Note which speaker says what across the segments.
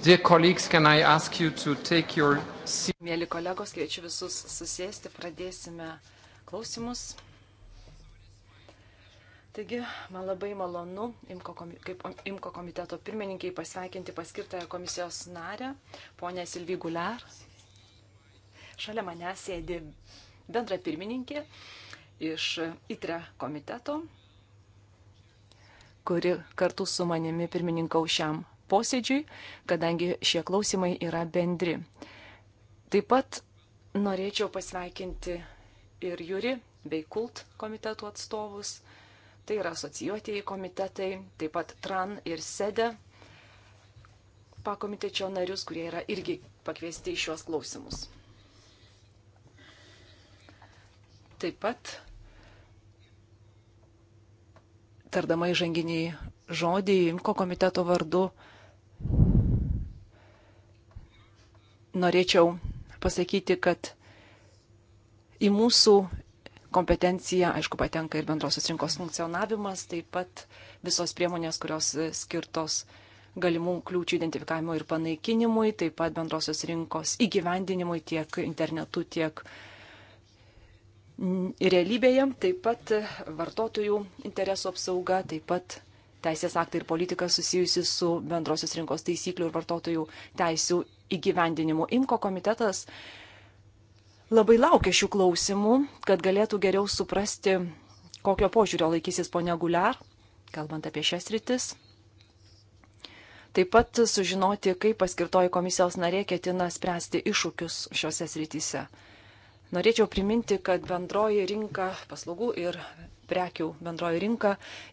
Speaker 1: Your...
Speaker 2: Mėly kolegos, kviečiu visus susėsti, pradėsime klausimus. Taigi, man labai malonu, imko, kaip IMKO komiteto pirmininkiai, pasveikinti paskirtąją komisijos narę, ponę Silvį Guler. Šalia manęs sėdi bendra pirmininkė iš ITRE komiteto, kuri kartu su manimi pirmininkau šiam posėdžiui, kadangi šie klausimai yra bendri. Taip pat norėčiau pasveikinti ir Juri bei Kult komitetų atstovus, tai yra asocijuotieji komitetai, taip pat TRAN ir SEDE pakomitečio narius, kurie yra irgi pakviesti į šiuos klausimus. Taip pat, tardama įžanginį žodį, IMKO komiteto vardu, norėčiau pasakyti, kad į mūsų kompetenciją, aišku, patenka ir bendrosios rinkos funkcionavimas, taip pat visos priemonės, kurios skirtos galimų kliūčių identifikavimo ir panaikinimui, taip pat bendrosios rinkos įgyvendinimui tiek internetu, tiek realybėje, taip pat vartotojų interesų apsauga, taip pat teisės aktai ir politika susijusi su bendrosios rinkos taisyklių ir vartotojų teisų įgyvendinimu. Imko komitetas labai laukia šių klausimų, kad galėtų geriau suprasti, kokio požiūrio laikysis ponia Guliar, kalbant apie šias rytis. Taip pat sužinoti, kaip paskirtoji komisijos narė ketina spręsti iššūkius šiuose srityse. Norėčiau priminti, kad bendroji rinka paslaugų ir prekių bendroji rinka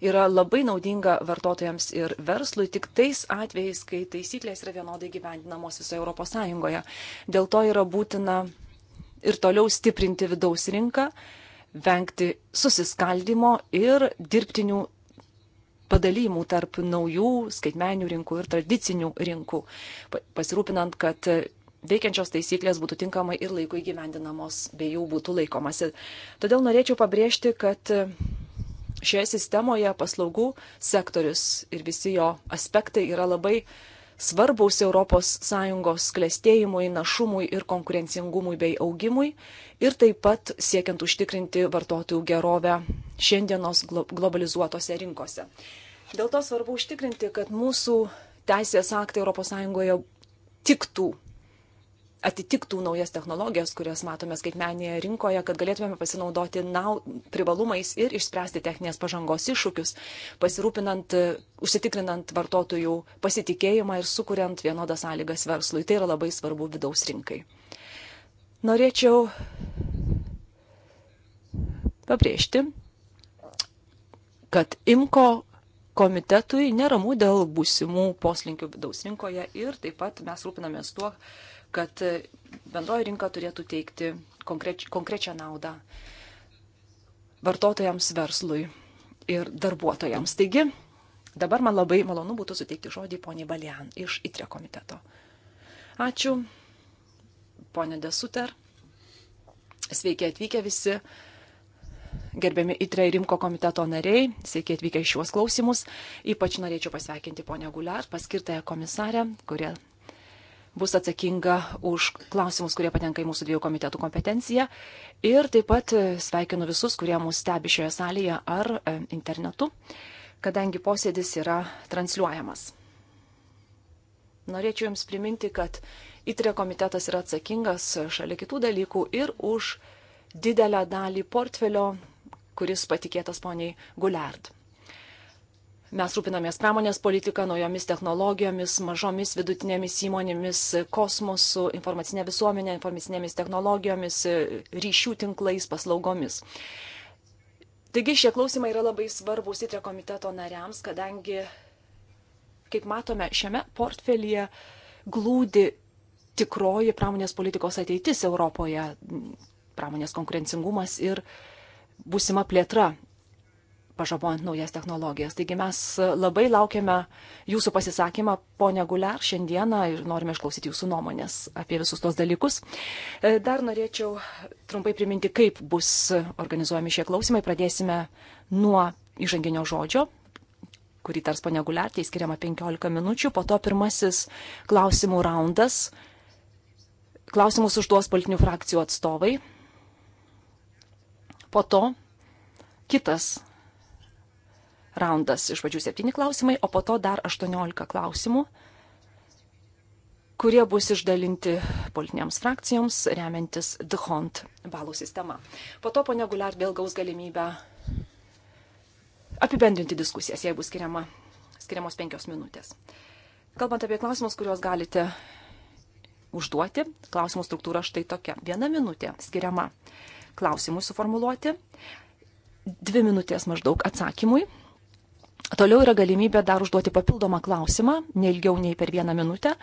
Speaker 2: yra labai naudinga vartotojams ir verslui tik tais atvejais, kai taisyklės yra vienodai gyvendinamos visoje Europos Sąjungoje. Dėl to yra būtina ir toliau stiprinti vidaus rinką, vengti susiskaldimo ir dirbtinių padalymų tarp naujų skaitmenių rinkų ir tradicinių rinkų, pasirūpinant, kad veikiančios taisyklės būtų tinkamai ir laiku įgyvendinamos, bei jų būtų laikomasi. Todėl norėčiau pabrėžti, kad e, šioje sistemoje paslaugų sektorius ir visi jo aspektai yra labai svarbus ES klėstėjimui, našumui ir konkurencingumui bei augimui ir taip pat siekiant užtikrinti vartotojų gerovę šiandienos globalizuotose rinkose. Dėl to svarbu užtikrinti, kad mūsų teisės aktai ES tiktų atitiktų naujas technologijas, kurias matome skaitmenėje rinkoje, kad galėtume pasinaudoti nau, privalumais ir išspręsti techninės pažangos iššūkius, pasirūpinant, užsitikrinant vartotojų pasitikėjimą ir sukuriant vienodas sąlygas verslui. Tai yra labai svarbu vidaus rinkai. Norėčiau pabrėžti, kad IMCO komitetui neramu dėl būsimų poslinkių vidaus rinkoje ir taip pat mes rūpinamės tuo, kad bendroji rinka turėtų teikti konkreč, konkrečią naudą vartotojams, verslui ir darbuotojams. Taigi, dabar man labai malonu būtų suteikti žodį poniai Balian iš ITRE komiteto. Ačiū, ponė Desuter. Sveiki atvykę visi gerbiami ITRE ir RIMKO komiteto nariai, sveiki atvykę į šiuos klausimus. Ypač norėčiau pasveikinti ponę Guliar, paskirtąją komisarę, kurie bus atsakinga už klausimus, kurie patenka į mūsų dviejų komitetų kompetenciją. Ir taip pat e, sveikinu visus, kurie mūsų stebi šioje salėje ar e, internetu, kadangi posėdis yra transliuojamas. Norėčiau Jums priminti, kad ITRE komitetas yra atsakingas šalia kitų dalykų ir už didelę dalį portfelio, kuris patikėtas poniai Gulerd. Mes rūpinamės pramonės politiką, naujomis technologijomis, mažomis vidutinėmis įmonėmis, kosmosu, informacinė visuomenė, informacinėmis technologijomis, ryšių tinklais, paslaugomis. Taigi šie klausimai yra labai svarbus įtrio komiteto nariams, kadangi, kaip matome, šiame portfelyje glūdi tikroji pramonės politikos ateitis Europoje, pramonės konkurencingumas ir būsima plėtra pažabojant naujas technologijas. Taigi mes labai laukiame jūsų pasisakymą, ponia Guler, šiandieną ir norime išklausyti jūsų nuomonės apie visus tos dalykus. E, dar norėčiau trumpai priminti, kaip bus organizuojami šie klausimai. Pradėsime nuo įžanginio žodžio kurį tars ponia Guler, tai skiriama 15 minučių, po to pirmasis klausimų raundas. Klausimus užduos politinių frakcijų atstovai. Po to kitas raundas. Iš pradžių septyni klausimai, o po to dar aštuoniolika klausimų, kurie bus išdalinti politinėms frakcijoms, remiantis DHONT balų sistema. Po to ponia Guliar vėl gaus galimybę apibendrinti diskusijas, jei bus skiriama, skiriamos penkios minutės. Kalbant apie klausimus, kuriuos galite užduoti, klausimų struktūra štai tokia. Viena minutė skiriama klausimui suformuluoti, dvi minutės maždaug atsakymui Toliau yra galimybė dar užduoti papildomą klausimą, neilgiau nei per vieną minutę,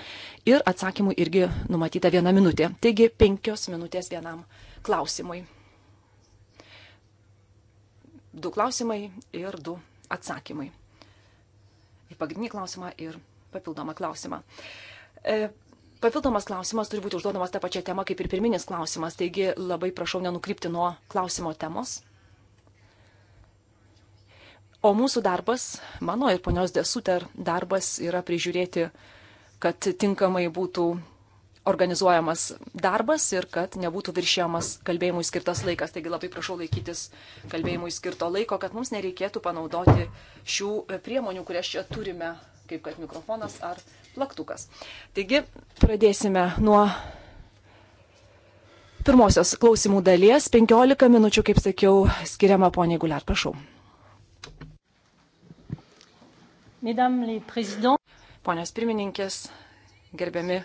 Speaker 2: ir atsakymų irgi numatyta viena minutė. Taigi penkios minutės vienam klausimui. Du klausimai ir du atsakymai. Ir pagrindinį klausimą ir papildomą klausimą. E, papildomas klausimas turi būti užduodamas tą pačią temą kaip ir pirminis klausimas, taigi labai prašau nenukrypti nuo klausimo temos O mūsų darbas, mano ir ponios Desuter darbas yra prižiūrėti, kad tinkamai būtų organizuojamas darbas ir kad nebūtų viršėjamas kalbėjimui skirtas laikas. Taigi labai prašau laikytis kalbėjimui skirto laiko, kad mums nereikėtų panaudoti šių priemonių, kurias čia turime, kaip kad mikrofonas ar plaktukas. Taigi pradėsime nuo pirmosios klausimų dalies. 15 minučių, kaip sakiau, skiriama poniai Guliar. Prašau. Ponios pirmininkės, gerbiami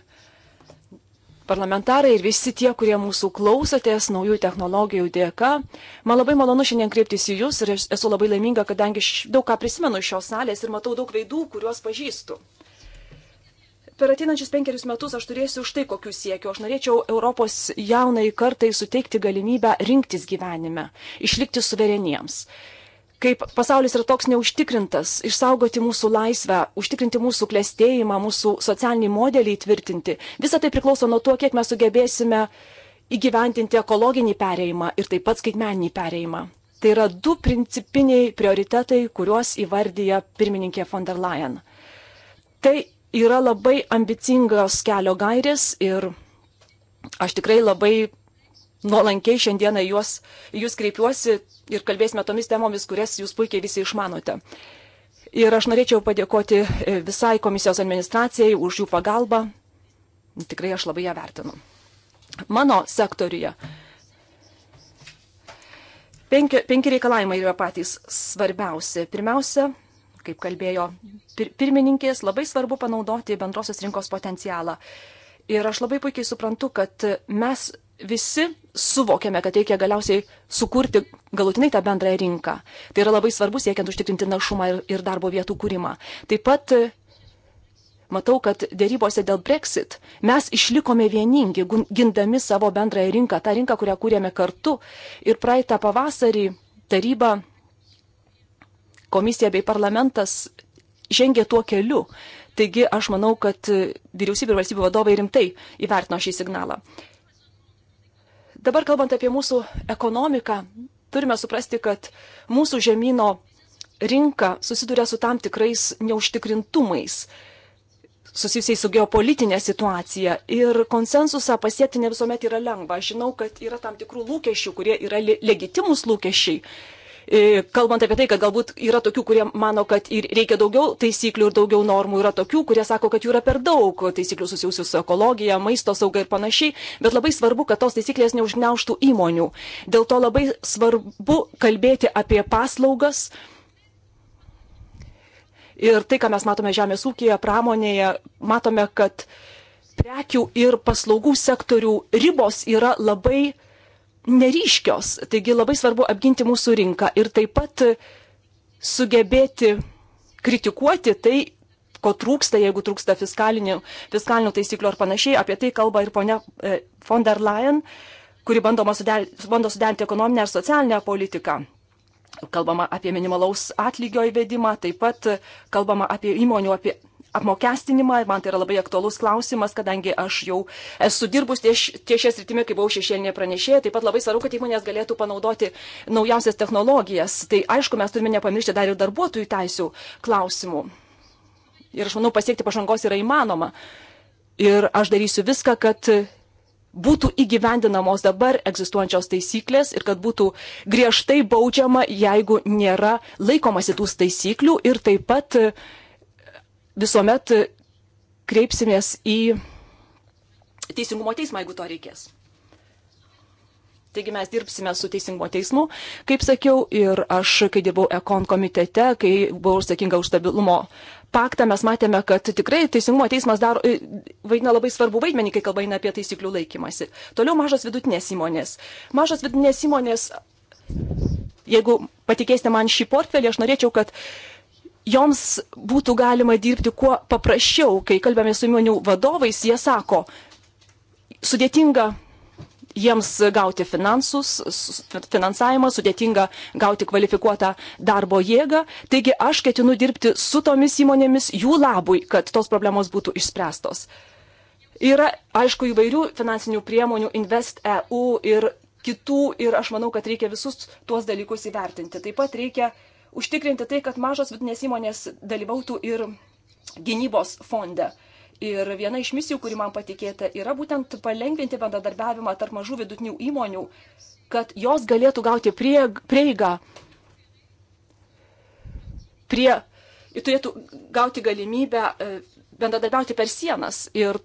Speaker 2: parlamentarai ir visi tie, kurie mūsų klausotės naujų technologijų dėka. Man labai malonu šiandien kreiptis į Jūs ir esu labai laiminga, kadangi daug ką prisimenu iš šios salės ir matau daug veidų, kuriuos pažįstu. Per ateinančius penkerius metus aš turėsiu štai kokių siekių. Aš norėčiau Europos jaunai kartai suteikti galimybę rinktis gyvenime, išlikti suvereniems kaip pasaulis yra toks neužtikrintas, išsaugoti mūsų laisvę, užtikrinti mūsų klėstėjimą, mūsų socialinį modelį įtvirtinti. Visą tai priklauso nuo to, kiek mes sugebėsime įgyventinti ekologinį perėjimą ir taip pat skaitmeninį perėjimą. Tai yra du principiniai prioritetai, kuriuos įvardyja pirmininkė von der Leyen. Tai yra labai ambicingos kelio gairės ir aš tikrai labai nuolankiai šiandieną juos, jūs kreipiuosi ir kalbėsime tomis temomis, kurias jūs puikiai visi išmanote. Ir aš norėčiau padėkoti e, visai komisijos administracijai už jų pagalbą. Tikrai aš labai ją vertinu. Mano sektoriuje penki, penki reikalavimai yra patys svarbiausi. Pirmiausia, kaip kalbėjo pir, pirmininkės, labai svarbu panaudoti bendrosios rinkos potencialą. Ir aš labai puikiai suprantu, kad mes visi suvokiame, kad reikia galiausiai sukurti galutinai tą bendrąją rinką. Tai yra labai svarbu siekiant užtikrinti našumą ir, ir darbo vietų kūrimą. Taip pat e, matau, kad dėrybose dėl Brexit mes išlikome vieningi, gindami savo bendrąją rinką, tą rinką, kurią kūrėme kartu. Ir praeitą pavasarį taryba, komisija bei parlamentas žengė tuo keliu. Taigi aš manau, kad e, vyriausybė ir valstybių vadovai rimtai įvertino šį signalą. Dabar kalbant apie mūsų ekonomiką, turime suprasti, kad mūsų žemynų rinka susiduria su tam tikrais neužtikrintumais susijusiai su geopolitinė situacija ir konsensusą pasiekti ne visuomet yra lengva. Aš žinau, kad yra tam tikrų lūkesčių, kurie yra legitimus lūkesčiai E, kalbant apie tai, kad galbūt yra tokių, kurie mano, kad reikia daugiau taisyklių ir daugiau normų, yra tokių, kurie sako, kad jų yra per daug taisyklių susijusių su ekologija, maisto sauga ir panašiai, bet labai svarbu, kad tos taisyklės neužgneuštų įmonių. Dėl to labai svarbu kalbėti apie paslaugas. Ir tai, ką mes matome žemės ūkėje, pramonėje, matome, kad prekių ir paslaugų sektorių ribos yra labai neryškios. Taigi labai svarbu apginti mūsų rinką ir taip pat sugebėti kritikuoti tai, ko trūksta, jeigu trūksta fiskalinių, fiskalinių taisyklių ar panašiai. Apie tai kalba ir ponia e, von der Leyen, kuri sudel, bando suderinti ekonominę ir socialinę politiką. Kalbama apie minimalaus atlygio įvedimą, taip pat kalbama apie įmonių, apie apmokestinimą. Man tai yra labai aktuolus klausimas, kadangi aš jau esu dirbus ties, ties šią sritimį, kai buvau šešėlinė pranešėja. Taip pat labai svarbu, kad įmonės galėtų panaudoti naujausias technologijas. Tai aišku, mes turime nepamiršti dar ir darbuotojų teisų klausimų. Ir aš manau, pasiekti pažangos yra įmanoma. Ir aš darysiu viską, kad būtų įgyvendinamos dabar egzistuojančios taisyklės ir kad būtų griežtai baudžiama, jeigu nėra laikomasi tų taisyklių ir taip pat uh, visuomet kreipsimės į Teisingumo teismą, jeigu to reikės. Taigi mes dirbsime su Teisingumo teismu, kaip sakiau, ir aš, kai dirbau Ekon komitete, kai buvau užsakinga už stabilumo paktą, mes matėme, kad tikrai Teisingumo teismas daro, e, vaidina labai svarbu vaidmenį, kai kalba eina apie taisyklių laikymasi. Toliau mažas vidutinės įmonės. Mažas vidutinės įmonės, jeigu patikėsite man šį portfelį, aš norėčiau, kad joms būtų galima dirbti kuo paprasčiau. Kai kalbame su įmonių vadovais, jie sako, sudėtinga jiems gauti finansus, finansavimą, sudėtinga gauti kvalifikuotą darbo jėgą. Taigi aš ketinu dirbti su tomis įmonėmis jų labui, kad tos problemos būtų išspręstos. Yra, aišku, įvairių finansinių priemonių Invest EU ir kitų ir aš manau, kad reikia visus tuos dalykus įvertinti. Taip pat reikia uh, užtikrinti tai, kad mažos vidinės įmonės dalyvautų ir gynybos fonde. Ir viena iš misijų, kuri man patikėta, yra būtent palengvinti bendradarbiavimą tarp mažų vidutinių įmonių, kad jos galėtų gauti prie, prieigą prie ir turėtų gauti galimybę e, bendradarbiauti per sienas. Ir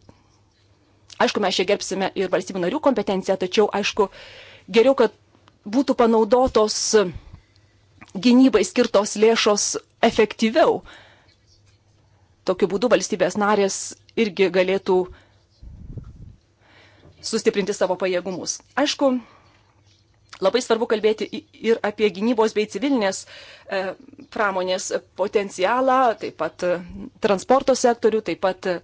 Speaker 2: aišku, mes čia gerbsime ir valstybių narių kompetenciją, tačiau aišku, geriau, kad būtų panaudotos gynybai skirtos lėšos efektyviau. Tokiu būdu valstybės narės irgi galėtų sustiprinti savo pajėgumus. Aišku, labai svarbu kalbėti ir apie gynybos bei civilinės e, pramonės potencialą, taip pat e, transporto sektorių, taip pat e,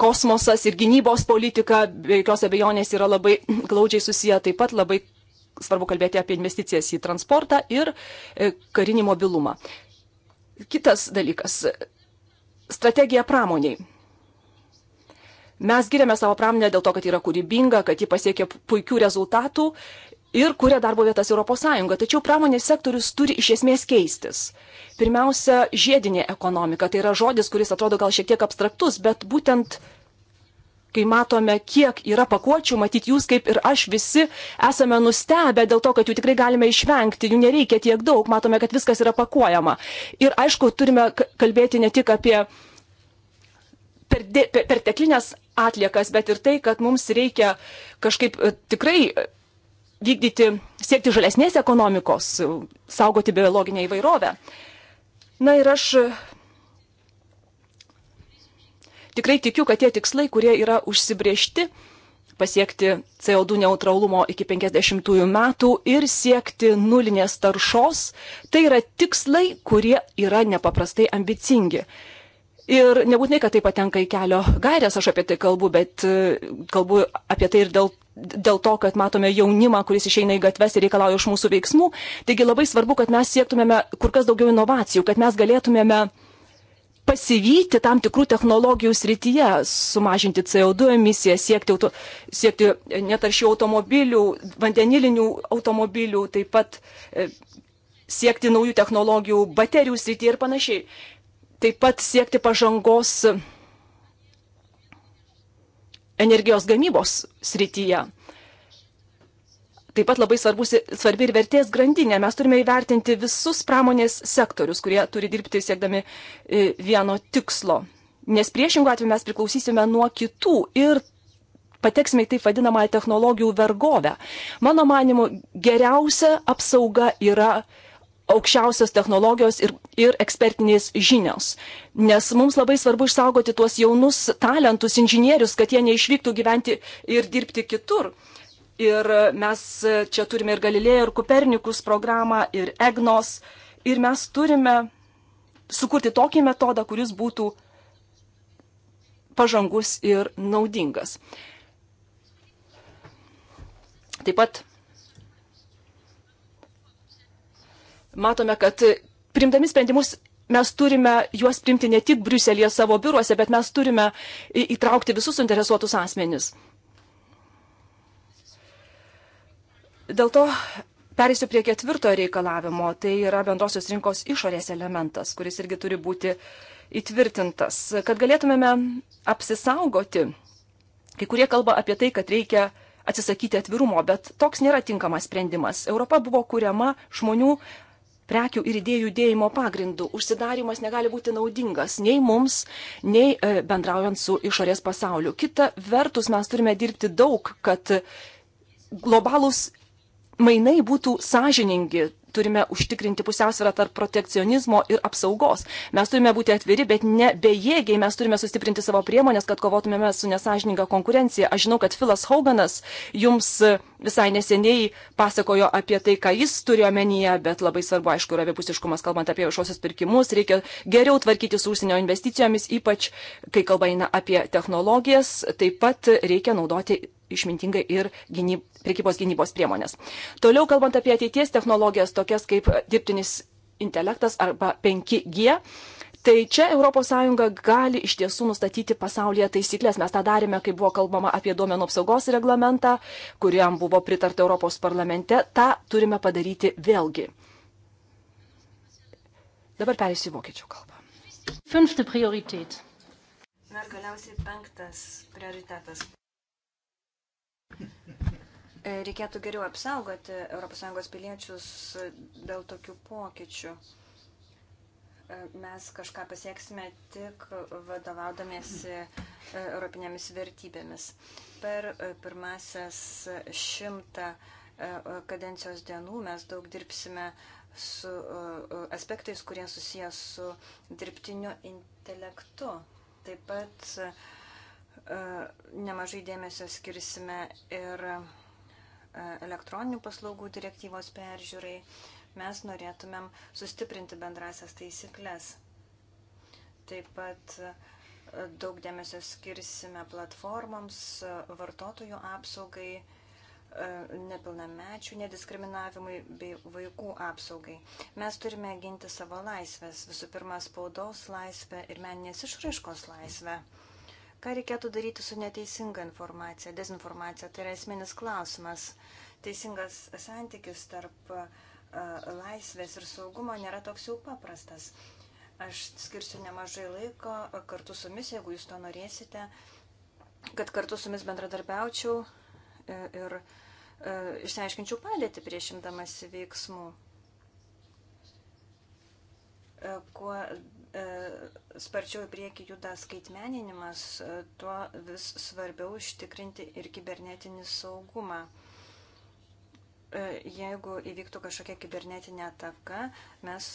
Speaker 2: kosmosas ir gynybos politika, be jokios abejonės, yra labai glaudžiai susiję, taip pat labai svarbu kalbėti apie investicijas į transportą ir e, karinį mobilumą. Kitas dalykas - strategija pramoniai. Mes giriame savo pramonę dėl to, kad yra kūrybinga, kad ji pasiekė puikių rezultatų ir kuria darbo vietas ES. Tačiau pramonės sektorius turi iš esmės keistis. Pirmiausia, žiedinė ekonomika. Tai yra žodis, kuris atrodo gal šiek tiek abstraktus, bet būtent kai matome, kiek yra pakuočių, matyt, jūs kaip ir aš visi esame nustebę dėl to, kad jų tikrai galime išvengti, jų nereikia tiek daug, matome, kad viskas yra pakuojama. Ir aišku, turime kalbėti ne tik apie perteklinės atliekas, bet ir tai, kad mums reikia kažkaip e, tikrai e, vykdyti, siekti žalesnės ekonomikos, saugoti biologinę įvairovę. Na ir aš tikrai tikiu, kad tie tikslai, kurie yra užsibriežti, pasiekti CO2 neutralumo iki 50 metų ir siekti nulinės taršos, tai yra tikslai, kurie yra nepaprastai ambicingi. Ir nebūtinai, kad tai patenka į kelio gairias, aš apie tai kalbu, bet e, kalbu apie tai ir dėl, dėl to, kad matome jaunimą, kuris išeina į gatves ir reikalauja iš mūsų veiksmų. Taigi labai svarbu, kad mes siektumėme kur kas daugiau inovacijų, kad mes galėtumėme uh, pasivyti tam tikrų technologijų srityje, sumažinti CO2 emisiją, siekti, auto, siekti e, netaršių automobilių, vandenilinių automobilių, taip pat e, siekti naujų technologijų baterijų srityje ir panašiai. Taip pat siekti pažangos e, energijos gamybos srityje. Taip pat labai svarbus, svarbi ir vertės grandinė. Mes turime įvertinti visus pramonės sektorius, kurie turi dirbti siekdami vieno tikslo. Nes priešingų atveju mes priklausysime nuo kitų ir pateksime į taip vadinamąją technologijų vergovę. Mano manimu, geriausia apsauga yra aukščiausios technologijos ir, ir ekspertinės žinios. Nes mums labai svarbu išsaugoti tuos jaunus talentus, inžinierius, kad jie neišvyktų gyventi ir dirbti kitur. Uh, Ir e, mes e, čia turime ir Galilėjo, ir Kopernikus programą, ir EGNOS. Ir mes turime sukurti tokį metodą, kuris būtų pažangus ir naudingas. Taip pat matome, kad primdami sprendimus mes turime juos primti ne tik Briuselėje savo biuruose, bet mes turime įtraukti visus suinteresuotus asmenis. Dėl to perėsiu prie ketvirto reikalavimo, tai yra bendrosios rinkos išorės elementas, kuris irgi turi būti įtvirtintas. Kad galėtumėme apsisaugoti, kai kurie kalba apie tai, kad reikia atsisakyti atvirumo, bet toks nėra tinkamas sprendimas. Europa buvo kuriama žmonių prekių ir idėjų judėjimo pagrindų. Užsidarimas negali būti naudingas nei mums, nei e, bendraujant su išorės pasauliu. Kita vertus, mes turime dirbti daug, kad globalūs mainai būtų sąžiningi. Turime užtikrinti pusiausvyrą tarp protekcionizmo ir apsaugos. Mes turime būti atviri, bet ne bejėgiai. Mes turime sustiprinti savo priemonės, kad kovotumėme su nesažininga konkurencija. Aš žinau, kad Filas Hoganas jums visai neseniai pasakojo apie tai, ką jis turi omenyje, bet labai svarbu, aišku, yra abipusiškumas, kalbant apie viešosius pirkimus. Reikia geriau tvarkyti su užsienio investicijomis, ypač kai kalba eina apie technologijas. Taip pat reikia naudoti išmintingai ir gynyb, prekybos gynybos priemonės. Toliau kalbant apie ateities technologijas, tokias kaip dirbtinis intelektas arba 5G, tai čia ES gali iš tiesų nustatyti pasaulyje taisyklės. Mes tą darėme, kai buvo kalbama apie duomenų apsaugos reglamentą, kuriam buvo pritarta Europos parlamente. Ta turime padaryti vėlgi. Dabar perėsiu į vokiečių kalbą. Fünfte prioritėt.
Speaker 3: Na ir galiausiai penktas prioritetas E, reikėtų geriau apsaugoti ES piliečius dėl tokių pokyčių. E, mes kažką pasieksime tik vadovaudamiesi e, europinėmis vertybėmis. Per pirmasias šimtą kadencijos dienų mes daug dirbsime su aspektais, kurie susijęs su dirbtiniu intelektu. Taip pat E, nemažai dėmesio skirsime ir e, elektroninių paslaugų direktyvos peržiūrai. Mes norėtumėm sustiprinti bendrasias taisyklės. Taip pat e, daug dėmesio skirsime platformoms, vartotojų apsaugai, nepilnamečių nediskriminavimui bei vaikų apsaugai. Mes turime ginti savo laisvės, visų pirma, spaudos laisvę ir meninės išraiškos laisvę. Mm Ką reikėtų daryti su neteisinga informacija, dezinformacija? Tai yra esminis klausimas. Teisingas santykis tarp laisvės ir saugumo nėra toks jau paprastas. Aš skirsiu nemažai laiko kartu su jumis, jeigu jūs to norėsite, kad kartu su jumis bendradarbiaučiau e, ir e, išsiaiškinčiau padėti prieš imdamasi veiksmų. E, kuo E, sparčiau į priekį juda skaitmeninimas, e, tuo vis svarbiau užtikrinti ir kibernetinį saugumą. E, jeigu įvyktų kažkokia kibernetinė ataka, mes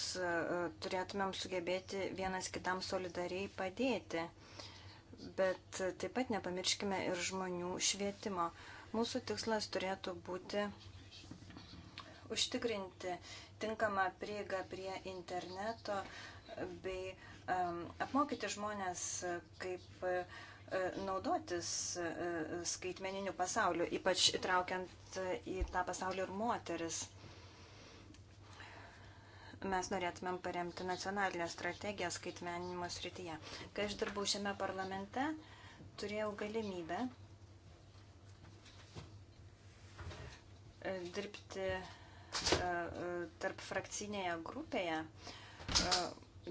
Speaker 3: turėtumėm sugebėti vienas kitam solidariai padėti. Bet taip pat nepamirškime ir žmonių švietimo. Mūsų tikslas turėtų būti užtikrinti tinkamą prieigą prie interneto, uh, bei apmokyti žmonės, kaip e, naudotis e, skaitmeniniu pasauliu, ypač įtraukiant į tą pasaulį ir moteris. Mes norėtumėm paremti nacionalinę strategiją skaitmeninimo srityje. Kai aš dirbau šiame parlamente, turėjau galimybę e, dirbti tarp frakcinėje grupėje,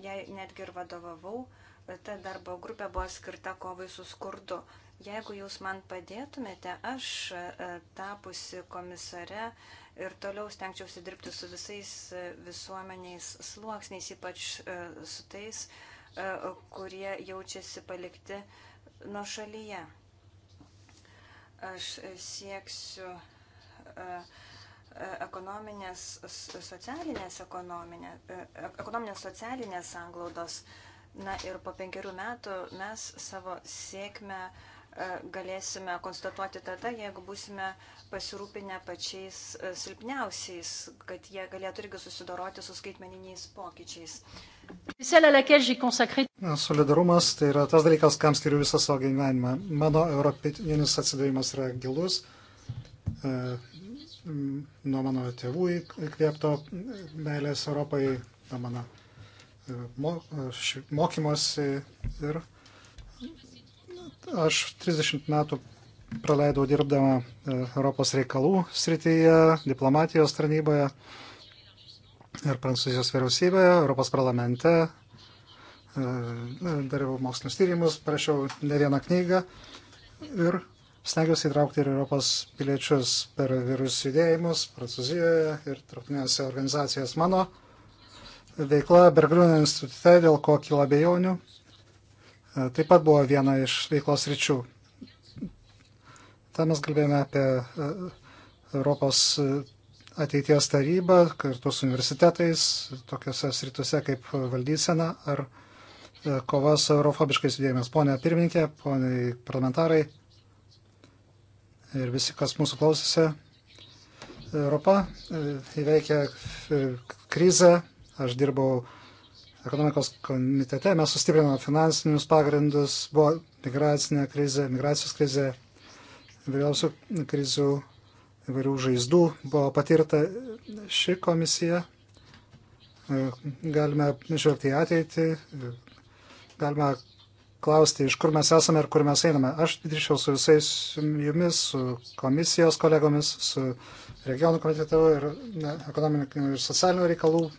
Speaker 3: jai netgi ir vadovavau, ta darbo grupė buvo skirta kovai su skurdu. Jeigu jūs man padėtumėte, aš e, tapusi komisare ir toliau stengčiausi dirbti su visais e, visuomeniais sluoksniais, ypač e, su tais, kurie jaučiasi palikti nuo šalyje. Aš sieksiu uh, E, ekonominės, socialinės, ekonominė, e, e, ekonominės socialinės sanglaudos. Na ir po penkerių metų mes savo sėkmę galėsime konstatuoti tada, jeigu būsime pasirūpinę pačiais silpniausiais, kad jie galėtų irgi susidoroti su skaitmeniniais pokyčiais.
Speaker 1: Solidarumas tai yra tas dalykas, kam skiriu visą savo gyvenimą. Mano europinis atsidavimas yra gilus. E, nuo mano tėvų įkvėpto meilės Europai, nuo mano e, mokymosi ir aš 30 metų praleidau dirbdama e, Europos reikalų srityje, diplomatijos tarnyboje ir Prancūzijos vyriausybėje, Europos parlamente. E, Dariau mokslinius tyrimus, parašiau ne vieną knygą ir Stengiuosi įtraukti ir Europos piliečius per virus judėjimus Prancūzijoje ir tarptautinėse organizacijas. Mano veikla Bergriūnio institute, dėl ko kilo bejonių, e, taip pat buvo viena iš veiklos ryčių. Ten mes kalbėjome apie e, Europos e, ateities tarybą kartu su universitetais, tokiuose srituose kaip valdysena ar kova su eurofobiškais judėjimais. Pone pirmininkė, poniai parlamentarai ir visi, kas mūsų klausėsi. Europa e, įveikė e, krizę, aš dirbau ekonomikos komitete, mes sustiprinome finansinius pagrindus, buvo migracinė krizė, migracijos krizė, vėliausių krizių, įvairių žaizdų buvo patirta ši komisija. E, galime žvelgti į ateitį, galime klausti, iš kur mes esame ir kur mes einame. Aš drįšiau su visais jumis, su komisijos kolegomis, su regionų komitetu ir ekonominių ir socialinių reikalų e,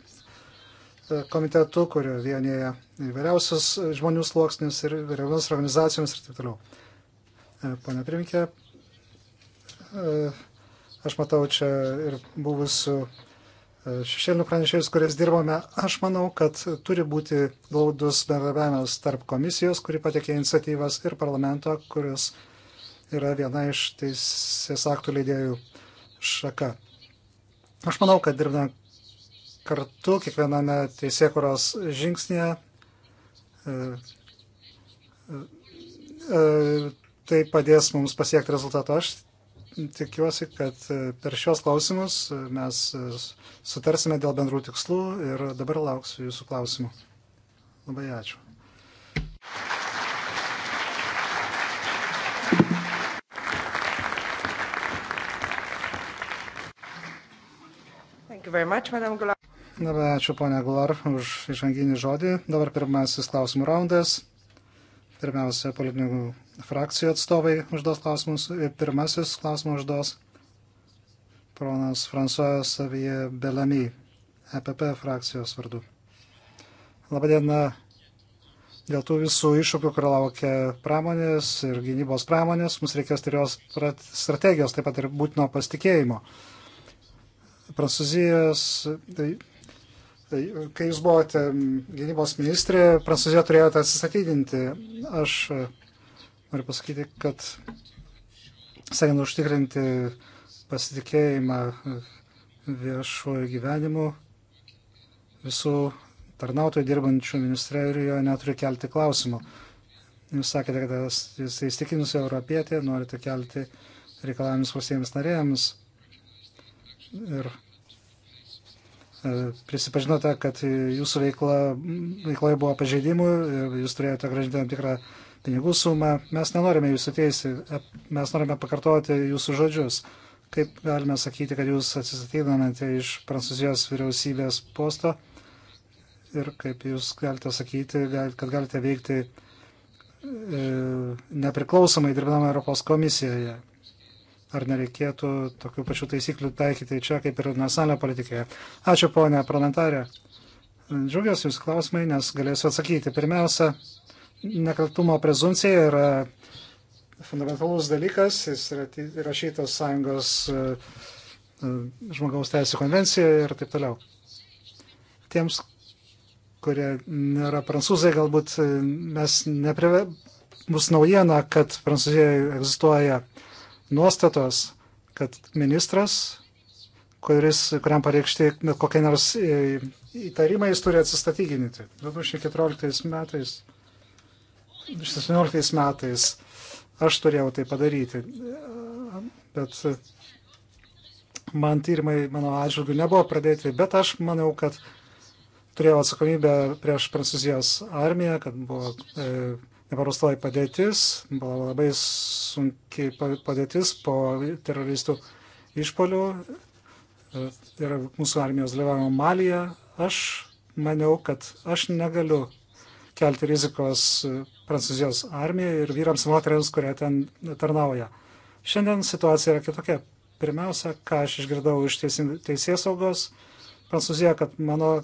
Speaker 1: komitetu, kurio vienyje įvairiausius žmonių sluoksnius ir įvairiausios organizacijomis ir taip toliau. E, pone Primkė, e, aš matau čia ir buvusių šešėlinių pranešėjus, kuriais dirbome, aš manau, kad turi būti glaudus bendravimas tarp komisijos, kuri patekė iniciatyvas, ir parlamento, kuris yra viena iš teisės aktų leidėjų šaka. Aš manau, kad dirbame kartu kiekviename teisėkuros žingsnėje. E, e, e, tai padės mums pasiekti rezultatą. Aš tikiuosi, kad e, per šios klausimus e, mes e, sutarsime dėl bendrų tikslų ir dabar lauksiu jūsų klausimų. Labai ačiū. Much, Dabar ačiū ponia Gular už išanginį žodį. Dabar pirmasis klausimų raundas. Pirmiausia, politinių frakcijų atstovai užduos klausimus. Pirmasis klausimas užduos pronas Fransuoja Savije Belami, EPP frakcijos vardu. Labadiena. Dėl tų visų iššūkių, kur laukia pramonės ir gynybos pramonės, mums reikės tyrios strategijos, taip pat ir būtino pasitikėjimo. Prancūzijos tai Tai, kai jūs buvote gynybos ministrė, Prancūzija turėjote atsistatydinti. Aš e, noriu pasakyti, kad siekiant užtikrinti pasitikėjimą e, viešuoju gyvenimu, visų tarnautojų dirbančių ministerijoje neturi kelti klausimų. Jūs sakėte, kad esate įstikinusi europietė, norite kelti reikalavimus valstybėms narėjams. Ir E, prisipažinote, kad jūsų veikla, veikloje buvo pažeidimų ir jūs turėjote gražinti tam tikrą pinigų sumą. Mes nenorime jūsų teisti, e, mes norime pakartoti jūsų žodžius. Kaip galime sakyti, kad jūs atsistatydinate iš Prancūzijos vyriausybės posto ir kaip jūs galite sakyti, kad galite veikti e, nepriklausomai dirbdama Europos komisijoje ar nereikėtų tokių pačių taisyklių taikyti čia kaip ir nacionalinė politikoje. Ačiū, ponė parlamentarė. Džiaugiuosi Jūsų klausimai, nes galėsiu atsakyti. Pirmiausia, nekaltumo prezumcija yra fundamentalus dalykas, jis yra įrašytas Sąjungos e, e, žmogaus teisų konvencijoje ir taip toliau. Tiems, kurie nėra prancūzai, galbūt e, mes neprive... bus naujiena, kad Prancūzijoje egzistuoja uh, nuostatos, kad ministras, kuris, kuriam pareikšti kokie nors e, įtarimai, jis turi atsistatyginti. 2014 metais, 2017 metais aš turėjau tai padaryti, bet man tyrimai mano atžvilgių nebuvo pradėti, bet aš manau, kad turėjau atsakomybę prieš Prancūzijos armiją, kad buvo e, nepaprastoji padėtis, buvo labai sunkiai padėtis po teroristų išpolių ir mūsų armijos dalyvavimo Malyje. Aš maniau, kad aš negaliu kelti rizikos Prancūzijos armijai ir vyrams ir moteriams, kurie ten tarnauja. Šiandien situacija yra kitokia. Pirmiausia, ką aš išgirdau iš teisės saugos, Prancūzija, kad mano,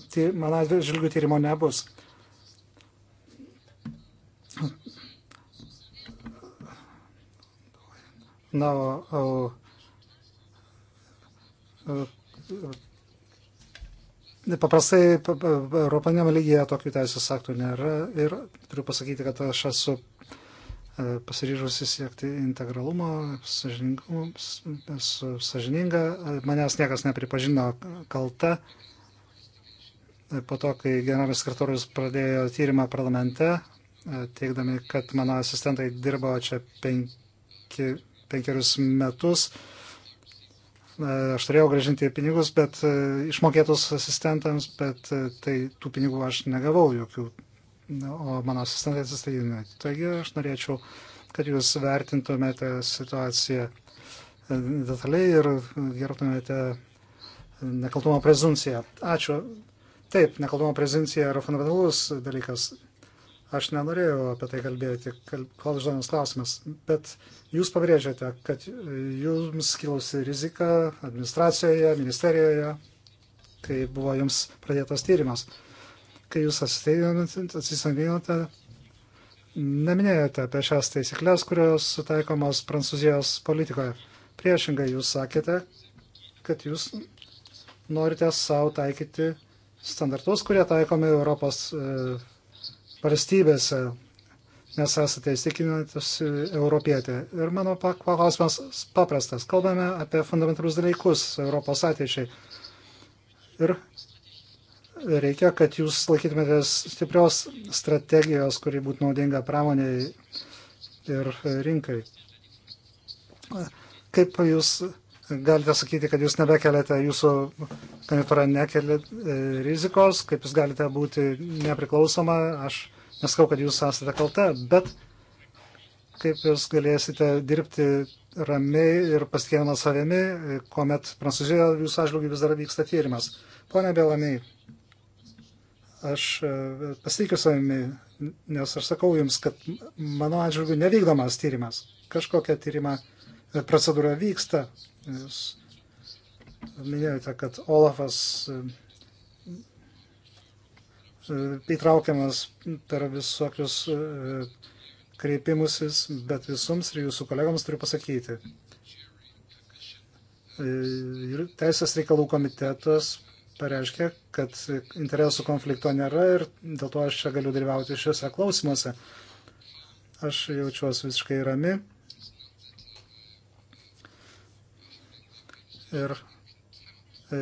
Speaker 1: mano žvilgių tyrimo nebus. Na, o, o, paprastai Europinėme lygyje tokių teisės aktų nėra ir turiu pasakyti, kad aš esu e, pasiryžusi siekti integralumo, esu sažininga, e, manęs niekas nepripažino kalta. E, po to, kai generalinis sekretorius pradėjo tyrimą parlamente, teikdami, kad mano asistentai dirbo čia penki penkerius metus. Aš turėjau gražinti pinigus, bet e, išmokėtus asistentams, bet e, tai tų pinigų aš negavau jokių, o mano asistentai atsistatydino. Taigi aš norėčiau, kad jūs vertintumėte situaciją e, detaliai ir gerbtumėte nekaltumo prezumciją. Ačiū. Taip, nekaltumo prezumcija yra fundamentalus dalykas. Aš nenorėjau apie tai kalbėti, kol užduodamas klausimas, bet jūs pabrėžiate, kad jums kilusi rizika administracijoje, ministerijoje, kai buvo jums pradėtas tyrimas. Kai jūs atsisavinate, neminėjote apie šias taisyklės, kurios taikomos Prancūzijos politikoje. Priešingai jūs sakėte, kad jūs norite savo taikyti standartus, kurie taikomi Europos e, valstybėse, nes esate įsitikinantis europietė. Ir mano klausimas paprastas. Kalbame apie fundamentalus dalykus Europos ateičiai. Ir reikia, kad jūs laikytumėtės stiprios strategijos, kuri būtų naudinga pramoniai ir rinkai. Kaip jūs galite sakyti, kad jūs nebekeliate, jūsų kandidatūra nekelia e, rizikos, kaip jūs galite būti nepriklausoma, aš neskau, kad jūs esate kalta, bet kaip jūs galėsite dirbti ramiai ir pasitikėjama savimi, e, kuomet Prancūzijoje jūsų atžvilgių vis dar vyksta tyrimas. Pone Belamiai, aš e, pasitikiu savimi, nes aš sakau jums, kad mano atžvilgių nevykdomas tyrimas. Kažkokią tyrimą procedūra vyksta. Jūs minėjote, kad Olafas e, e, įtraukiamas per visokius e, kreipimusis, bet visums ir jūsų kolegams turiu pasakyti. Ir Teisės reikalų komitetas pareiškia, kad interesų konflikto nėra ir dėl to aš čia galiu dalyvauti šiuose klausimuose. Aš jaučiuosi visiškai rami. Ir e,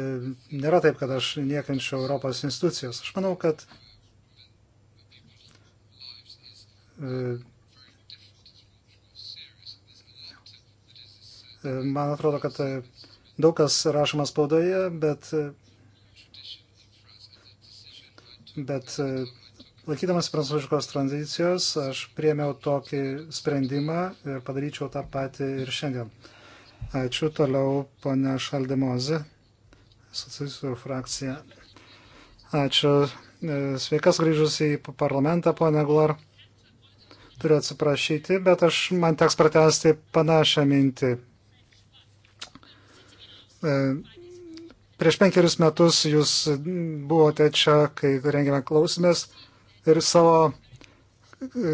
Speaker 1: nėra taip, kad aš niekančiau Europos institucijos. Aš manau, kad e, e man atrodo, kad e, daug kas rašoma spaudoje, bet, e, bet laikydamas prancūziškos tranzicijos, aš priemiau tokį sprendimą ir padaryčiau tą patį ir šiandien. Ačiū toliau, ponia Šaldemoze, socialistų frakcija. Ačiū. E, sveikas grįžus į parlamentą, ponia Glor. Turiu atsiprašyti, bet aš man teks pratesti panašią mintį. E, prieš penkerius metus jūs buvote čia, kai rengėme klausimės ir savo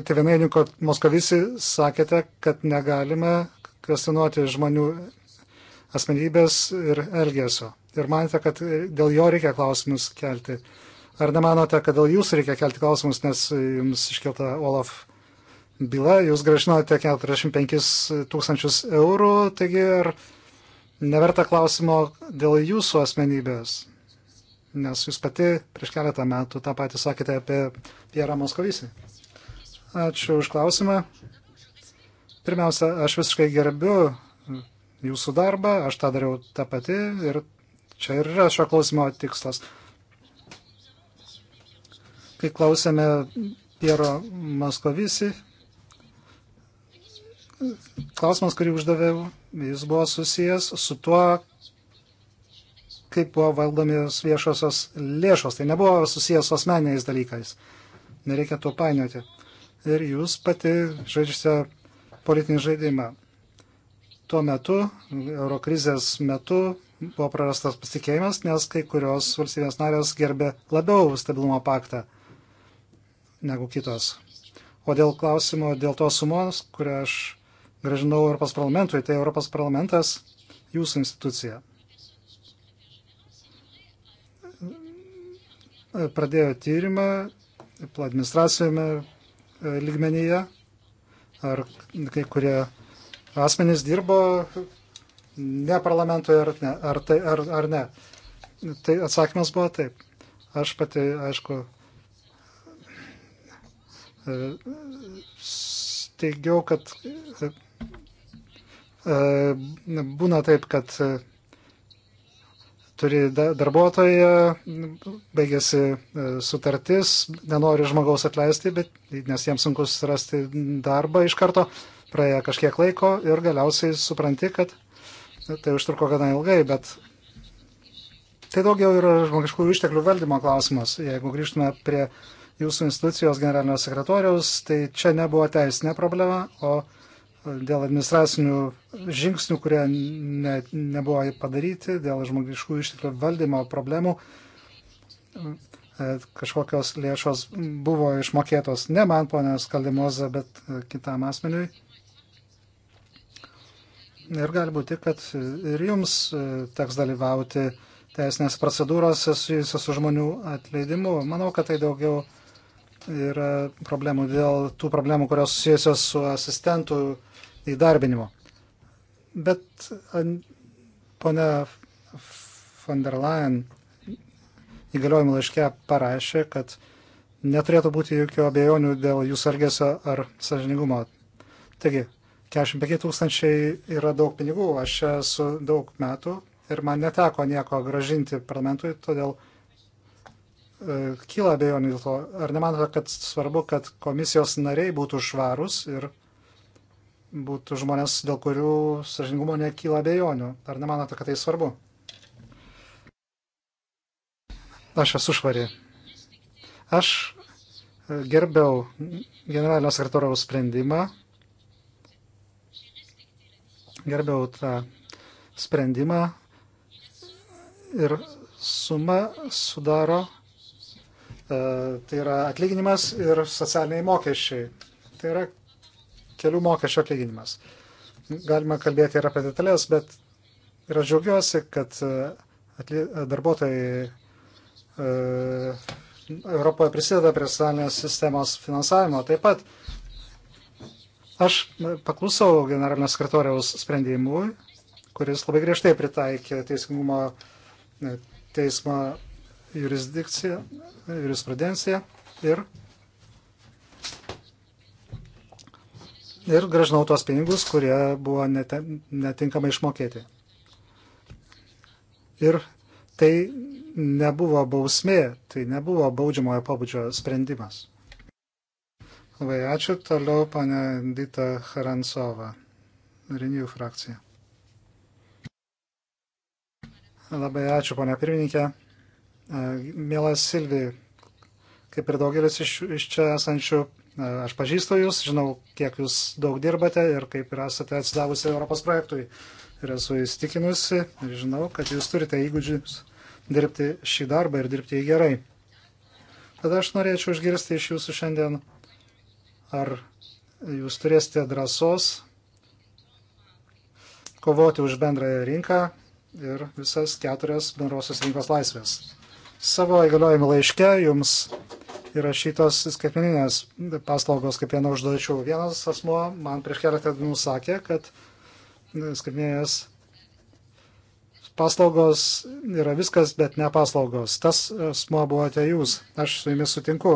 Speaker 1: tėvinainiko Moskovici sakėte, kad negalime kvestionuoti žmonių asmenybės ir elgesio. Ir manite, kad dėl jo reikia klausimus kelti. Ar nemanote, kad dėl jūsų reikia kelti klausimus, nes jums iškelta Olaf byla, jūs gražinote 45 tūkstančius eurų, taigi ar neverta klausimo dėl jūsų asmenybės? Nes jūs pati prieš keletą metų tą patį sakėte apie Pierą Moskovysį. Ačiū už klausimą. Pirmiausia, aš visiškai gerbiu jūsų darbą, aš tą dariau tą patį ir čia ir yra šio klausimo tikslas. Kai klausėme Piero Maskovisi, klausimas, kurį uždaviau, jis buvo susijęs su tuo, kaip buvo valdomis viešosios lėšos. Tai nebuvo susijęs su asmeniniais dalykais. Nereikia to painioti. Ir jūs pati žaidžiate politinį žaidimą. Tuo metu, eurokrizės metu, buvo prarastas pasitikėjimas, nes kai kurios valstybės narės gerbė labiau stabilumo paktą negu kitos. O dėl klausimo, dėl tos sumos, kurią aš gražinau Europos parlamentui, tai Europos parlamentas jūsų institucija. Pradėjo tyrimą administracijame lygmenyje ar kai kurie asmenys dirbo ne parlamentoje ar ne. Ar, tai, ar, ar ne. Tai atsakymas buvo taip. Aš pati, aišku, e, steigiau, kad e, e, būna taip, kad turi darbuotoją, baigėsi e, sutartis, nenori žmogaus atleisti, bet, nes jiems sunku surasti darbą iš karto, praėjo kažkiek laiko ir galiausiai supranti, kad tai užtruko gana ilgai, bet tai daugiau yra žmogiškųjų išteklių valdymo klausimas. Jeigu grįžtume prie jūsų institucijos generalinio sekretoriaus, tai čia nebuvo teisinė problema, o dėl administracinių žingsnių, kurie ne, nebuvo padaryti, dėl žmogiškų išteklių valdymo problemų e, kažkokios lėšos buvo išmokėtos ne man, ponės Kaldimoza, bet e, kitam asmeniui. Ir gali būti, kad ir jums e, teks dalyvauti teisinės procedūros susijusios su žmonių atleidimu. Manau, kad tai daugiau yra problemų dėl tų problemų, kurios susijusios su asistentų įdarbinimo. Bet ponia von der Leyen įgaliojimų laiške parašė, kad neturėtų būti jokių abejonių dėl jūsų elgesio ar sažiningumo. Taigi, 45 tūkstančiai yra daug pinigų, aš čia esu daug metų ir man neteko nieko gražinti parlamentui, todėl e, kyla abejonių dėl to. Ar nemanote, kad svarbu, kad komisijos nariai būtų švarus ir būtų žmonės, dėl kurių sažiningumo nekyla bejonių. Ar nemanote, kad tai svarbu? Aš esu švari. Aš e, gerbiau generalinio sekretoriaus sprendimą, gerbiau tą sprendimą ir suma sudaro, e, tai yra atlyginimas ir socialiniai mokesčiai. Tai yra kelių mokesčio atlyginimas. Galima kalbėti ir apie detalės, bet ir aš džiaugiuosi, kad e, atly, e, darbuotojai e, Europoje prisideda prie socialinės sistemos finansavimo. Taip pat aš e, paklusau generalinio sekretoriaus sprendimui, kuris labai griežtai pritaikė teisingumo teismo jurisdikciją, jurisprudenciją ir ir gražinau tuos pinigus, kurie buvo netinkamai išmokėti. Ir tai nebuvo bausmė, tai nebuvo baudžiamojo pabudžio sprendimas. Labai ačiū. Toliau pane Dita Harantsova, Renijų frakcija. Labai ačiū, pane pirmininkė. Mielas Silvi, kaip ir daugelis iš, iš čia esančių Aš pažįstu Jūs, žinau, kiek Jūs daug dirbate ir kaip ir esate atsidavusi Europos projektui. Ir esu įstikinusi ir žinau, kad Jūs turite įgūdžius dirbti šį darbą ir dirbti jį gerai. Tada aš norėčiau išgirsti iš Jūsų šiandien, ar Jūs turėsite drąsos kovoti už bendrąją rinką ir visas keturias bendrosios rinkos laisvės. Savo įgaliojimų laiške Jums įrašytos skaitmeninės paslaugos kaip viena užduočių. Vienas asmo man prieš keletą dienų sakė, kad e, skaitmeninės paslaugos yra viskas, bet ne paslaugos. Tas asmo buvote jūs. Aš su jumis sutinku.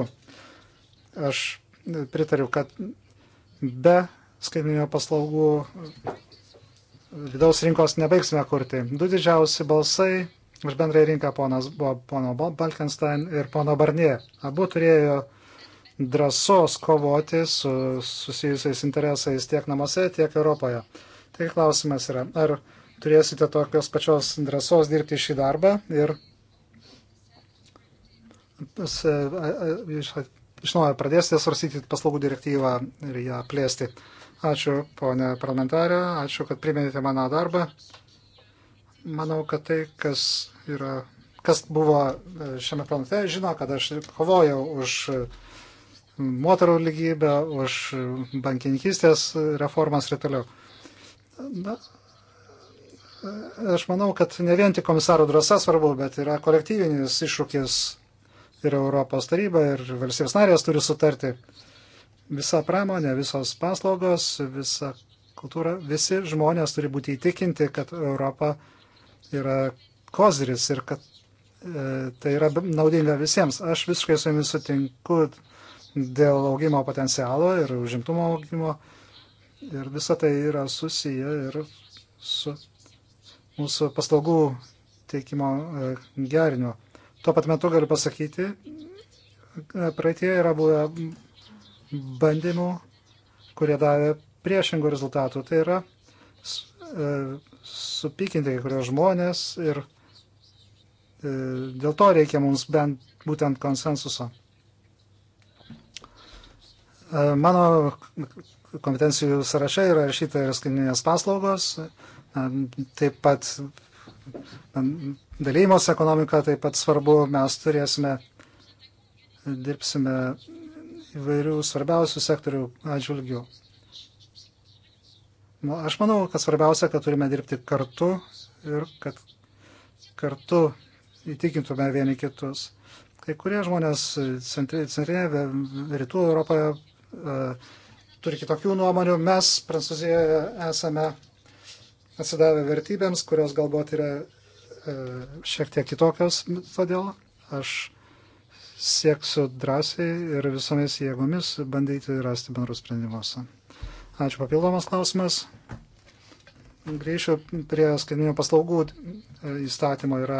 Speaker 1: Aš e, pritariu, kad be skaitmeninio paslaugų vidaus rinkos nebaigsime kurti. Du didžiausi balsai už bendrąją rinką ponas buvo pono Balkenstein ir pono Barnie. Abu turėjo drąsos kovoti su susijusiais interesais tiek namuose, tiek Europoje. Tai klausimas yra, ar turėsite tokios pačios drąsos dirbti šį darbą ir iš naujo pradėsite svarstyti paslaugų direktyvą ir ją plėsti. Ačiū, ponė parlamentarė, ačiū, kad primėtėte mano darbą. Manau, kad tai, kas, yra, kas buvo e, šiame planete, žino, kad aš kovojau už e, moterų lygybę, už e, bankininkystės reformas ir toliau. Na, aš manau, kad ne vien tik komisaro drąsa svarbu, bet yra kolektyvinis iššūkis ir Europos taryba, ir valstybės narės turi sutarti. Visa pramonė, visos paslaugos, visa kultūra, visi žmonės turi būti įtikinti, kad Europa yra koziris ir kad e, tai yra naudinga visiems. Aš visiškai su jumis sutinku dėl augimo potencialo ir užimtumo augimo ir visa tai yra susiję ir su mūsų paslaugų teikimo e, geriniu. Tuo pat metu galiu pasakyti, e, praeitie yra buvę bandymų, kurie davė priešingų rezultatų. Tai yra e, supykinti kai kurios žmonės ir e, dėl to reikia mums bent būtent konsensuso. E, mano kompetencijų sąraše yra rašyta ir skaitinės paslaugos, e, taip pat dalymos ekonomika, taip pat svarbu, mes turėsime, dirbsime įvairių svarbiausių sektorių atžvilgių. Na, nu, aš manau, kad svarbiausia, kad turime dirbti kartu ir kad kartu įtikintume vieni kitus. Kai kurie žmonės centrinėje rytų Europoje uh, turi kitokių nuomonių. Mes Prancūzijoje esame atsidavę vertybėms, kurios galbūt yra uh, šiek tiek kitokios. Todėl aš sieksiu drąsiai ir visomis jėgomis bandyti rasti bendrus sprendimus. Ačiū papildomas klausimas. Grįšiu prie skaitinių paslaugų e, įstatymo. Yra,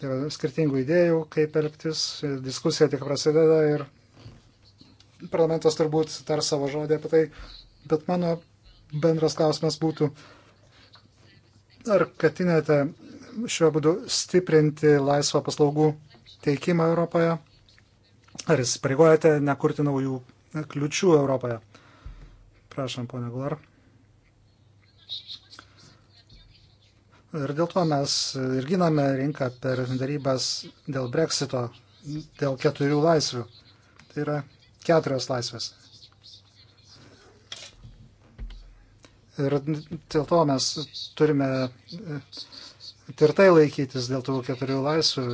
Speaker 1: yra skirtingų idėjų, kaip elgtis. Diskusija tik prasideda ir parlamentas turbūt tar savo žodį apie tai. Bet mano bendras klausimas būtų, ar ketinate šiuo būdu stiprinti laisvą paslaugų teikimą Europoje? Ar įsipareigojate nekurti naujų kliučių Europoje? Prašom, ponia Gular. Ir dėl to mes ir giname rinką per darybas dėl breksito, dėl keturių laisvių. Tai yra keturios laisvės. Ir dėl to mes turime e, tvirtai laikytis dėl tų keturių laisvių.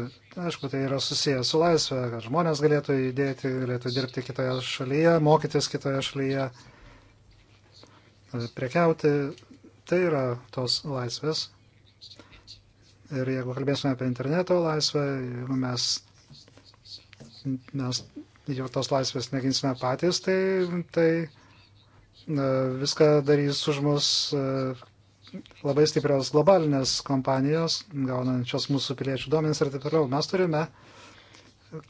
Speaker 1: Aišku, tai yra susijęs su laisvė, kad žmonės galėtų judėti, galėtų dirbti kitoje šalyje, mokytis kitoje šalyje prekiauti, tai yra tos laisvės. Ir jeigu kalbėsime apie interneto laisvę, jeigu mes, mes jau tos laisvės neginsime patys, tai, tai viską darys už mus e, labai stiprios globalinės kompanijos, gaunančios mūsų piliečių duomenys ir taip toliau. Mes turime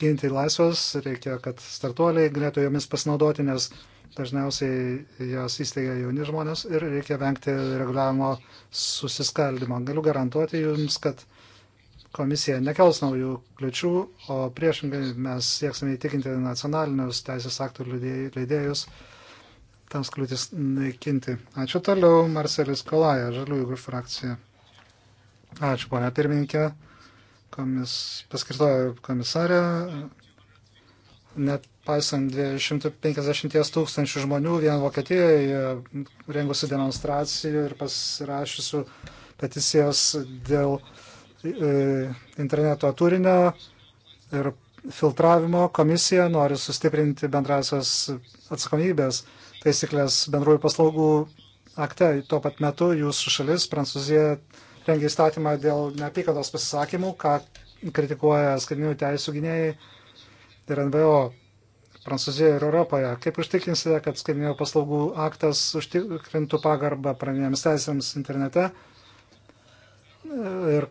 Speaker 1: ginti laisvės, reikia, kad startuoliai galėtų jomis pasinaudoti, nes dažniausiai jos įsteigia jauni žmonės ir reikia vengti reguliavimo susiskaldimo. Galiu garantuoti jums, kad komisija nekels naujų kliučių, o priešingai mes sieksime įtikinti nacionalinius teisės aktų leidėjus tams kliūtis naikinti. Ačiū toliau, Marcelis Kolaja, Žaliųjų frakcija. Ačiū, ponia pirmininkė, komis, paskirtojo komisarė, net paisant 250 tūkstančių žmonių vien Vokietijoje rengusi demonstracijų ir pasirašysiu peticijos dėl e, interneto turinio ir filtravimo komisija nori sustiprinti bendrasios atsakomybės taisyklės bendrųjų paslaugų akte. Tuo pat metu jūsų šalis, Prancūzija, rengia įstatymą dėl neapykantos pasisakymų, ką kritikuoja skaitinių teisų gynėjai ir NVO Prancūzijoje ir Europoje. Kaip užtikrinsite, kad skaitminio paslaugų aktas užtikrintų pagarbą praninėms teisėms internete ir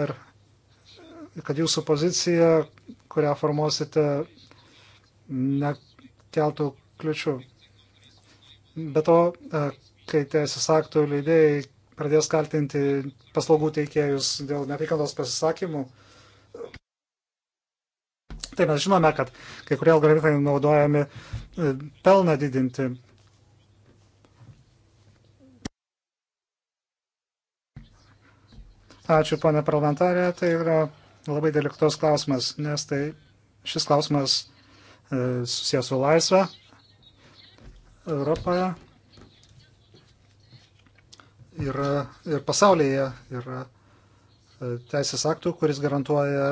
Speaker 1: ar, kad jūsų pozicija, kurią formuosite, nekeltų kliučių. Be to, e, kai teisės aktų leidėjai pradės kaltinti paslaugų teikėjus dėl neapykantos pasisakymų, Tai mes žinome, kad kai kurie algoritmai naudojami e, pelną didinti. Ačiū, ponė parlamentarė, tai yra labai deliktos klausimas, nes tai šis klausimas e, susijęs su laisvę Europoje yra, ir pasaulyje yra e, teisės aktų, kuris garantuoja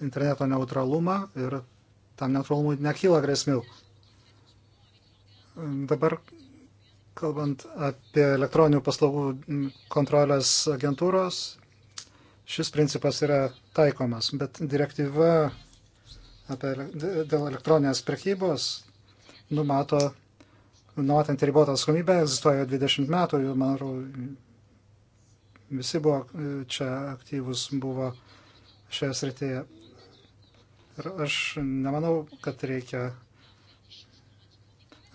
Speaker 1: interneto neutralumą ir tam neutralumui nekyla grėsmių. Dabar kalbant apie elektroninių paslaugų kontrolės agentūros, šis principas yra taikomas, bet direktyva apie, dėl elektroninės prekybos numato, numatant ribotą atsakomybę, egzistuoja 20 metų, jau manau, visi buvo čia aktyvus, buvo šioje srityje. Ir aš nemanau, kad reikia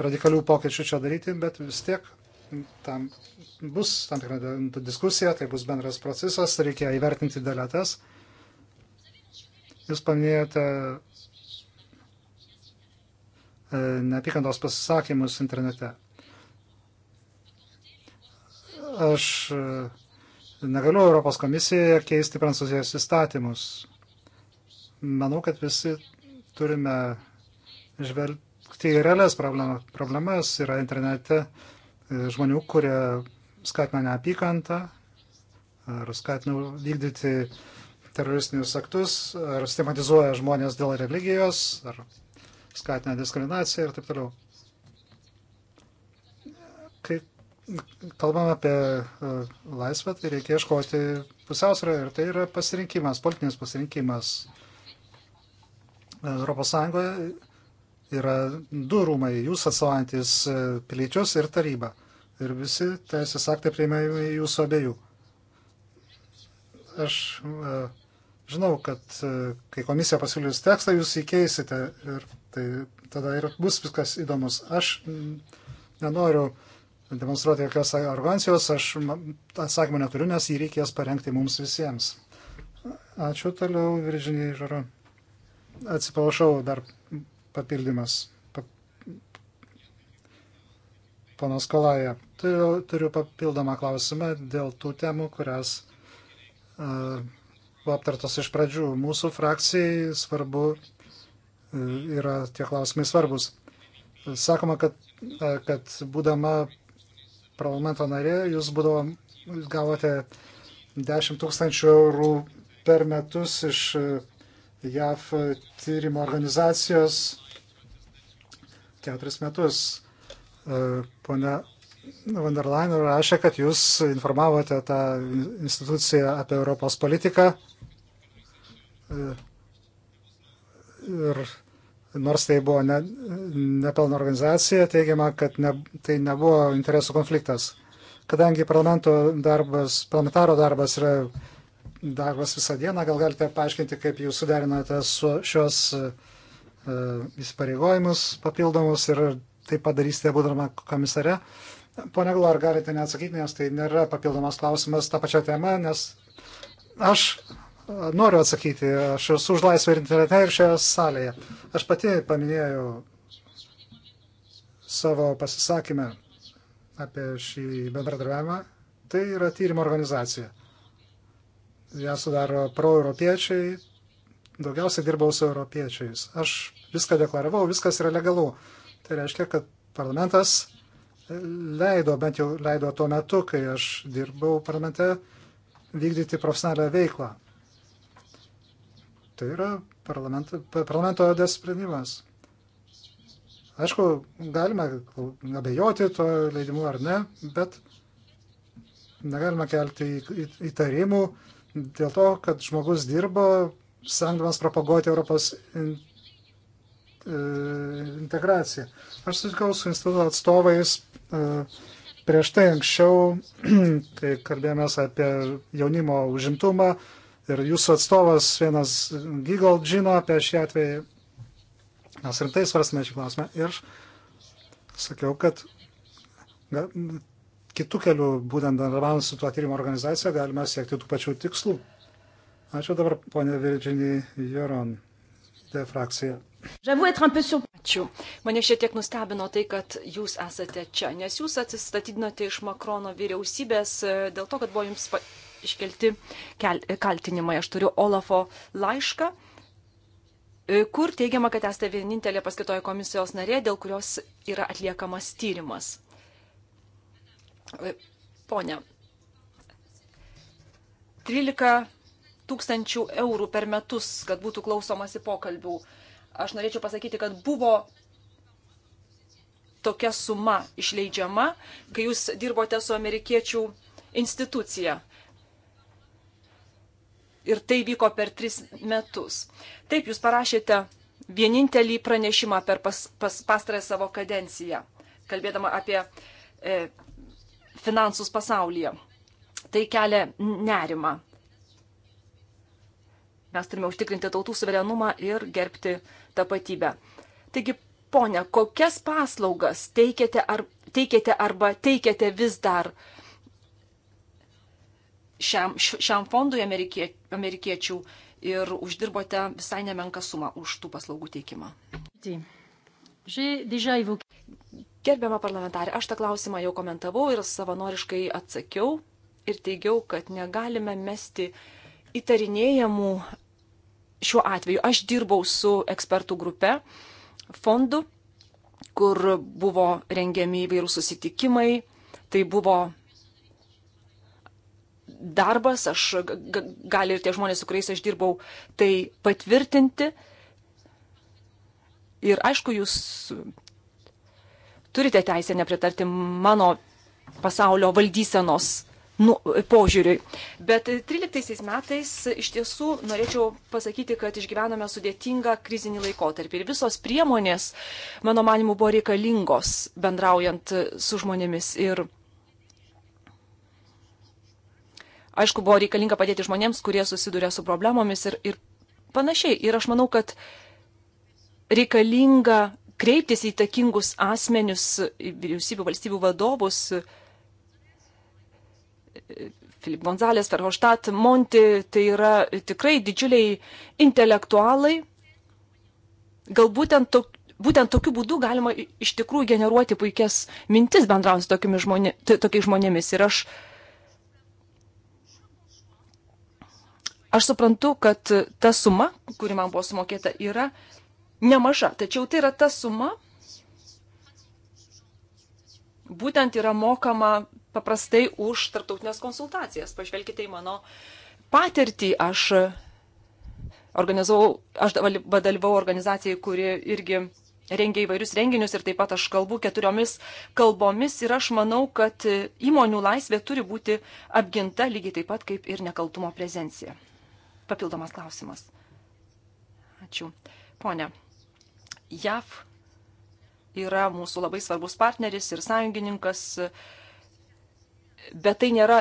Speaker 1: radikalių pokyčių čia daryti, bet vis tiek tam bus tam tikra diskusija, tai bus bendras procesas, reikia įvertinti daletas. Jūs paminėjote e, neapykantos pasisakymus internete. Aš e, negaliu Europos komisijoje keisti prancūzijos įstatymus manau, kad visi turime žvelgti į realias problemas. Yra internete e, žmonių, kurie skatina neapykantą ar skatina vykdyti teroristinius aktus, ar stigmatizuoja žmonės dėl religijos, ar skatina diskriminaciją ir taip toliau. Kai kalbam apie e, laisvę, tai reikia ieškoti pusiausvyrą ir tai yra pasirinkimas, politinis pasirinkimas ES yra du rūmai, jūs atstovaujantis e, piliečius ir taryba. Ir visi teisės aktai priimami jūsų abiejų. Aš e, žinau, kad e, kai komisija pasiūlys tekstą, jūs įkeisite ir tai tada ir bus viskas įdomus. Aš mm, nenoriu demonstruoti jokios arogancijos, aš atsakymą neturiu, nes jį reikės parengti mums visiems. Ačiū toliau, Viržiniai Žaro. Atsiprašau, dar papildymas. Panas Kolaja, turiu, turiu papildomą klausimą dėl tų temų, kurias uh, buvo aptartos iš pradžių. Mūsų frakcijai svarbu uh, yra tie klausimai svarbus. Sakoma, kad, uh, kad būdama parlamento narė, jūs, būdavo, jūs gavote 10 tūkstančių eurų per metus iš uh, JAF tyrimo organizacijos keturis metus. E, pone van der Leyen rašė, kad jūs informavote tą instituciją apie Europos politiką. E, ir nors tai buvo nepelno ne organizacija, teigiama, kad ne, tai nebuvo interesų konfliktas. Kadangi parlamento darbas, parlamentaro darbas yra darbas visą dieną. Gal galite paaiškinti, kaip jūs suderinote su šios e, įsipareigojimus papildomus ir tai padarysite būdama komisare. Pone Glo, ar galite neatsakyti, nes tai nėra papildomas klausimas tą pačią temą, nes aš e, noriu atsakyti, aš esu už laisvę ir internete ir šioje salėje. Aš pati paminėjau savo pasisakymę apie šį bendradarbiavimą. Tai yra tyrimo organizacija ją sudaro proeuropiečiai, daugiausia dirbau su europiečiais. Aš viską deklaravau, viskas yra legalu. Tai reiškia, kad parlamentas leido, bent jau leido tuo metu, kai aš dirbau parlamente, vykdyti profesionalią veiklą. Tai yra parlamento, parlamento sprendimas. Aišku, galima abejoti to leidimu ar ne, bet negalima kelti įtarimų, dėl to, kad žmogus dirbo, stengdamas propaguoti Europos in, e, integraciją. Aš sutikau su instituto atstovais e, prieš tai anksčiau, kai kalbėjomės apie jaunimo užimtumą ir jūsų atstovas vienas Gigal žino apie šį atvejį. Mes rimtai svarstame šį klausimą ir aš sakiau, kad kitų kelių, būtent bendraujant su tuo tyrimo organizacija, galime siekti tų pačių tikslų. Ačiū dabar, ponė Virginija Joron, D frakcija.
Speaker 2: Ačiū. Mane šiek tiek nustebino tai, kad jūs esate čia, nes jūs atsistatydinote iš Makrono vyriausybės e, dėl to, kad buvo jums iškelti kaltinimai. Aš turiu Olafo laišką, e, kur teigiama, kad esate vienintelė paskitoje komisijos narė, dėl kurios yra atliekamas tyrimas. Pone, 13 tūkstančių eurų per metus, kad būtų klausomasi pokalbių. Aš norėčiau pasakyti, kad buvo tokia suma išleidžiama, kai jūs dirbote su amerikiečių institucija. Ir tai vyko per tris metus. Taip, jūs parašėte vienintelį pranešimą per pas, pas, pastarąją savo kadenciją, kalbėdama apie e, finansus pasaulyje. Tai kelia nerima. Mes turime užtikrinti tautų suverenumą ir gerbti tapatybę. Taigi, ponia, kokias paslaugas teikėte, ar, teikėte arba teikėte vis dar šiam, šiam fondui amerikie, amerikiečių ir uždirbote visai nemenką sumą už tų paslaugų teikimą? Gerbiama parlamentarė, aš tą klausimą jau komentavau ir savanoriškai atsakiau ir teigiau, kad negalime mesti įtarinėjimų šiuo atveju. Aš dirbau su ekspertų grupe fondu, kur buvo rengiami įvairūs susitikimai. Tai buvo darbas, aš gali ir tie žmonės, su kuriais aš dirbau, tai patvirtinti. Ir aišku, jūs turite teisę nepritarti mano pasaulio valdysenos nu, požiūriui. Bet 13 metais iš tiesų norėčiau pasakyti, kad išgyvename sudėtingą krizinį laikotarpį ir visos priemonės, mano manimu, buvo reikalingos bendraujant su žmonėmis. Ir aišku, buvo reikalinga padėti žmonėms, kurie susiduria su problemomis ir, ir panašiai. Ir aš manau, kad reikalinga kreiptis į takingus asmenius, vyriausybių valstybių vadovus, Filip Gonzalės, Ferhoštat, Monti, tai yra tikrai didžiuliai intelektualai. Gal būtent, to, būtent tokiu būdu galima iš tikrųjų generuoti puikias mintis bendraujant su žmonė, tokiais žmonėmis. Ir aš, aš suprantu, kad ta suma, kuri man buvo sumokėta, yra nemaža, tačiau tai yra ta suma, būtent yra mokama paprastai už tarptautinės konsultacijas. Pažvelkite į mano patirtį. Aš organizavau, aš dalyvau organizacijai, kuri irgi rengia įvairius renginius ir taip pat aš kalbu keturiomis kalbomis ir aš manau, kad įmonių laisvė turi būti apginta lygiai taip pat kaip ir nekaltumo prezencija. Papildomas klausimas. Ačiū. Pone, JAV yra mūsų labai svarbus partneris ir sąjungininkas, bet tai nėra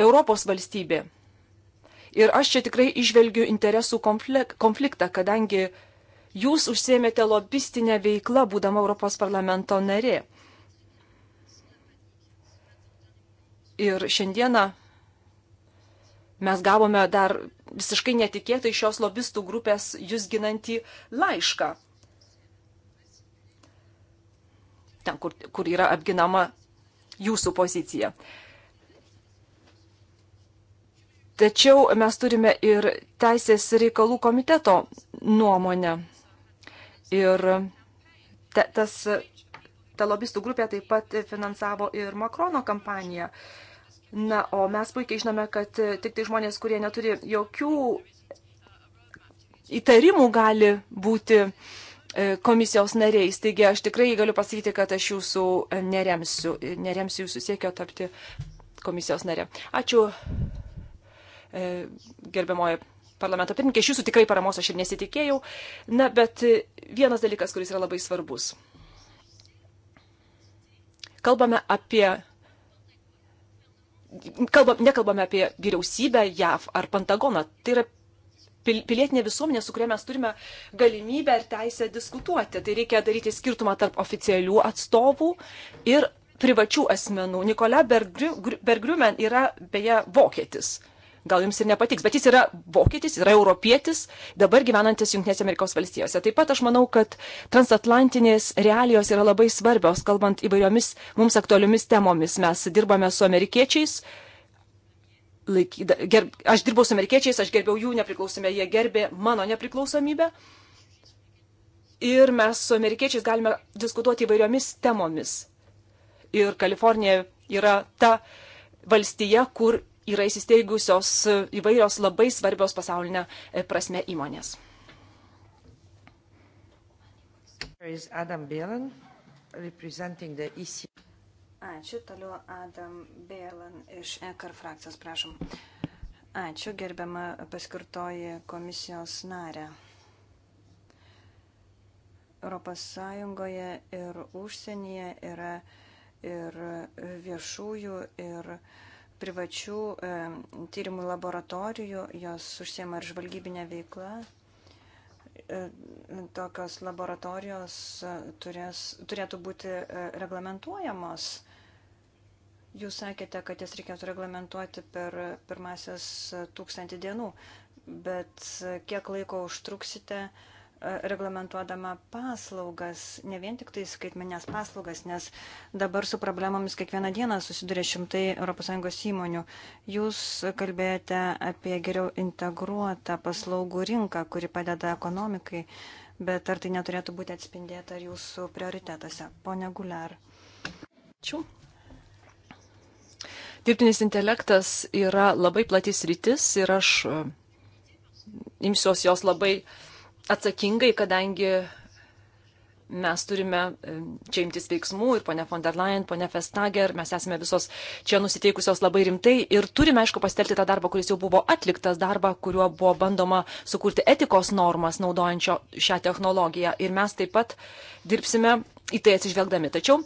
Speaker 2: Europos valstybė. Ir aš čia tikrai išvelgiu interesų konfliktą, kadangi jūs užsėmėte lobistinę veiklą, būdama Europos parlamento narė. Ir šiandieną mes gavome dar visiškai netikėtai šios lobistų grupės jūs ginantį laišką. Ten, kur, kur yra apginama jūsų pozicija. Tačiau mes turime ir Teisės reikalų komiteto nuomonę. Ir te, tas, ta lobistų grupė taip pat finansavo ir Makrono kampaniją. Uh, Na, o mes puikiai žinome, kad e, tik tai žmonės, kurie neturi jokių įtarimų, gali būti e, komisijos nariais. Taigi aš tikrai galiu pasakyti, kad aš jūsų e, neremsiu, neremsiu jūsų siekio tapti komisijos narė. Ačiū, gerbiamoji parlamento pirmininkė, iš jūsų tikrai paramos aš ir nesitikėjau. Na, bet vienas dalykas, kuris yra labai svarbus. Kalbame apie kalbam, nekalbame apie vyriausybę JAV ar Pentagoną. Tai yra pilietinė visuomenė, su kuria mes turime galimybę ir teisę diskutuoti. Tai reikia daryti skirtumą tarp oficialių atstovų ir privačių asmenų. Nikola Bergriumen yra beje vokietis gal jums ir nepatiks, bet jis yra vokietis, yra europietis, dabar gyvenantis Junktinėse Amerikos valstijose. Taip pat aš manau, kad transatlantinės realijos yra labai svarbios, kalbant įvairiomis mums aktualiomis temomis. Mes dirbame su amerikiečiais. Laikyda, ger, aš dirbau su amerikiečiais, aš gerbiau jų nepriklausomybę, jie gerbė mano nepriklausomybę. Ir mes su amerikiečiais galime diskutuoti įvairiomis temomis. Ir Kalifornija yra ta valstija, kur yra įsisteigusios įvairios labai svarbios pasaulinė e, prasme įmonės.
Speaker 3: Bielan, e Ačiū, toliau Adam Bėlan iš EKR frakcijos, prašom. Ačiū, gerbiama paskirtoji komisijos narė. Europos Sąjungoje ir užsienyje yra ir viešųjų, ir uh, privačių tyrimų laboratorijų, jos užsiema ir žvalgybinę veiklą. E, tokios laboratorijos e, turės, turėtų būti e, reglamentuojamos. Jūs sakėte, kad jas reikėtų reglamentuoti per pirmasis tūkstantį dienų, bet kiek laiko užtruksite, uh, reglamentuodama paslaugas, ne vien tik tai skaitmenės paslaugas, nes dabar su problemomis kiekvieną dieną susiduria šimtai ES įmonių. Jūs kalbėjote apie geriau integruotą paslaugų rinką, kuri padeda ekonomikai, bet ar tai neturėtų būti atspindėta jūsų prioritetuose? Pone Guler. Ačiū. Dirbtinis intelektas
Speaker 2: yra labai platys rytis ir aš e, imsiuos jos labai uh, atsakingai, kadangi mes turime e, čia imtis veiksmų ir ponia von der Leyen, ponia Vestager, mes esame visos čia nusiteikusios labai rimtai ir turime, aišku, pastelti tą darbą, kuris jau buvo atliktas, darbą, kuriuo buvo bandoma sukurti etikos normas naudojančio šią technologiją ir mes taip pat dirbsime į tai atsižvelgdami. Tačiau,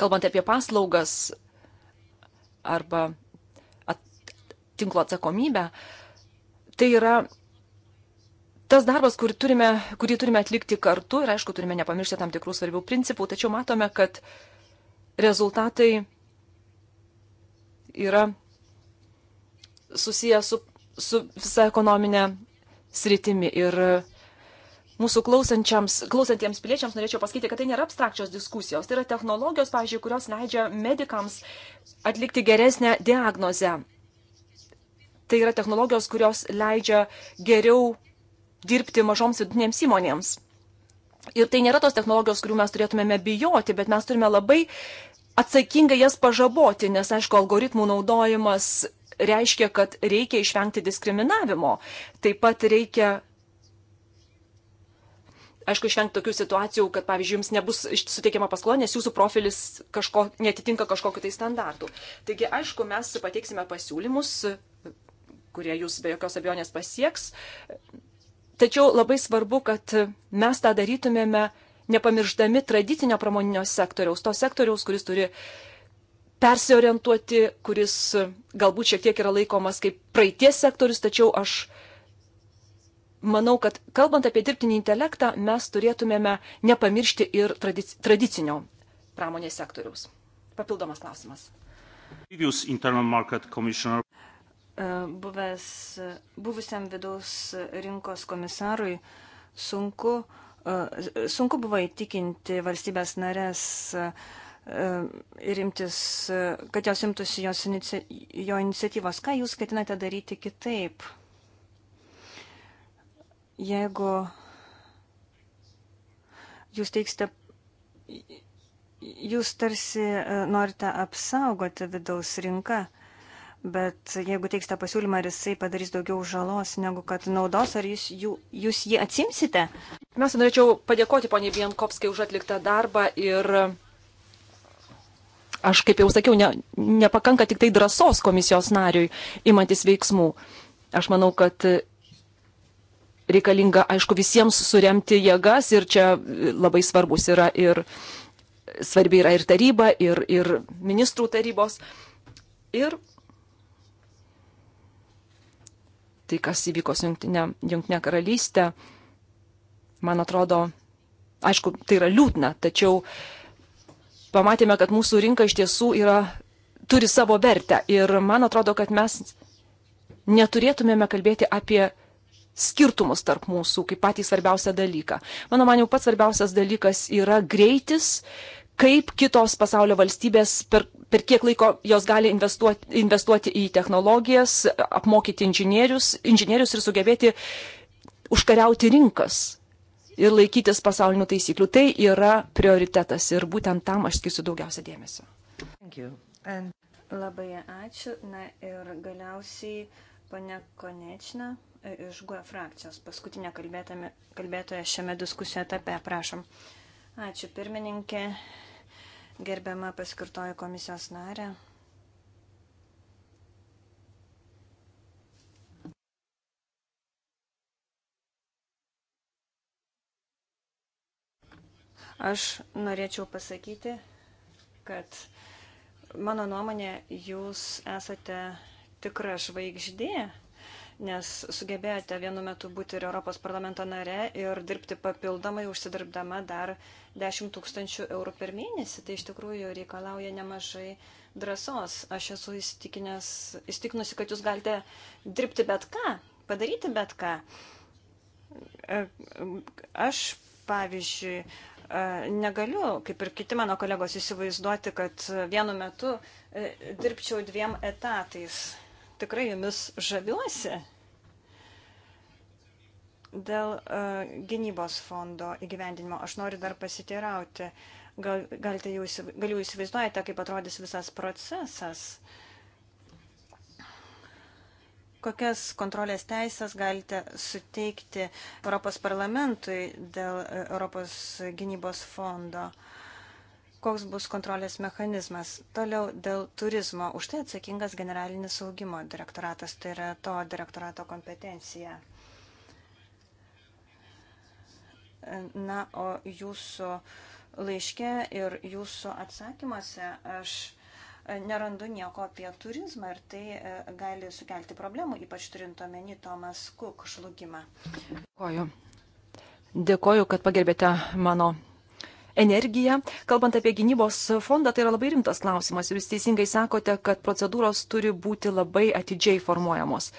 Speaker 2: kalbant apie paslaugas arba at, tinklo atsakomybę, tai yra tas darbas, kurį turime, kurį turime atlikti kartu ir aišku, turime nepamiršti tam tikrų svarbių principų, tačiau matome, kad rezultatai yra susiję su, su visa ekonominė sritimi. Ir mūsų klausantiems piliečiams norėčiau pasakyti, kad tai nėra abstrakčios diskusijos, tai yra technologijos, pavyzdžiui, kurios leidžia medikams atlikti geresnę diagnozę. Tai yra technologijos, kurios leidžia geriau dirbti mažoms vidutinėms įmonėms. Ir tai nėra tos technologijos, kurių mes turėtumėme bijoti, bet mes turime labai atsakingai jas pažaboti, nes, aišku, algoritmų naudojimas reiškia, kad reikia išvengti diskriminavimo. Taip pat reikia aišku, išvengti tokių situacijų, kad, pavyzdžiui, jums nebus suteikiama paskola, nes jūsų profilis kažko, netitinka kažkokiu tai standartu. Taigi, aišku, mes pateiksime pasiūlymus, kurie jūs be jokios abejonės pasieks. Tačiau labai svarbu, kad mes tą darytumėme nepamirždami tradicinio pramoninio sektoriaus, to sektoriaus, kuris turi persiorientuoti, kuris galbūt šiek tiek yra laikomas kaip praeities sektorius, tačiau aš manau, kad kalbant apie dirbtinį intelektą, mes turėtumėme nepamiršti ir tradic
Speaker 3: tradicinio pramonės sektoriaus. Papildomas klausimas. E, buvęs, e, buvusiam vidaus rinkos komisarui sunku, e, sunku buvo įtikinti valstybės narės ir imtis, kad jos imtųsi jos inici, jo iniciatyvos. Ką jūs ketinate daryti kitaip? Jeigu jūs teiksite, jūs tarsi norite apsaugoti vidaus rinką, bet jeigu teiksite pasiūlymą, ar jisai padarys daugiau žalos negu kad naudos, ar jūs, jų, jūs jį atsimsite? Pirmiausia, norėčiau
Speaker 2: padėkoti poniai Bienkovskai
Speaker 3: už atliktą darbą
Speaker 2: ir aš, kaip jau sakiau, ne, nepakanka tik tai drąsos komisijos nariui imantis veiksmų. Aš manau, kad reikalinga, aišku, visiems suremti jėgas ir čia labai svarbus yra ir svarbi yra ir taryba, ir, ir ministrų tarybos. Ir tai, kas įvyko su jungtinė, jungtinė karalystė, man atrodo, aišku, tai yra liūdna, tačiau pamatėme, kad mūsų rinka iš tiesų yra, turi savo vertę. Ir man atrodo, kad mes neturėtumėme kalbėti apie skirtumus tarp mūsų kaip patį svarbiausią dalyką. Mano maniau, pats svarbiausias dalykas yra greitis, kaip kitos pasaulio valstybės per, per kiek laiko jos gali investuoti, investuoti į technologijas, apmokyti inžinierius, inžinierius ir sugebėti užkariauti rinkas ir laikytis pasaulinių taisyklių. Tai yra prioritetas ir būtent tam aš skirsiu daugiausia dėmesio.
Speaker 3: And... Labai ačiū. Na ir galiausiai pane Konečna e, iš GUE frakcijos, paskutinė kalbėtoja šiame diskusijų etape, prašom. Ačiū pirmininkė, gerbiama paskirtoji komisijos narė. Aš norėčiau pasakyti, kad mano nuomonė, jūs esate tikra žvaigždė nes sugebėjote vienu metu būti ir Europos parlamento nare ir dirbti papildomai, užsidirbdama dar 10 tūkstančių eurų per mėnesį. Tai iš tikrųjų reikalauja nemažai drąsos. Aš esu įstikinusi, kad jūs galite dirbti bet ką, padaryti bet ką. E, aš, pavyzdžiui, e, negaliu, kaip ir kiti mano kolegos, įsivaizduoti, kad vienu metu e, dirbčiau dviem etatais. Tikrai jumis žaviuosi, Dėl uh, gynybos fondo įgyvendinimo aš noriu dar pasiteirauti. Gal, galite jau, gal jau įsivaizduojate, kaip atrodys visas procesas? Kokias kontrolės teisės galite suteikti Europos parlamentui dėl e, Europos gynybos fondo? Koks bus kontrolės mechanizmas? Toliau dėl turizmo. Už tai atsakingas generalinis saugimo direktoratas, tai yra to direktorato kompetencija. Na, o jūsų laiške ir jūsų atsakymuose aš e, nerandu nieko apie turizmą ir tai e, gali sukelti problemų, ypač turint omeny Tomas Kuk žlugimą.
Speaker 2: Dėkoju. Dėkoju, kad pagerbėte mano energiją. Kalbant apie gynybos fondą, tai yra labai rimtas klausimas. Jūs teisingai sakote, kad procedūros turi būti labai atidžiai formuojamos.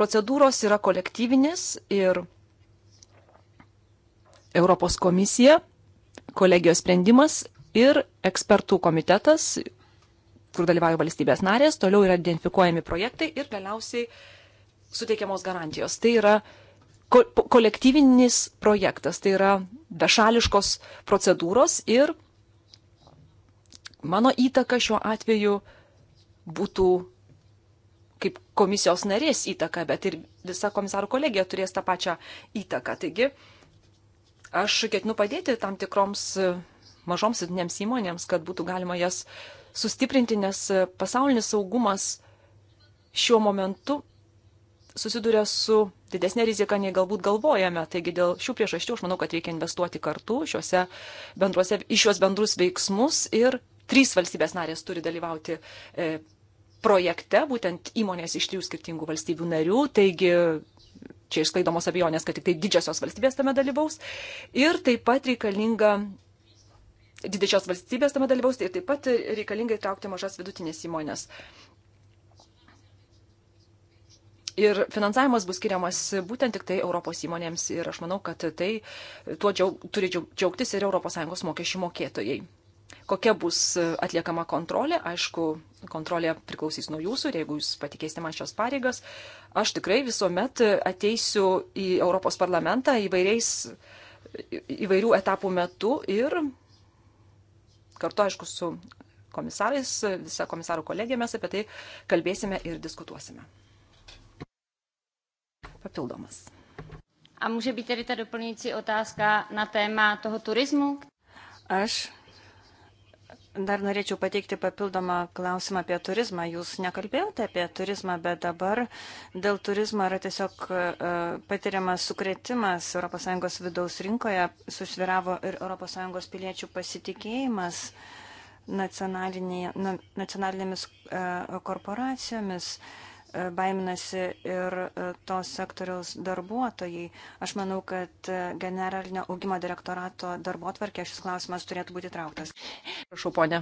Speaker 2: Procedūros yra kolektyvinės ir Europos komisija, kolegijos sprendimas ir ekspertų komitetas, kur dalyvauja valstybės narės, toliau yra identifikuojami projektai ir galiausiai suteikiamos garantijos. Tai yra ko kolektyvinis projektas, tai yra bešališkos procedūros ir mano įtaka šiuo atveju būtų kaip komisijos narės įtaka, bet ir visa komisarų kolegija turės tą pačią įtaką. Taigi, uh, Aš ketinu padėti tam tikroms e, mažoms vidinėms įmonėms, kad būtų galima jas sustiprinti, nes e, pasaulinis saugumas šiuo momentu susiduria su didesnė rizika, nei galbūt galvojame. Taigi dėl šių priežasčių aš manau, kad reikia investuoti kartu šiuose bendruose, į šiuos bendrus veiksmus ir trys valstybės narės turi dalyvauti e, projekte, būtent įmonės iš trijų skirtingų valstybių narių. Taigi čia išsklaidomos abejonės, kad tik tai didžiosios valstybės tame dalyvaus. Ir taip pat reikalinga didžiosios valstybės tame dalyvaus ir taip pat reikalinga įtraukti mažas vidutinės įmonės. Ir finansavimas bus skiriamas būtent tik tai Europos įmonėms ir aš manau, kad tai tuo džiaug, turi džiaugtis ir ES mokesčių mokėtojai kokia bus atliekama kontrolė. Aišku, kontrolė priklausys nuo jūsų ir jeigu jūs patikėsite man šios pareigas, aš tikrai visuomet ateisiu į Europos parlamentą įvairiais, įvairių etapų metu ir kartu, aišku, su komisarais, visa komisarų kolegija mes apie tai kalbėsime ir diskutuosime. Papildomas.
Speaker 3: A může být tedy ta doplňující otázka na téma toho turismu? Aš Dar norėčiau pateikti papildomą klausimą apie turizmą. Jūs nekalbėjote apie turizmą, bet dabar dėl turizmo yra tiesiog e, patiriamas sukretimas ES vidaus rinkoje, susviravo ir ES piliečių pasitikėjimas nu, nacionalinėmis e, korporacijomis. E, baiminasi ir e, tos sektoriaus darbuotojai. Aš manau, kad e, generalinio augimo direktorato darbo tvarkė šis klausimas turėtų būti trauktas. Prašau, ponė.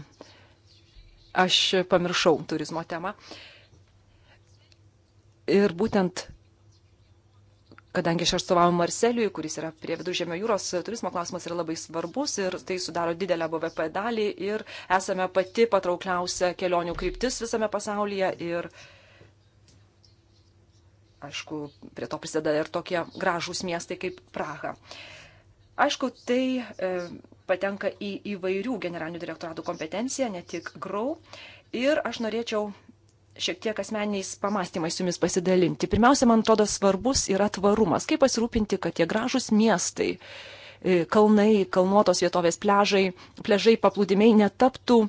Speaker 2: Aš pamiršau turizmo temą. Ir būtent, kadangi aš atstovauju Marseliui, kuris yra prie Viduržėmio jūros, turizmo klausimas yra labai svarbus ir tai sudaro didelę BVP dalį ir esame pati patraukliausia kelionių kryptis visame pasaulyje. Ir uh, Aišku, prie to prisideda ir tokie gražūs miestai kaip Praha. Aišku, tai e, patenka į įvairių generalinių direktoratų kompetenciją, ne tik GRAU. Ir aš norėčiau šiek tiek asmeniais pamastymais jumis pasidalinti. Pirmiausia, man atrodo, svarbus yra tvarumas. Kaip pasirūpinti, kad tie gražūs miestai, e, kalnai, kalnuotos vietovės, pležai, pležai paplūdimiai netaptų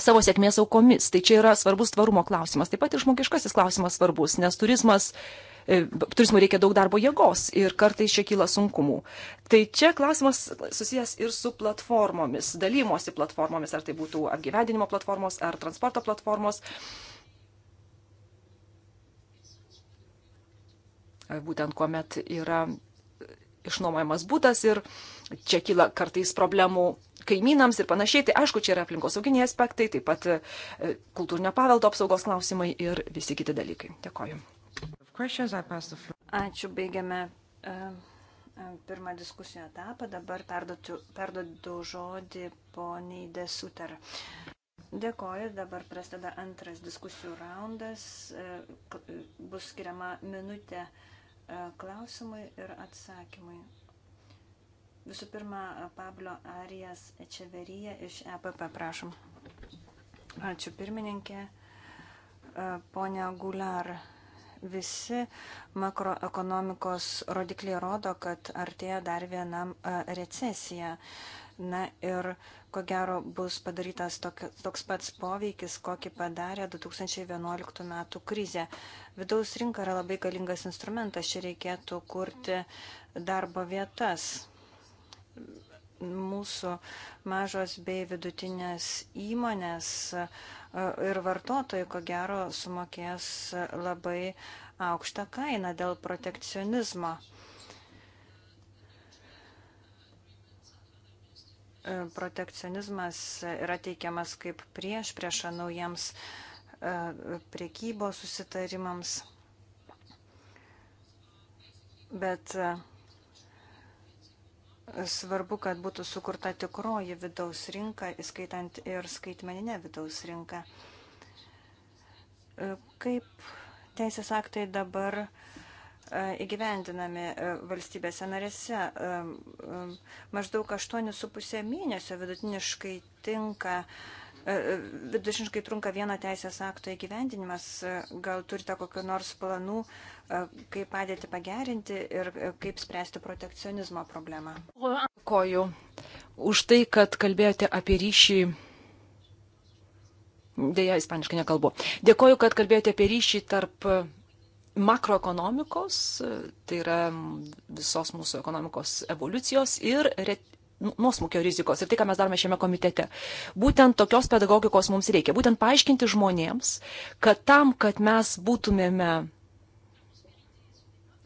Speaker 2: savo sėkmės aukomis. Tai čia yra svarbus tvarumo klausimas. Taip pat ir žmogiškasis klausimas svarbus, nes turizmas. E, turizmui reikia daug darbo jėgos ir kartais čia kyla sunkumų. Tai čia klausimas susijęs ir su platformomis, dalymosi platformomis, ar tai būtų apgyvedinimo platformos, ar transporto platformos. Būtent kuomet yra išnuomojamas būtas ir čia kyla kartais problemų kaimynams ir panašiai. Tai aišku, čia yra aplinkosauginiai aspektai, taip pat e, kultūrinio paveldo apsaugos klausimai ir visi kiti dalykai. Dėkoju.
Speaker 3: Ačiū, baigiame e, e, pirmą diskusijų etapą. Dabar perdodu žodį poniai Desuter. Dėkoju, dabar prasideda antras diskusijų raundas. Bus skiriama minutė E, klausimai ir atsakymai. Visų pirma, Pablo Arijas Ečeverija iš EPP, prašom. Ačiū pirmininkė. E, Pone Gular, visi makroekonomikos rodikliai rodo, kad artėja dar vienam e, recesija. Na ir ko gero bus padarytas toks pats poveikis, kokį padarė 2011 metų krizė. Vidaus rinka yra labai galingas instrumentas, čia reikėtų kurti darbo vietas. Mūsų mažos bei vidutinės įmonės e, ir vartotojai, ko gero, sumokės labai aukštą kainą dėl protekcionizmo. protekcionizmas yra teikiamas kaip prieš priešą naujiems e, priekybos susitarimams. Bet e, svarbu, kad būtų sukurta tikroji vidaus rinka, įskaitant ir skaitmeninę vidaus rinką. E, kaip teisės aktai dabar uh, E, įgyvendinami e, valstybėse narėse. E, maždaug 8,5 mėnesio vidutiniškai tinka. Vidutiniškai trunka vieno teisės akto įgyvendinimas. Gal turite kokiu nors planų, kaip padėti pagerinti ir kaip spręsti protekcionizmo problemą?
Speaker 2: Koju už tai, kad kalbėjote apie ryšį Deja, ispaniškai nekalbu. Dėkoju, kad kalbėjote apie ryšį tarp makroekonomikos, tai yra visos mūsų ekonomikos evoliucijos ir nu, nuosmukio rizikos ir tai, ką mes darome šiame komitete. Būtent tokios pedagogikos mums reikia. Būtent paaiškinti žmonėms, kad tam, kad mes būtumėme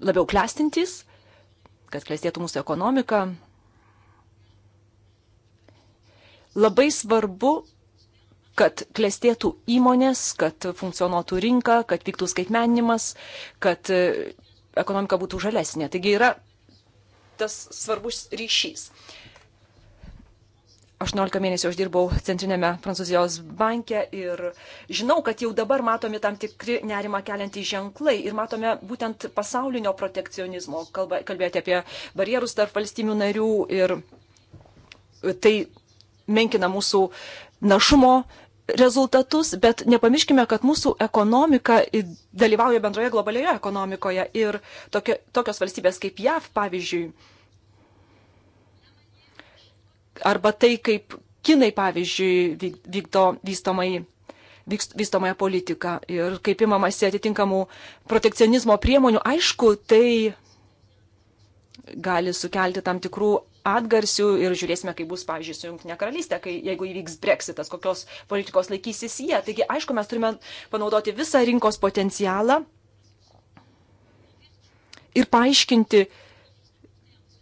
Speaker 2: labiau klestintys, kad klestėtų mūsų ekonomika, labai svarbu kad klestėtų įmonės, kad funkcionuotų rinka, kad vyktų skaitmeninimas, kad e, ekonomika būtų žalesnė. Taigi yra tas svarbus ryšys. 18 mėnesių aš dirbau Centrinėme Prancūzijos banke ir žinau, kad jau dabar matomi tam tikri nerima keliantys ženklai ir matome būtent pasaulinio protekcionizmo. Kalbėjote apie barjerus tarp valstybių narių ir tai menkina mūsų našumo rezultatus, bet nepamirškime, kad mūsų ekonomika dalyvauja bendroje globalioje ekonomikoje ir tokio, tokios valstybės kaip JAV, pavyzdžiui, arba tai, kaip Kinai, pavyzdžiui, vykdo vystomai vystomąją politiką ir kaip imamasi atitinkamų protekcionizmo priemonių, aišku, tai gali sukelti tam tikrų atgarsių ir žiūrėsime, kaip bus, pavyzdžiui, su Junktinė karalystė, kai, jeigu įvyks breksitas, kokios politikos laikysis jie. Taigi, aišku, mes turime panaudoti visą rinkos potencialą ir paaiškinti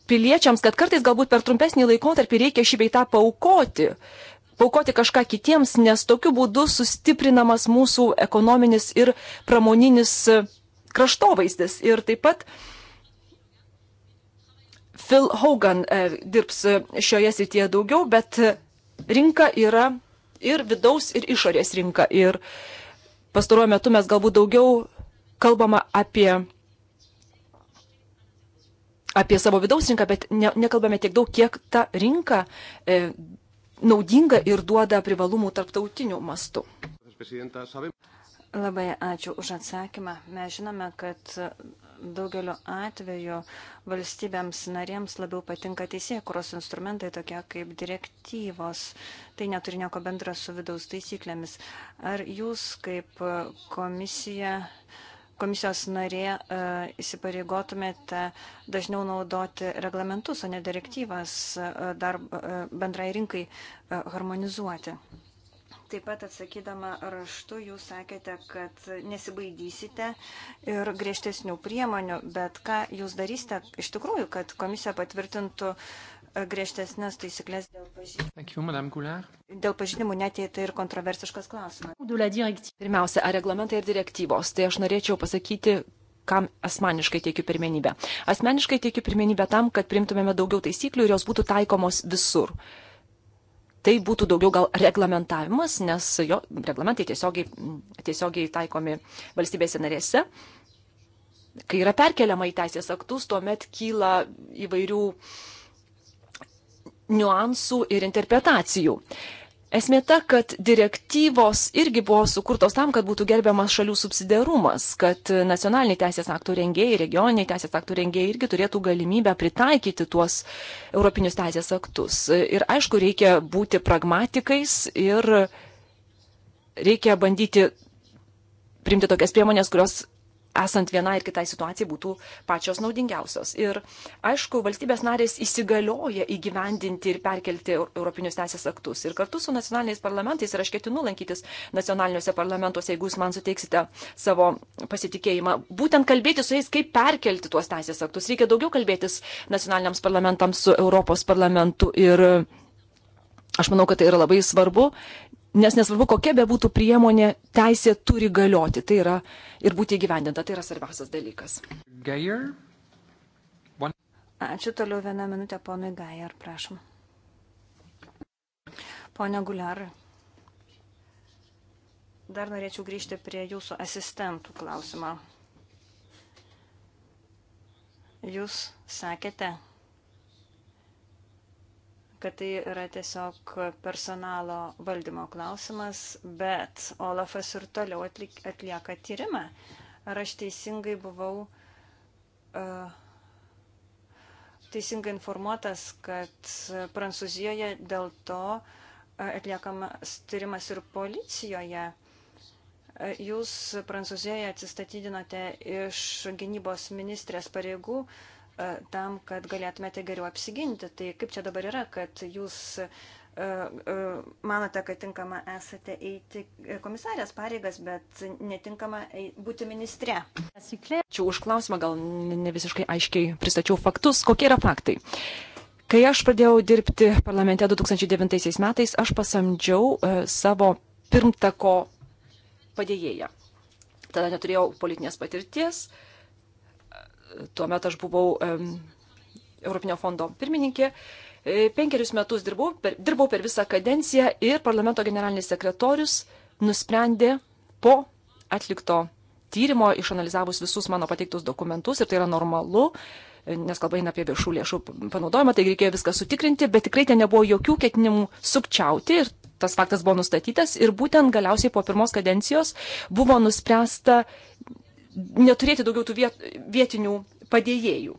Speaker 2: piliečiams, kad kartais galbūt per trumpesnį laikotarpį reikia šį beitą paukoti. Paukoti kažką kitiems, nes tokiu būdu sustiprinamas mūsų ekonominis ir pramoninis e, kraštovaizdis. Ir taip pat uh, Phil Hogan e, dirbs e, šioje srityje daugiau, bet rinka yra ir vidaus, ir išorės rinka. Ir pastaruoju metu mes galbūt daugiau kalbama apie, apie savo vidaus rinką, bet ne, nekalbame tiek daug, kiek ta rinka e, naudinga ir duoda privalumų tarptautinių mastų.
Speaker 3: Labai ačiū už atsakymą. Mes žinome, kad daugeliu atveju valstybėms narėms labiau patinka teisėkuros instrumentai tokie kaip direktyvos. Tai neturi nieko bendra su vidaus taisyklėmis. Ar jūs kaip komisija, komisijos narė e, įsipareigotumėte dažniau naudoti reglamentus, o ne direktyvas e, dar e, bendrai rinkai harmonizuoti? Taip pat atsakydama raštu, jūs sakėte, kad nesibaidysite ir griežtesnių priemonių, bet ką jūs darysite iš tikrųjų, kad komisija patvirtintų e, griežtesnės taisyklės dėl
Speaker 1: pažydimų.
Speaker 3: Dėl pažydimų net jei tai ir kontroversiškas
Speaker 2: klausimas. Pirmiausia, ar reglamentai ir direktyvos? Tai aš norėčiau pasakyti, kam asmeniškai teikiu pirmenybę. Asmeniškai teikiu pirmenybę tam, kad primtumėme daugiau taisyklių ir jos būtų taikomos visur. Uh, tai būtų daugiau gal reglamentavimas, nes jo reglamentai tiesiogiai, tiesiogiai taikomi valstybėse narėse. Kai yra perkeliama į teisės aktus, tuomet kyla įvairių niuansų ir interpretacijų. Esmė ta, kad direktyvos irgi buvo sukurtos tam, kad būtų gerbiamas šalių subsidiarumas, kad nacionaliniai teisės aktų rengėjai, regioniniai teisės aktų rengėjai irgi turėtų galimybę pritaikyti tuos europinius teisės aktus. Ir aišku, reikia būti pragmatikais ir reikia bandyti priimti tokias priemonės, kurios esant vienai ir kitai situacijai būtų pačios naudingiausios. Ir aišku, valstybės narės įsigalioja įgyvendinti ir perkelti Europinius teisės aktus. Ir kartu su nacionaliniais parlamentais, ir aš ketinu lankytis nacionaliniuose parlamentuose, jeigu jūs man suteiksite savo pasitikėjimą, būtent kalbėti su jais, kaip perkelti tuos teisės aktus. Reikia daugiau kalbėtis nacionaliniams parlamentams su Europos parlamentu. Ir Aš manau, kad tai yra labai svarbu, nes nesvarbu, kokia bebūtų priemonė, teisė turi galioti tai yra,
Speaker 3: ir būti įgyvendinta. Tai yra svarbiausias dalykas.
Speaker 1: Gajer. One...
Speaker 3: Ačiū toliau vieną minutę, ponui Gajer, prašom. Pone Guliar, dar norėčiau grįžti prie jūsų asistentų klausimą. Jūs sakėte, kad tai yra tiesiog personalo valdymo klausimas, bet Olafas ir toliau atlik, atlieka tyrimą. Ar aš teisingai buvau uh, teisingai informuotas, kad Prancūzijoje dėl to uh, atliekamas tyrimas ir policijoje. E, jūs Prancūzijoje atsistatydinote iš gynybos ministrės pareigų, uh, E, tam, kad galėtumėte geriau apsiginti. Tai kaip čia dabar yra, kad jūs e, e, manote, kad tinkama esate eiti komisarės pareigas, bet netinkama būti ministre.
Speaker 2: Čia už klausimą gal ne visiškai aiškiai pristačiau faktus. Kokie yra faktai? Kai aš pradėjau dirbti parlamente 2009 metais, aš pasamdžiau savo pirmtako padėjėją. Tada neturėjau politinės patirties, uh, tuomet aš buvau Europinio fondo pirmininkė. E, penkerius metus dirbau per, dirbau per visą kadenciją ir parlamento generalinis sekretorius nusprendė po atlikto tyrimo, išanalizavus visus mano pateiktus dokumentus, ir tai yra normalu, nes kalba eina apie viešų lėšų panaudojimą, taigi reikėjo viską sutikrinti, bet tikrai ten nebuvo jokių ketinimų sukčiauti ir tas faktas buvo nustatytas ir būtent galiausiai po pirmos kadencijos buvo nuspręsta neturėti daugiau tų viet, vietinių padėjėjų.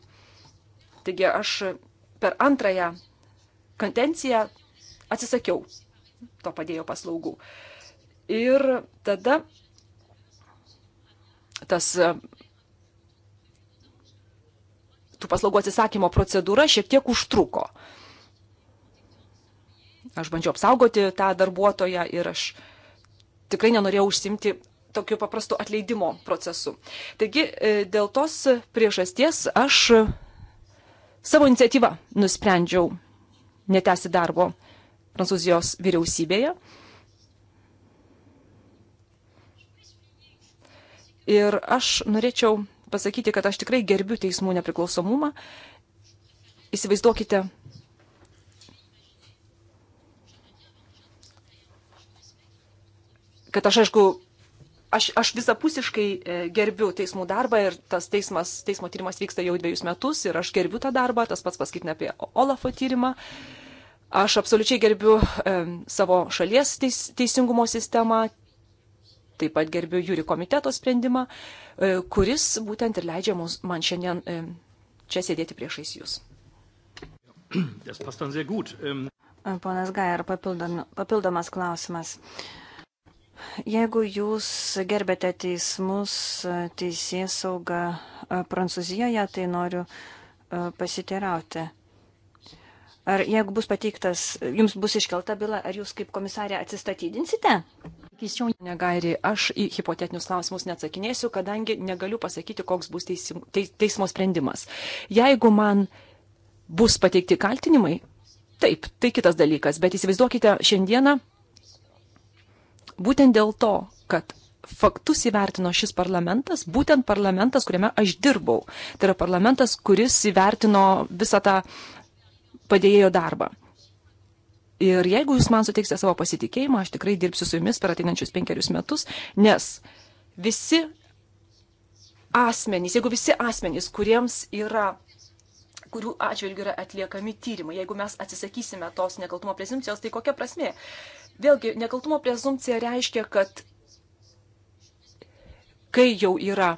Speaker 2: Taigi aš per antrąją kantenciją atsisakiau to padėjo paslaugų. Ir tada tas tų paslaugų atsisakymo procedūra šiek tiek užtruko. Aš bandžiau apsaugoti tą darbuotoją ir aš tikrai nenorėjau užsimti tokiu paprastu atleidimo procesu. Taigi e, dėl tos priežasties aš savo iniciatyvą nusprendžiau netesi darbo Prancūzijos vyriausybėje. Ir aš norėčiau pasakyti, kad aš tikrai gerbiu teismų nepriklausomumą. Įsivaizduokite. kad aš, aišku, aš, aš visapusiškai e, gerbiu teismų darbą ir tas teismas, teismo tyrimas vyksta jau dviejus metus ir aš gerbiu tą darbą, tas pats paskaitina apie Olafo tyrimą. Aš absoliučiai gerbiu e, savo šalies teis, teisingumo sistemą, taip pat gerbiu jūri komiteto sprendimą, e, kuris būtent ir leidžia mums, man šiandien e, čia sėdėti priešais jūs.
Speaker 3: Ähm, Ponas Gajar, papildomas klausimas. E, Jeigu jūs gerbėte teismus, teisės saugą e, Prancūzijoje, tai noriu e, pasiteirauti. Ar jeigu bus pateiktas, jums bus iškelta byla, ar jūs kaip komisarė atsistatydinsite? Negairi, aš į hipotetinius klausimus neatsakinėsiu,
Speaker 2: kadangi negaliu pasakyti, koks bus teisim, teis, teismo sprendimas. Jeigu man bus pateikti kaltinimai, taip, tai kitas dalykas, bet įsivaizduokite šiandieną Būtent dėl to, kad faktus įvertino šis parlamentas, būtent parlamentas, kuriame aš dirbau. Tai yra parlamentas, kuris įvertino visą tą padėjėjo darbą. Ir jeigu jūs man suteiksite savo pasitikėjimą, aš tikrai dirbsiu su jumis per ateinančius penkerius metus, nes visi asmenys, jeigu visi asmenys, kuriems yra kurių atžvilgių yra atliekami tyrimai. Jeigu mes atsisakysime tos nekaltumo prezumcijos, tai kokia prasmė? Vėlgi, nekaltumo prezumcija reiškia, kad kai jau yra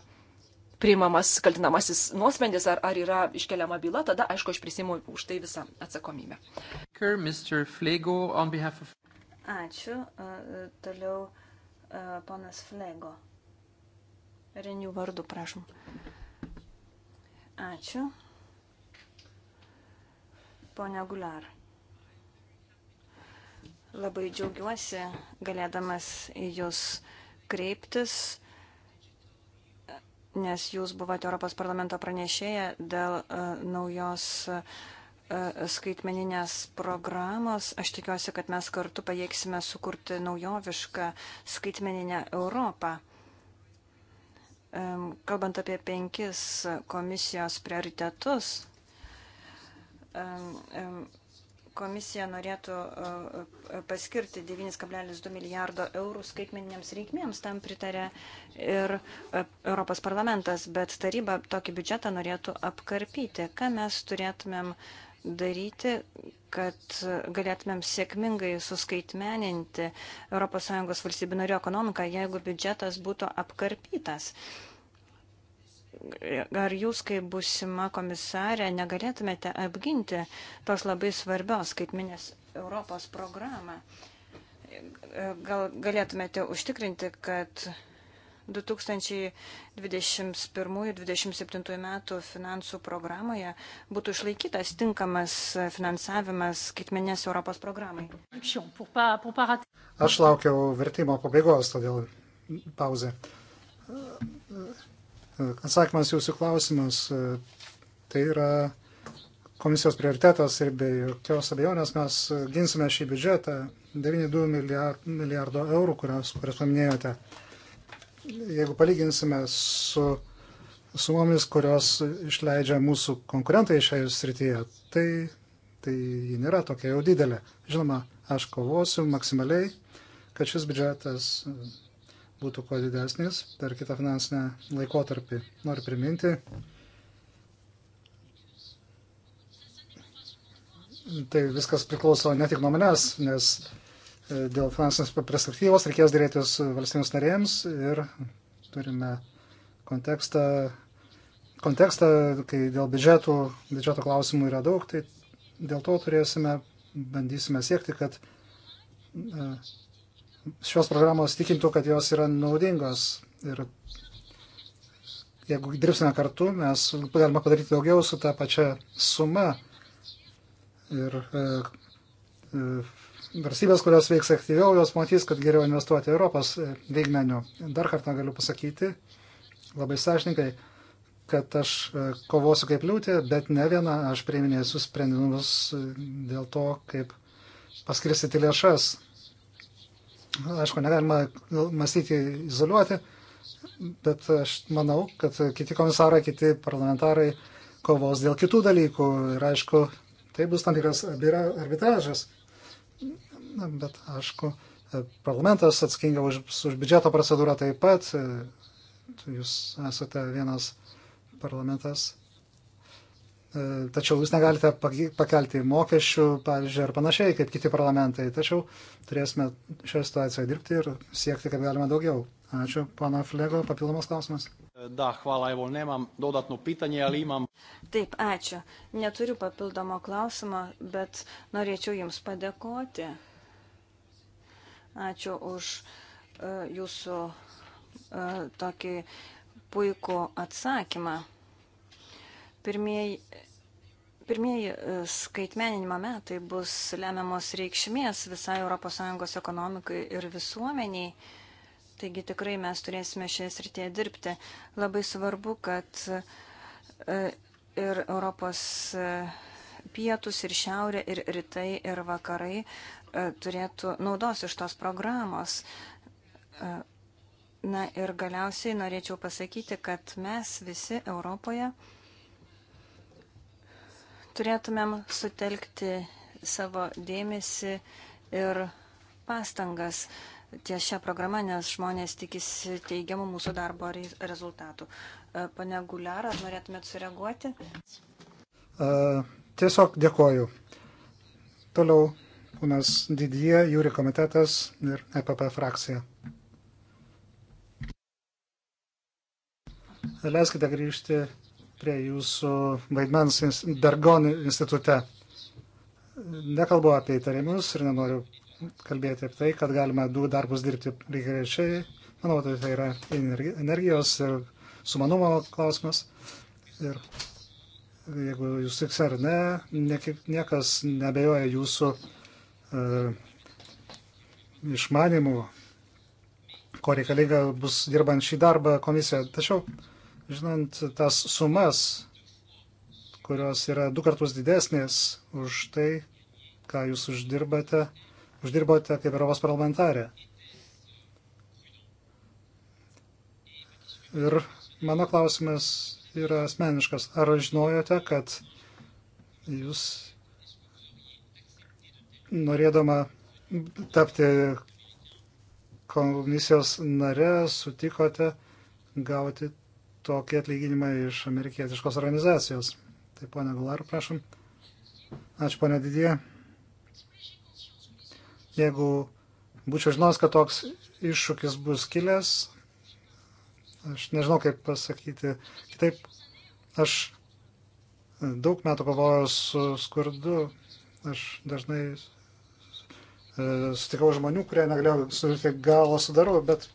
Speaker 2: priimamas kaltinamasis nuosprendis ar, ar yra iškeliama byla, tada, aišku, aš prisimu už tai visą atsakomybę.
Speaker 3: Ačiū. Toliau ponas Flego. Renių vardu, prašom. Ačiū. Pone Gular. Labai džiaugiuosi galėdamas į Jūs kreiptis, nes Jūs buvote Europos parlamento pranešėję dėl uh, naujos uh, skaitmeninės programos. Aš tikiuosi, kad mes kartu pajėgsime sukurti naujovišką skaitmeninę Europą. Um, kalbant apie penkis komisijos prioritetus, komisija norėtų e, e, paskirti 9,2 milijardo eurų skaitmeniniams reikmėms, tam pritarė ir e, Europos parlamentas, bet taryba tokį biudžetą norėtų apkarpyti. Ką mes turėtumėm daryti, kad galėtumėm sėkmingai suskaitmeninti ES valstybių narių ekonomiką, jeigu biudžetas būtų apkarpytas ar jūs kaip busima komisarė negalėtumėte apginti tos labai svarbios skaitminės Europos programą? Gal galėtumėte užtikrinti, kad 2021-2027 metų finansų programoje būtų išlaikytas tinkamas finansavimas skaitmenės Europos programai.
Speaker 1: Aš laukiau vertimo pabaigos, todėl pauzė. Atsakymas jūsų klausimas, e, tai yra komisijos prioritetas ir be jokios abejonės mes ginsime šį biudžetą 9,2 milijard, milijardo eurų, kurios, kurias paminėjote. Jeigu palyginsime su sumomis, kurios išleidžia mūsų konkurentai šioje srityje, tai, tai ji nėra tokia jau didelė. Žinoma, aš kovosiu maksimaliai, kad šis biudžetas būtų kuo didesnis per kitą finansinę laikotarpį. Noriu priminti, tai viskas priklauso ne tik nuo manęs, nes e, dėl finansinės perspektyvos reikės dėrėtis valstybės narėjams ir turime kontekstą, kontekstą, kai dėl biudžetų, biudžeto klausimų yra daug, tai dėl to turėsime, bandysime siekti, kad e, šios programos tikintų, kad jos yra naudingos. Ir jeigu dirbsime kartu, mes galime padaryti daugiau su tą pačią sumą. Ir e, e, valstybės, kurios veiks aktyviau, jos matys, kad geriau investuoti Europos e, lygmenių. Dar kartą galiu pasakyti, labai sąžininkai, kad aš e, kovosiu kaip liūtė, bet ne viena, aš priiminėsiu sprendimus e, dėl to, kaip paskirstyti lėšas aišku, negalima mąstyti izoliuoti, bet aš manau, kad kiti komisarai, kiti parlamentarai kovos dėl kitų dalykų ir aišku, tai bus tam tikras arbitražas. Bet aišku, parlamentas atsakinga už, už biudžeto procedūrą taip pat. Jūs esate vienas parlamentas tačiau jūs negalite pakelti mokesčių, pavyzdžiui, ar panašiai kaip kiti parlamentai. Tačiau turėsime šią situaciją dirbti ir siekti, kaip galima daugiau. Ačiū, pana Flego, papildomas klausimas.
Speaker 3: Da, hvala, evo, nemam dodatno pitanje, ali imam. Taip, ačiū. Neturiu papildomo klausimo, bet norėčiau Jums padėkoti. Ačiū už uh, Jūsų uh, tokį puikų atsakymą. Pirmieji, pirmieji e, skaitmeninimo metai bus lemiamos reikšmės visai ES ekonomikai ir visuomeniai. Taigi tikrai mes turėsime šioje srityje dirbti. Labai svarbu, kad e, ir Europos e, pietus, ir šiaurė, ir rytai, ir vakarai turėtų naudos iš tos programos. Na ir galiausiai norėčiau pasakyti, kad mes visi Europoje uh, Turėtumėm sutelkti savo dėmesį ir pastangas ties šią programą, nes žmonės tikisi teigiamų mūsų darbo rezultatų. E, pane Guliar, ar norėtumėt sureaguoti?
Speaker 1: Uh, tiesiog dėkoju. Toliau, ponas Didie, Jūri komitetas ir EPP frakcija. Leiskite grįžti prie jūsų vaidmens Dargon institute. Nekalbu apie įtarimus ir nenoriu kalbėti apie tai, kad galima du darbus dirbti lygiai grečiai. Manau, tai, tai yra energijos ir sumanumo klausimas. Ir jeigu jūs tiks ar ne, niekas nebejoja jūsų uh, e, išmanimų, ko reikalinga bus dirbant šį darbą komisiją. Tačiau uh, Žinant tas sumas, kurios yra du kartus didesnės už tai, ką jūs uždirbate, uždirbote kaip Europos parlamentarė. Ir mano klausimas yra asmeniškas. Ar žinojote, kad jūs norėdama tapti komisijos nare sutikote gauti tokį atlyginimą iš amerikietiškos organizacijos. Tai ponia Vilar, prašom. Ačiū, ponia Didie. Jeigu būčiau žinos, kad toks iššūkis bus kilęs, aš nežinau, kaip pasakyti kitaip, aš daug metų kovojau su skurdu, aš dažnai e, sutikau žmonių, kurie negalėjo surinkti galo su darbu, bet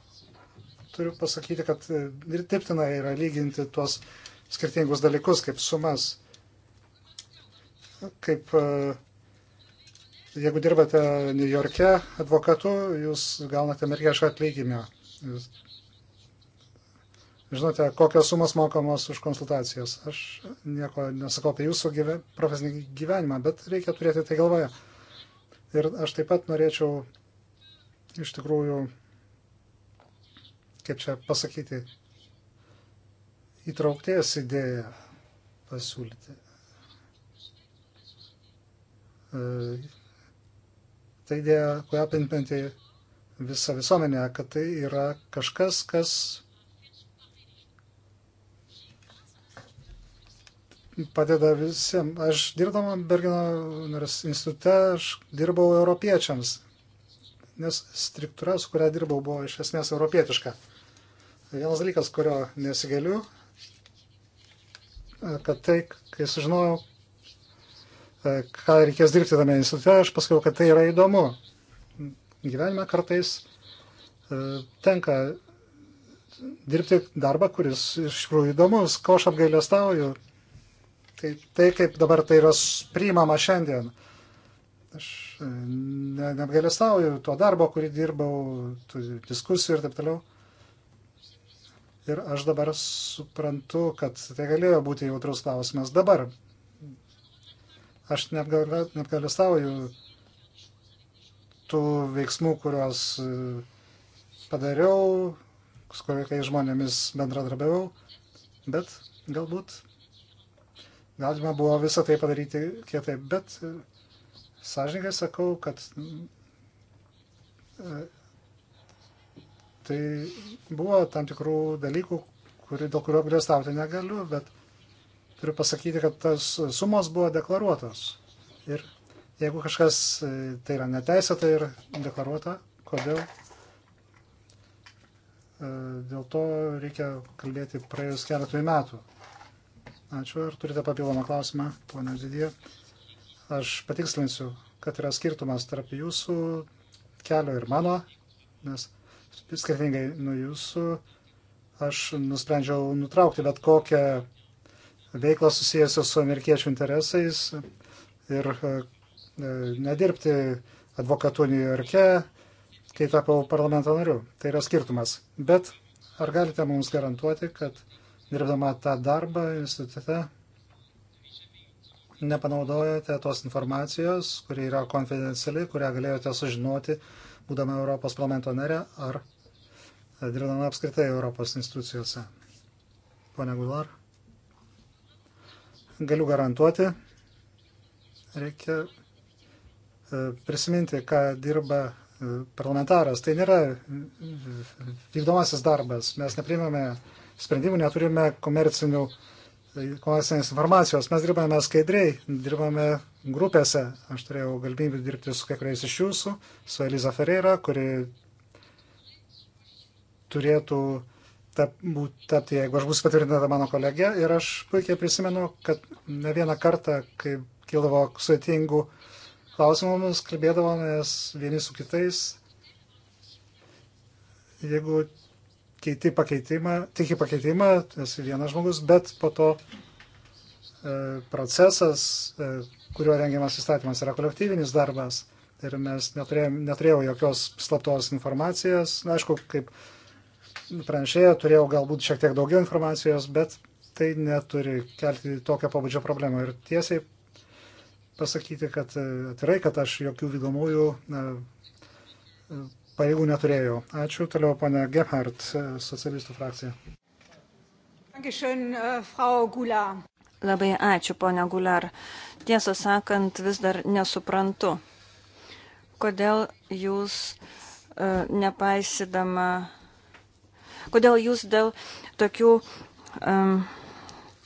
Speaker 1: turiu pasakyti, kad e, ir tiptina yra lyginti tuos skirtingus dalykus kaip sumas. Kaip e, jeigu dirbate New York'e advokatu, jūs gaunate amerikiešką atlygimą. Jūs žinote, kokios sumas mokamos už konsultacijas. Aš nieko nesakau apie jūsų gyve, profesinį gyvenimą, bet reikia turėti tai galvoje. Ir aš taip pat norėčiau iš tikrųjų kaip čia pasakyti, įtraukties idėją pasiūlyti. Tai idėja, kuo apimtinti visą visuomenę, kad tai yra kažkas, kas padeda visiems. Aš dirbdama Bergino institute, aš dirbau europiečiams, nes struktūra, su kuria dirbau, buvo iš esmės europietiška. Vienas dalykas, kurio nesigaliu, e, kad tai, kai sužinojau, e, ką reikės dirbti tame institute, aš pasakiau, kad tai yra įdomu. Gyvenime kartais e, tenka dirbti darbą, kuris iš tikrųjų įdomus, ko aš apgailestauju. Tai, tai kaip dabar tai yra priimama šiandien. Aš ne, neapgailestauju to darbo, kurį dirbau, tų diskusijų ir taip toliau. Ir aš dabar suprantu, kad tai galėjo būti jautrus klausimas dabar. Aš net galistauju tų veiksmų, kuriuos e, padariau, su kokiais žmonėmis bendradarbiavau, bet galbūt galima buvo visą tai padaryti kietai, bet e, sąžininkai sakau, kad e, Tai buvo tam tikrų dalykų, kuri, dėl kurio apgailestauti negaliu, bet turiu pasakyti, kad tas sumos buvo deklaruotos. Ir jeigu kažkas e, tai yra neteisėta ir deklaruota, kodėl? E, dėl to reikia kalbėti praėjus keletui metų. Ačiū. Ar turite papildomą klausimą, ponia Didija? Aš patikslinsiu, kad yra skirtumas tarp jūsų kelio ir mano, nes skirtingai nuo jūsų, aš nusprendžiau nutraukti bet kokią veiklą susijusią su amerikiečių interesais ir e, e, nedirbti advokatu New York'e, kai tapau parlamento nariu. Tai yra skirtumas. Bet ar galite mums garantuoti, kad dirbdama tą darbą institute nepanaudojate tos informacijos, kuri yra konfidenciali, kurią galėjote sužinoti būdama Europos parlamento nare ar dirbdama apskritai Europos institucijose. Pone Gular, galiu garantuoti, reikia e, prisiminti, ką dirba e, parlamentaras. Tai nėra vykdomasis darbas. Mes neprimame sprendimų, neturime komercinių uh, komercinės informacijos. Mes dirbame skaidriai, dirbame grupėse. Aš turėjau galimybę dirbti su kiekvienais iš jūsų, su Eliza Ferreira, kuri turėtų tapti, jeigu aš būsiu patvirtinta mano kolegė. Ir aš puikiai prisimenu, kad ne vieną kartą, kai kildavo sudėtingų klausimų, mums kalbėdavomės vieni su kitais. Jeigu keiti pakeitimą, tik į pakeitimą, esi vienas žmogus, bet po to e, procesas, e, kuriuo rengiamas įstatymas, yra kolektyvinis darbas. Ir mes neturėjom, neturėjau jokios slaptos informacijos. Na, aišku, kaip pranešėja turėjau galbūt šiek tiek daugiau informacijos, bet tai neturi kelti tokio pabudžio problemų. Ir tiesiai pasakyti, kad e, atvirai, kad aš jokių vykdomųjų e, pareigų neturėjau. Ačiū. Toliau pana Gebhardt, socialistų frakcija.
Speaker 3: Uh, Labai ačiū, ponia Gular. Tiesą sakant, vis dar nesuprantu, kodėl jūs uh, nepaisydama, kodėl jūs dėl tokių um,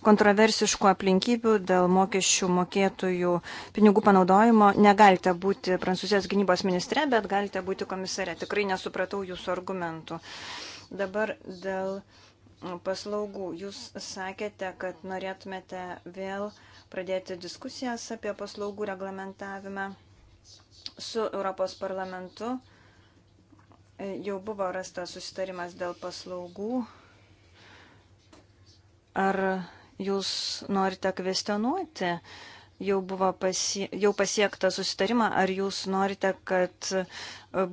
Speaker 3: kontroversiškų aplinkybių dėl mokesčių mokėtojų pinigų panaudojimo negalite būti Prancūzijos gynybos ministre, bet galite būti komisare. Tikrai nesupratau jūsų argumentų. Dabar dėl paslaugų. Jūs sakėte, kad norėtumėte vėl pradėti diskusijas apie paslaugų reglamentavimą su Europos parlamentu. Jau buvo rastas susitarimas dėl paslaugų ar jūs norite kvestionuoti jau buvo pasie, jau pasiektą susitarimą, ar jūs norite, kad e,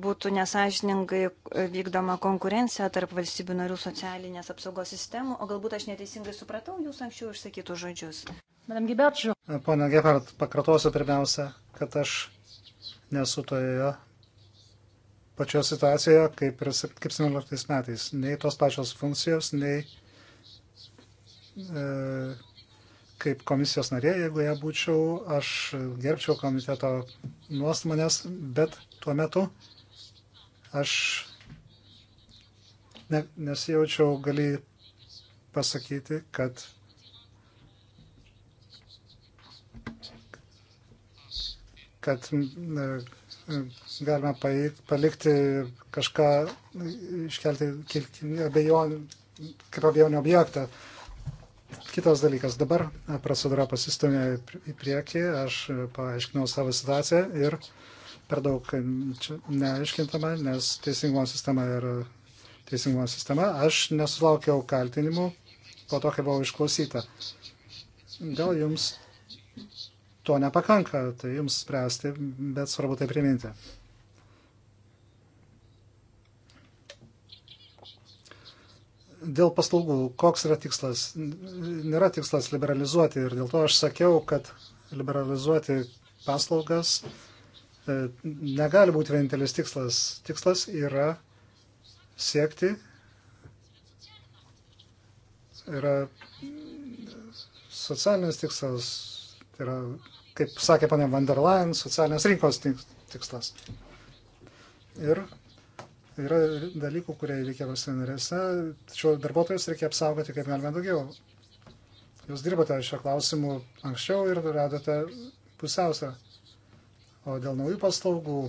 Speaker 3: būtų nesažiningai e, vykdoma konkurencija tarp valstybių narių socialinės apsaugos sistemų, o galbūt aš neteisingai supratau jūs anksčiau išsakytų žodžius.
Speaker 1: Madam Giberčiu. E, pone Gebert, pakartosiu pirmiausia, kad aš nesu toje pačioje situacijoje kaip ir 17 metais. Nei tos pačios funkcijos, nei E, kaip komisijos narė, jeigu ją būčiau, aš gerbčiau komiteto nuostamanės, bet tuo metu aš ne, nesijaučiau gali pasakyti, kad kad galima palikti kažką, iškelti abejonių, kaip abejonių objektą. Kitas dalykas, dabar procedūra pasistumė į priekį, aš paaiškinau savo situaciją ir per daug neaiškintama, nes teisingumo sistema yra teisingumo sistema. Aš nesulaukiau kaltinimų po to, kai buvau išklausyta. Gal jums to nepakanka, tai jums spręsti, bet svarbu tai priminti. Dėl paslaugų, koks yra tikslas? Nėra tikslas liberalizuoti ir dėl to aš sakiau, kad liberalizuoti paslaugas e, negali būti vienintelis tikslas. Tikslas yra siekti, yra socialinis tikslas, tai yra, kaip sakė ponė van der Leyen, socialinės rinkos tikslas. Ir Yra dalykų, kurie reikia valstybėse, tačiau darbuotojus reikia apsaugoti kaip galima daugiau. Jūs dirbote šio klausimu anksčiau ir radote pusiausvę. O dėl naujų paslaugų,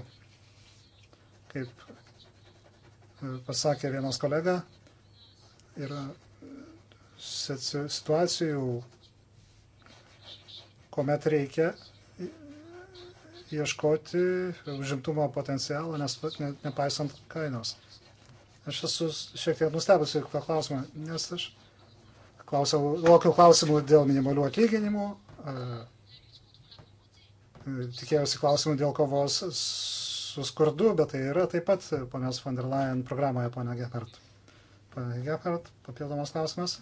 Speaker 1: kaip e, pasakė vienas kolega, yra situacijų, kuomet reikia ieškoti užimtumo potencialą, nes ne, nepaisant kainos. Aš esu šiek tiek nustebusi tą klausimą, nes aš klausiau, laukiau klausimų dėl minimalių atlyginimų, e, tikėjausi klausimų dėl kovos su skurdu, bet tai yra taip pat ponios von der Leyen programoje, ponia Gephardt. Ponia Gephardt, papildomas klausimas.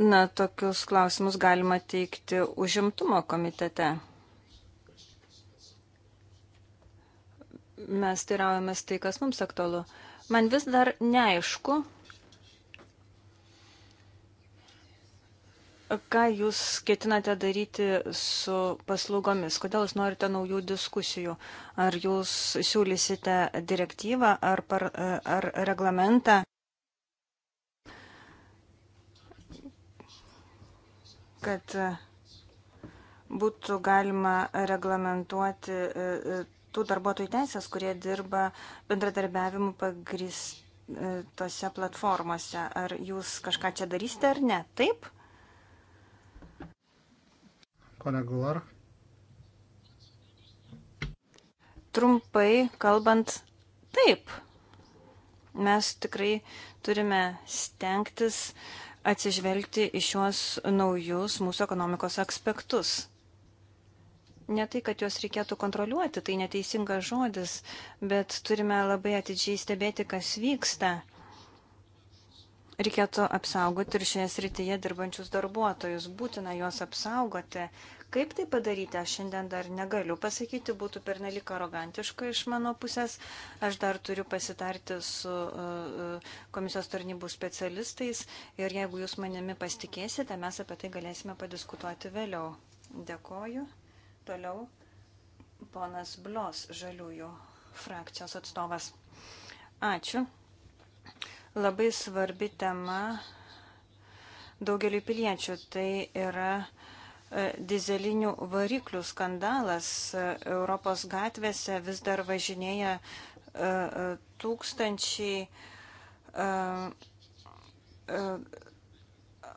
Speaker 3: Na, tokius klausimus galima teikti užimtumo komitete. Mes tyraujamės tai, kas mums aktualu. Man vis dar neaišku, ką jūs ketinate daryti su paslaugomis? Kodėl jūs norite naujų diskusijų? Ar jūs siūlysite direktyvą ar, par, ar reglamentą? kad e, būtų galima reglamentuoti e, e, tų darbuotojų teisės, kurie dirba bendradarbiavimu pagristose platformose. Ar jūs kažką čia darysite ar ne? Taip?
Speaker 1: Pone Gular.
Speaker 3: Trumpai kalbant, taip. Mes tikrai turime stengtis uh, atsižvelgti į šiuos naujus mūsų ekonomikos aspektus. Ne tai, kad juos reikėtų kontroliuoti, tai neteisingas žodis, bet turime labai atidžiai stebėti, kas vyksta. Reikėtų apsaugoti ir šioje srityje dirbančius darbuotojus. Būtina juos apsaugoti, Kaip tai padaryti, aš šiandien dar negaliu pasakyti, būtų pernelik arogantiška iš mano pusės. Aš dar turiu pasitarti su e, e, komisijos tarnybų specialistais ir jeigu jūs manimi pasitikėsite, mes apie tai galėsime padiskutuoti vėliau. Dėkoju. Toliau ponas Blos, žaliųjų frakcijos atstovas. Ačiū. Labai svarbi tema daugeliu piliečių. Tai yra E, dizelinių variklių skandalas. E, Europos gatvėse vis dar važinėja e, tūkstančiai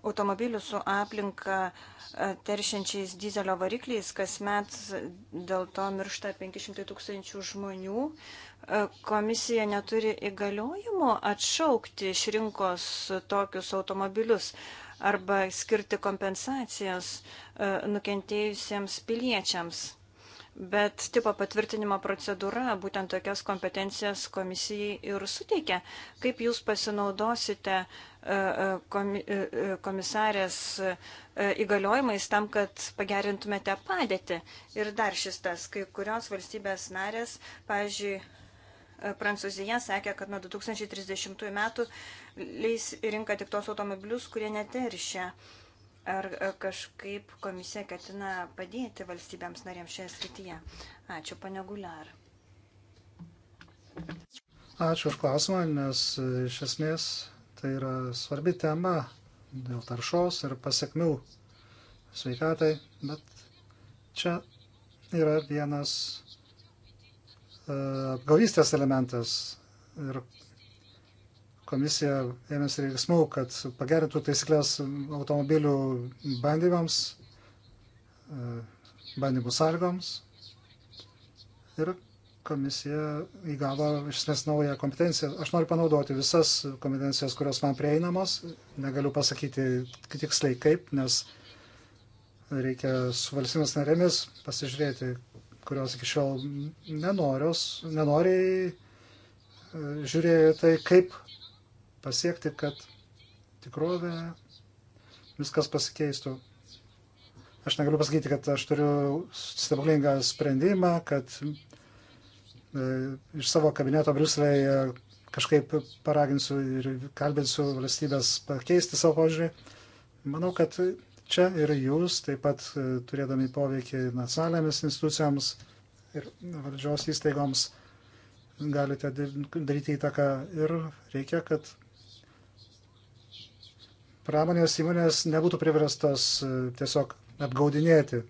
Speaker 3: automobilių su aplinka teršiančiais dizelio varikliais. Kasmet dėl to miršta 500 tūkstančių žmonių. Komisija neturi įgaliojimo atšaukti iš rinkos tokius automobilius arba skirti kompensacijas. Uh, E, nukentėjusiems piliečiams. Bet tipo patvirtinimo procedūra būtent tokias kompetencijas komisijai ir suteikia. Kaip jūs pasinaudosite e, e, komisarės įgaliojimais tam, kad pagerintumėte padėtį? Ir dar šis tas, kai kurios valstybės narės, pavyzdžiui, Prancūzija sakė, kad nuo 2030 metų leis rinką tik tos automobilius, kurie neteršia. Ar e, kažkaip komisija ketina padėti valstybėms narėms šioje srityje? Ačiū, pane Guliar.
Speaker 1: Ačiū už klausimą, nes e, iš esmės tai yra svarbi tema dėl taršos ir pasiekmių sveikatai, bet čia yra vienas e, apgavystės elementas ir komisija ėmėsi veiksmų, kad pagerintų taisyklės automobilių bandymams, e, bandymų sąlygoms. Ir komisija įgavo iš esmės naują kompetenciją. Aš noriu panaudoti visas kompetencijas, kurios man prieinamos. Negaliu pasakyti tiksliai kaip, nes reikia su valstybės narėmis pasižiūrėti, kurios iki šiol nenorios, nenoriai e, žiūrėjo tai, kaip pasiekti, kad tikrovė viskas pasikeistų. Aš negaliu pasakyti, kad aš turiu stebuklingą sprendimą, kad e, iš savo kabineto Briuselėje kažkaip paraginsiu ir kalbinsiu valstybės pakeisti savo požiūrį. Manau, kad čia ir jūs, taip pat e, turėdami poveikį nacionalinėmis institucijoms ir valdžios įstaigoms, galite daryti įtaką ir reikia, kad pramonės įmonės nebūtų priverstas e, tiesiog apgaudinėti.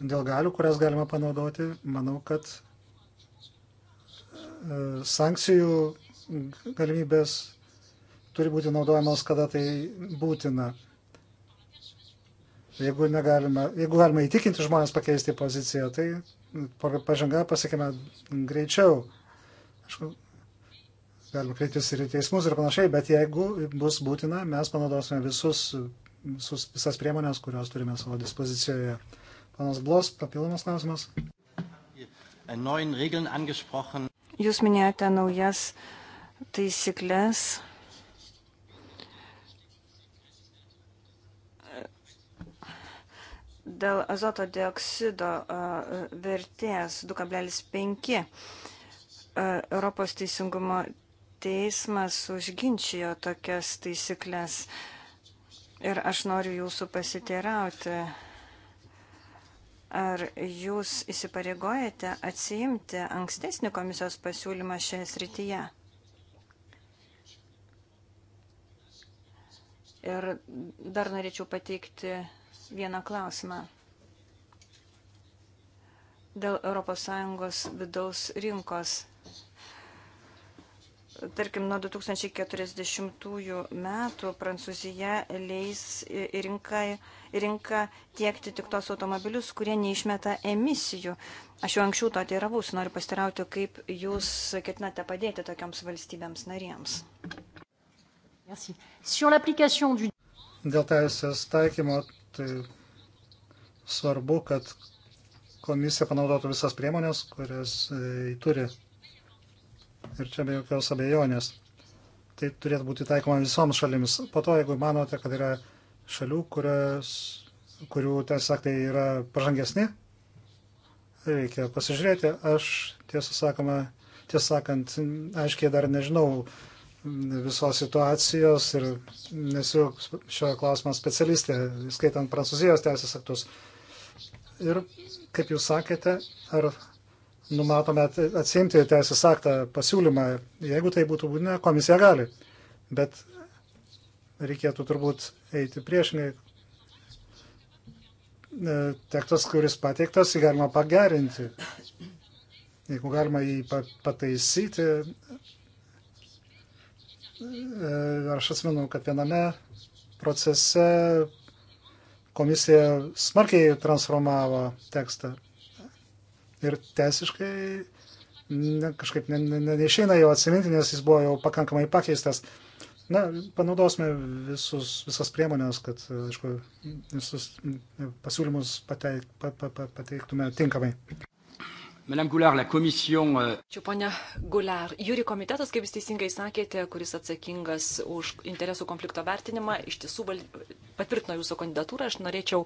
Speaker 1: Dėl galių, kurias galima panaudoti, manau, kad e, sankcijų galimybės turi būti naudojamos, kada tai būtina. Jeigu, negalima, jeigu galima įtikinti žmonės pakeisti poziciją, tai pažanga pasiekime greičiau. Aš galima kreiptis ir į teismus ir panašiai, bet jeigu bus būtina, mes panaudosime visus, visus, visas priemonės, kurios turime savo dispozicijoje. Panas Blos, papildomas klausimas. Jūs minėjote naujas
Speaker 3: taisyklės. Dėl azoto dioksido vertės 2,5 Europos teisingumo teismas užginčijo tokias taisyklės. Ir aš noriu jūsų pasiteirauti, ar jūs įsipareigojate atsiimti ankstesnį komisijos pasiūlymą šioje srityje? Ir dar norėčiau pateikti vieną klausimą. Dėl ES vidaus rinkos Tarkim, nuo 2040 metų Prancūzija leis į rinką, į rinką tiekti tik tos automobilius, kurie neišmeta emisijų. Aš jau anksčiau to teiravus, noriu pastirauti, kaip jūs ketinate padėti tokioms valstybėms narėms.
Speaker 1: Dėl teisės taikymo, tai svarbu, kad komisija panaudotų visas priemonės, kurias e, turi Ir čia be jokios abejonės. Tai turėtų būti taikoma visoms šalims. Po to, jeigu manote, kad yra šalių, kurios, kurių teisės aktai yra pažangesni, reikia pasižiūrėti. Aš tiesą, sakoma, tiesą sakant, aiškiai dar nežinau visos situacijos ir nesu šio klausimo specialistė, skaitant Prancūzijos teisės aktus. Ir kaip jūs sakėte, ar numatome atsimti teisės aktą pasiūlymą. Jeigu tai būtų būtina, komisija gali. Bet reikėtų turbūt eiti priešingai. E, tekstas, kuris pateiktas, jį galima pagerinti. Jeigu galima jį pataisyti. E, aš asmenu, kad viename procese komisija smarkiai transformavo tekstą ir teisiškai ne, kažkaip neišeina ne, ne jo atsiminti, nes jis buvo jau pakankamai pakeistas. Na, panaudosime visus, visas priemonės, kad, aišku, visus pasiūlymus pateik, pa, pa, pa, pateiktume tinkamai.
Speaker 2: Madame Goulard, la komisijom. Euh, Čia ponia Goulard, jūri komitetas, kaip jūs teisingai sakėte, kuris atsakingas už interesų konflikto vertinimą, iš tiesų val... patvirtino jūsų kandidatūrą. Aš norėčiau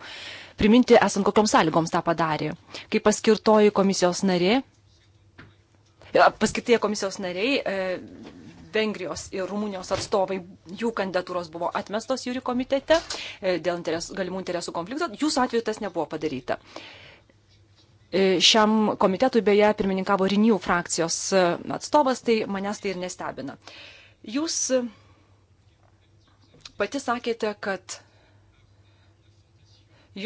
Speaker 2: priminti, esant kokioms sąlygoms tą padarė. Kaip paskirtoji komisijos narė, e, paskirtie komisijos nariai. E... Vengrijos ir Rumunijos atstovai, jų kandidatūros buvo atmestos jūri komitete e, dėl interes, galimų interesų konflikto, jūsų atveju tas nebuvo padaryta. E, E, šiam komitetui beje pirmininkavo Renew frakcijos e, atstovas, tai manęs tai ir nestebina. Jūs e, pati sakėte, kad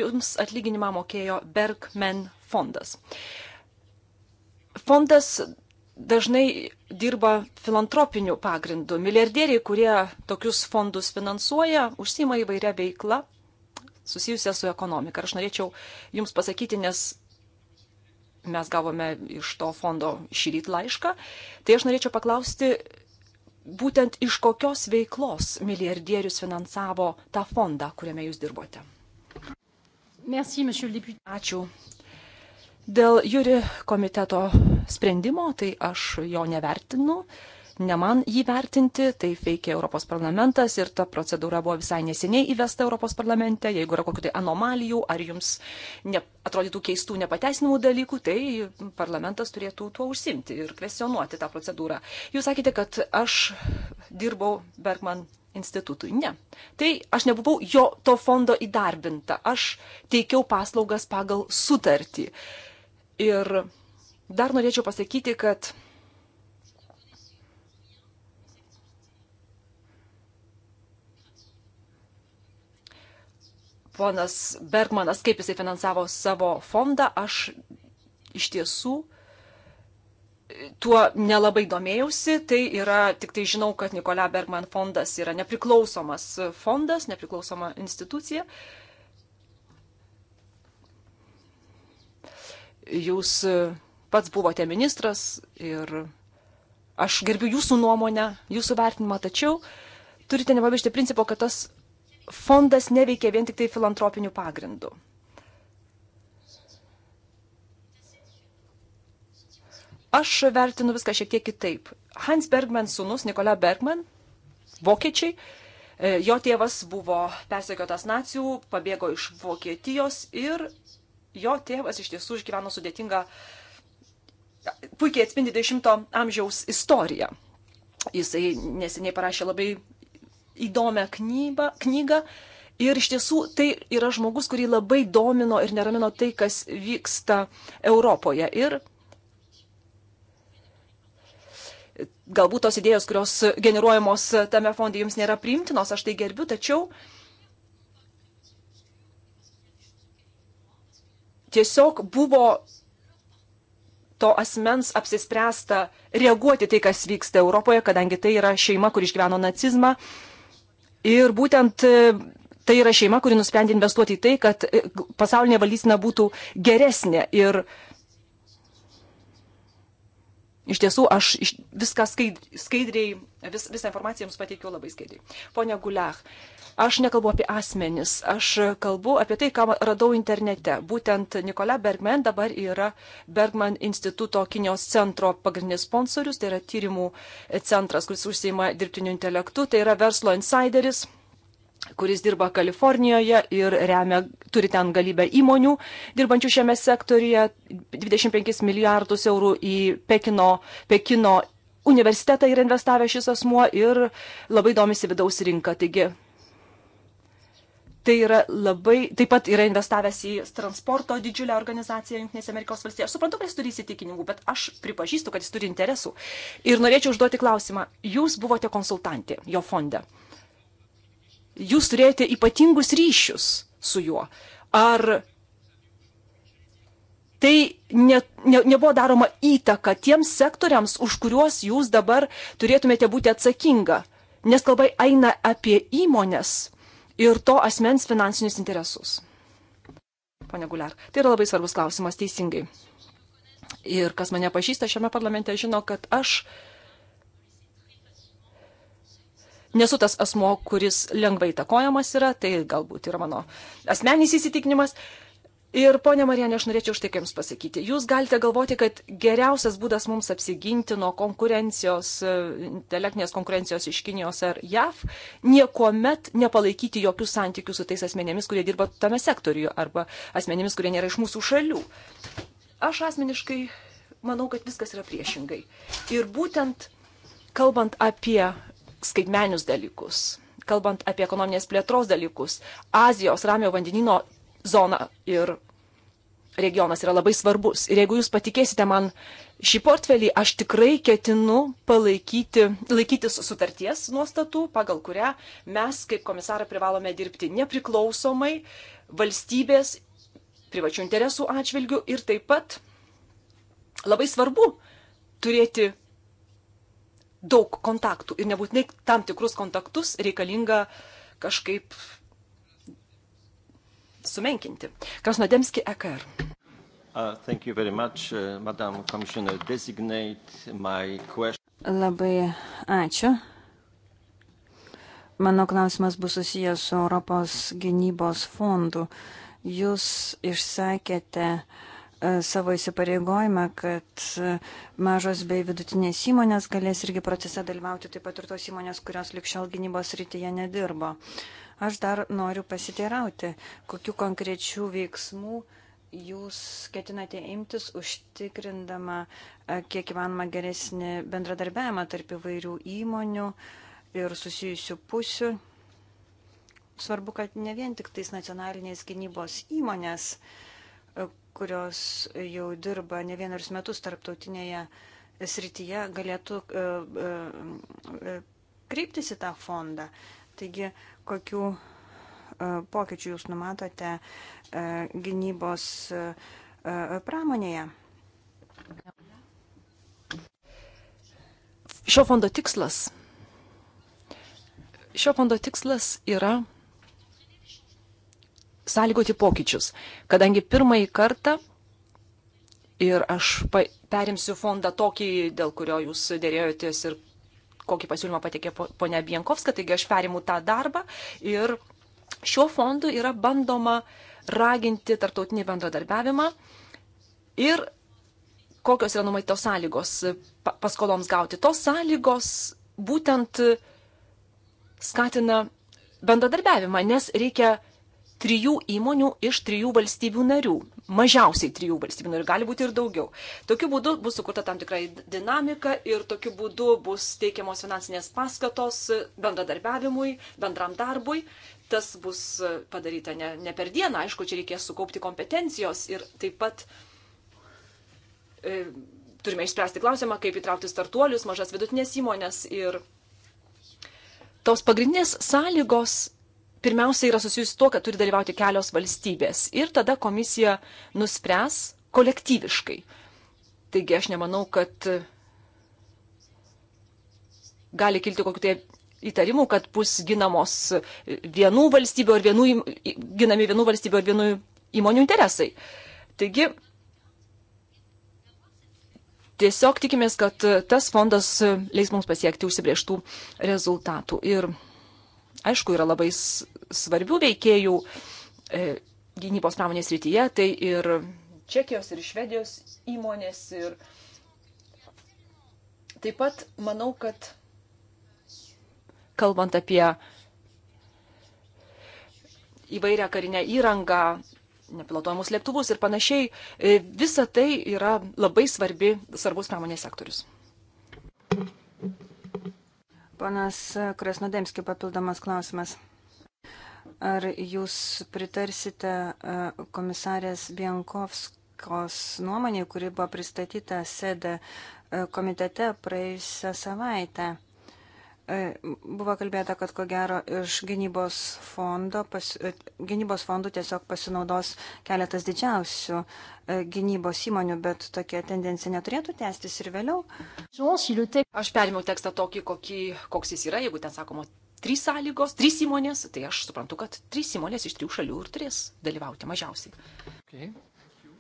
Speaker 2: jums atlyginimą mokėjo Bergman fondas. Fondas dažnai dirba filantropiniu pagrindu. Milijardieriai, kurie tokius fondus finansuoja, užsima įvairią veiklą susijusią su ekonomika. Aš norėčiau Jums pasakyti, nes mes gavome iš to fondo šį rytą laišką, tai aš norėčiau paklausti, būtent iš kokios veiklos milijardierius finansavo tą fondą, kuriame jūs dirbote. Merci, Ačiū. Dėl jūri komiteto sprendimo, tai aš jo nevertinu. Uh, ne man jį vertinti, tai veikia Europos parlamentas ir ta procedūra buvo visai neseniai įvesta Europos parlamente. Jeigu yra kokių tai anomalijų ar jums ne, atrodytų keistų nepateisinimų dalykų, tai parlamentas turėtų tuo užsimti ir kvestionuoti tą procedūrą. Jūs sakėte, kad aš dirbau Bergman institutui. Ne. Tai aš nebuvau jo to fondo įdarbinta. Aš teikiau paslaugas pagal sutartį. Ir dar norėčiau pasakyti, kad ponas Bergmanas, kaip jisai finansavo savo fondą, aš iš tiesų tuo nelabai domėjausi, tai yra, tik tai žinau, kad Nikola Bergman fondas yra nepriklausomas fondas, nepriklausoma institucija. Jūs pats buvote ministras ir aš gerbiu jūsų nuomonę, jūsų vertinimą, tačiau turite nepamiršti principo, kad tas fondas neveikia vien tik tai filantropinių pagrindų. Aš vertinu viską šiek tiek kitaip. Hans Bergman sūnus, Nikola Bergman, vokiečiai, e, jo tėvas buvo persekiotas nacijų, pabėgo iš Vokietijos ir jo tėvas iš tiesų išgyveno sudėtingą, puikiai atspindi 10 amžiaus istoriją. Jisai neseniai parašė labai įdomią knybą, knygą. Ir iš tiesų tai yra žmogus, kurį labai domino ir neramino tai, kas vyksta Europoje. Ir galbūt tos idėjos, kurios generuojamos tame fonde jums nėra priimtinos, aš tai gerbiu, tačiau tiesiog buvo to asmens apsispręsta reaguoti tai, kas vyksta Europoje, kadangi tai yra šeima, kur išgyveno nacizmą, Ir būtent e, tai yra šeima, kuri nusprendė investuoti į tai, kad e, pasaulinė valdysena būtų geresnė. Ir iš tiesų aš viską skaidriai, vis, visą informaciją jums pateikiau labai skaidriai. Pone Guliach, uh, Aš nekalbu apie asmenis, aš kalbu apie tai, ką radau internete. Būtent Nikola Bergman dabar yra Bergman instituto Kinijos centro pagrindinis sponsorius, tai yra tyrimų centras, kuris užsieima dirbtiniu intelektu, tai yra verslo insideris kuris dirba Kalifornijoje ir remia, turi ten galybę įmonių dirbančių šiame sektorija, 25 milijardus eurų į Pekino, Pekino universitetą yra investavęs šis asmuo ir labai domisi vidaus rinką. Taigi Tai yra labai, taip pat yra investavęs į transporto didžiulę organizaciją Junktinėse Amerikos valstijose. Aš suprantu, kad jis turi įsitikinimų, bet aš pripažįstu, kad jis turi interesų. Ir norėčiau užduoti klausimą. Jūs buvote konsultantė jo fonde. Jūs turėjote ypatingus ryšius su juo. Ar tai ne, ne, nebuvo daroma įtaka tiems sektoriams, už kuriuos jūs dabar turėtumėte būti atsakinga. Nes kalba eina apie įmonės, ir to asmens finansinius interesus. Pane Guler, tai yra labai svarbus klausimas teisingai. Ir kas mane pažįsta šiame parlamente, žino, kad aš nesu tas asmo, kuris lengvai takojamas yra, tai galbūt yra mano asmenys įsitikinimas, Ir ponia Marijanė, aš norėčiau štai ką Jums pasakyti. Jūs galite galvoti, kad geriausias būdas mums apsiginti nuo konkurencijos, e, intelektinės konkurencijos iš Kinijos ar JAV, niekuomet nepalaikyti jokių santykių su tais asmenėmis, kurie dirba tame sektoriuje arba asmenėmis, kurie nėra iš mūsų šalių. Aš asmeniškai manau, kad viskas yra priešingai. Ir būtent kalbant apie skaitmenius dalykus, kalbant apie ekonominės plėtros dalykus, Azijos ramio vandenino zona ir regionas yra labai svarbus. Ir jeigu jūs patikėsite man šį portfelį, aš tikrai ketinu palaikyti, laikytis sutarties nuostatų, pagal kurią mes kaip komisarai privalome dirbti nepriklausomai valstybės privačių interesų atžvilgių ir taip pat labai svarbu turėti daug kontaktų ir nebūtinai tam tikrus kontaktus reikalinga kažkaip sumenkinti. Krasnodemski EKR.
Speaker 1: Uh, much, uh,
Speaker 3: Labai ačiū. Mano klausimas bus susijęs su Europos gynybos fondu. Jūs išsakėte uh, savo įsipareigojimą, kad uh, mažos bei vidutinės įmonės galės irgi procese dalyvauti, taip pat ir tos įmonės, kurios likščiol gynybos rytyje nedirbo. Uh, Aš dar noriu pasiteirauti, kokiu konkrečiu veiksmu jūs ketinate imtis užtikrindama e, kiek įmanoma geresnį bendradarbiavimą tarp įvairių įmonių ir susijusių pusių. Svarbu, kad ne vien tik tais nacionalinės gynybos įmonės, e, kurios jau dirba ne vienerius metus tarptautinėje srityje, galėtų e, kreiptis į tą fondą. Taigi, kokių e, pokyčių jūs numatote e, gynybos e, pramonėje?
Speaker 2: Šio fondo tikslas. Šio fondo tikslas yra sąlygoti pokyčius, kadangi pirmąjį kartą ir aš perimsiu fondą tokį, dėl kurio jūs dėrėjotės ir kokį pasiūlymą patikė ponia Bienkovska, taigi aš perimu tą darbą ir šiuo fondu yra bandoma raginti tartautinį bendradarbiavimą ir kokios yra numatytos sąlygos paskoloms gauti. Tos sąlygos būtent skatina bendradarbiavimą, nes reikia trijų įmonių iš trijų valstybių narių mažiausiai trijų valstybių narių, gali būti ir daugiau. Tokiu būdu bus sukurta tam tikra dinamika ir tokiu būdu bus teikiamos finansinės paskatos bendradarbiavimui, bendram darbui. Tas bus padaryta ne, ne per dieną, aišku, čia reikės sukaupti kompetencijos ir taip pat e, turime išspręsti klausimą, kaip įtraukti startuolius, mažas vidutinės įmonės ir tos pagrindinės sąlygos pirmiausia yra susijusi tuo, kad turi dalyvauti kelios valstybės ir tada komisija nuspręs kolektyviškai. Taigi aš nemanau, kad gali kilti kokiu tai įtarimų, kad bus ginamos vienų valstybių ar vienų, ginami vienų valstybių ar vienų įmonių interesai. Taigi, tiesiog tikimės, kad tas fondas leis mums pasiekti užsibrieštų rezultatų. Ir aišku, yra labai svarbių veikėjų e, gynybos pramonės rytyje, tai ir Čekijos, ir Švedijos įmonės. Ir taip pat manau, kad kalbant apie įvairią karinę įrangą, nepilotuojamus lėktuvus ir panašiai, e, visa tai yra labai svarbi, svarbus pramonės sektorius. Thank
Speaker 3: you. Panas Krasnodemski papildomas klausimas. Ar jūs pritarsite e, komisarės Bienkovskos nuomonė, kuri buvo pristatyta sėdė e, komitete praėjusią savaitę? E, buvo kalbėta, kad ko gero iš gynybos, fondo, pas, e, gynybos fondų tiesiog pasinaudos keletas didžiausių e, gynybos įmonių, bet tokia tendencija neturėtų tęstis ir vėliau. Aš perėmiau tekstą tokį, kokį, koks
Speaker 2: jis yra, jeigu ten sakoma trys sąlygos, trys įmonės, tai aš suprantu, kad trys įmonės iš trijų šalių ir turės dalyvauti mažiausiai.
Speaker 1: Okay. Thank you.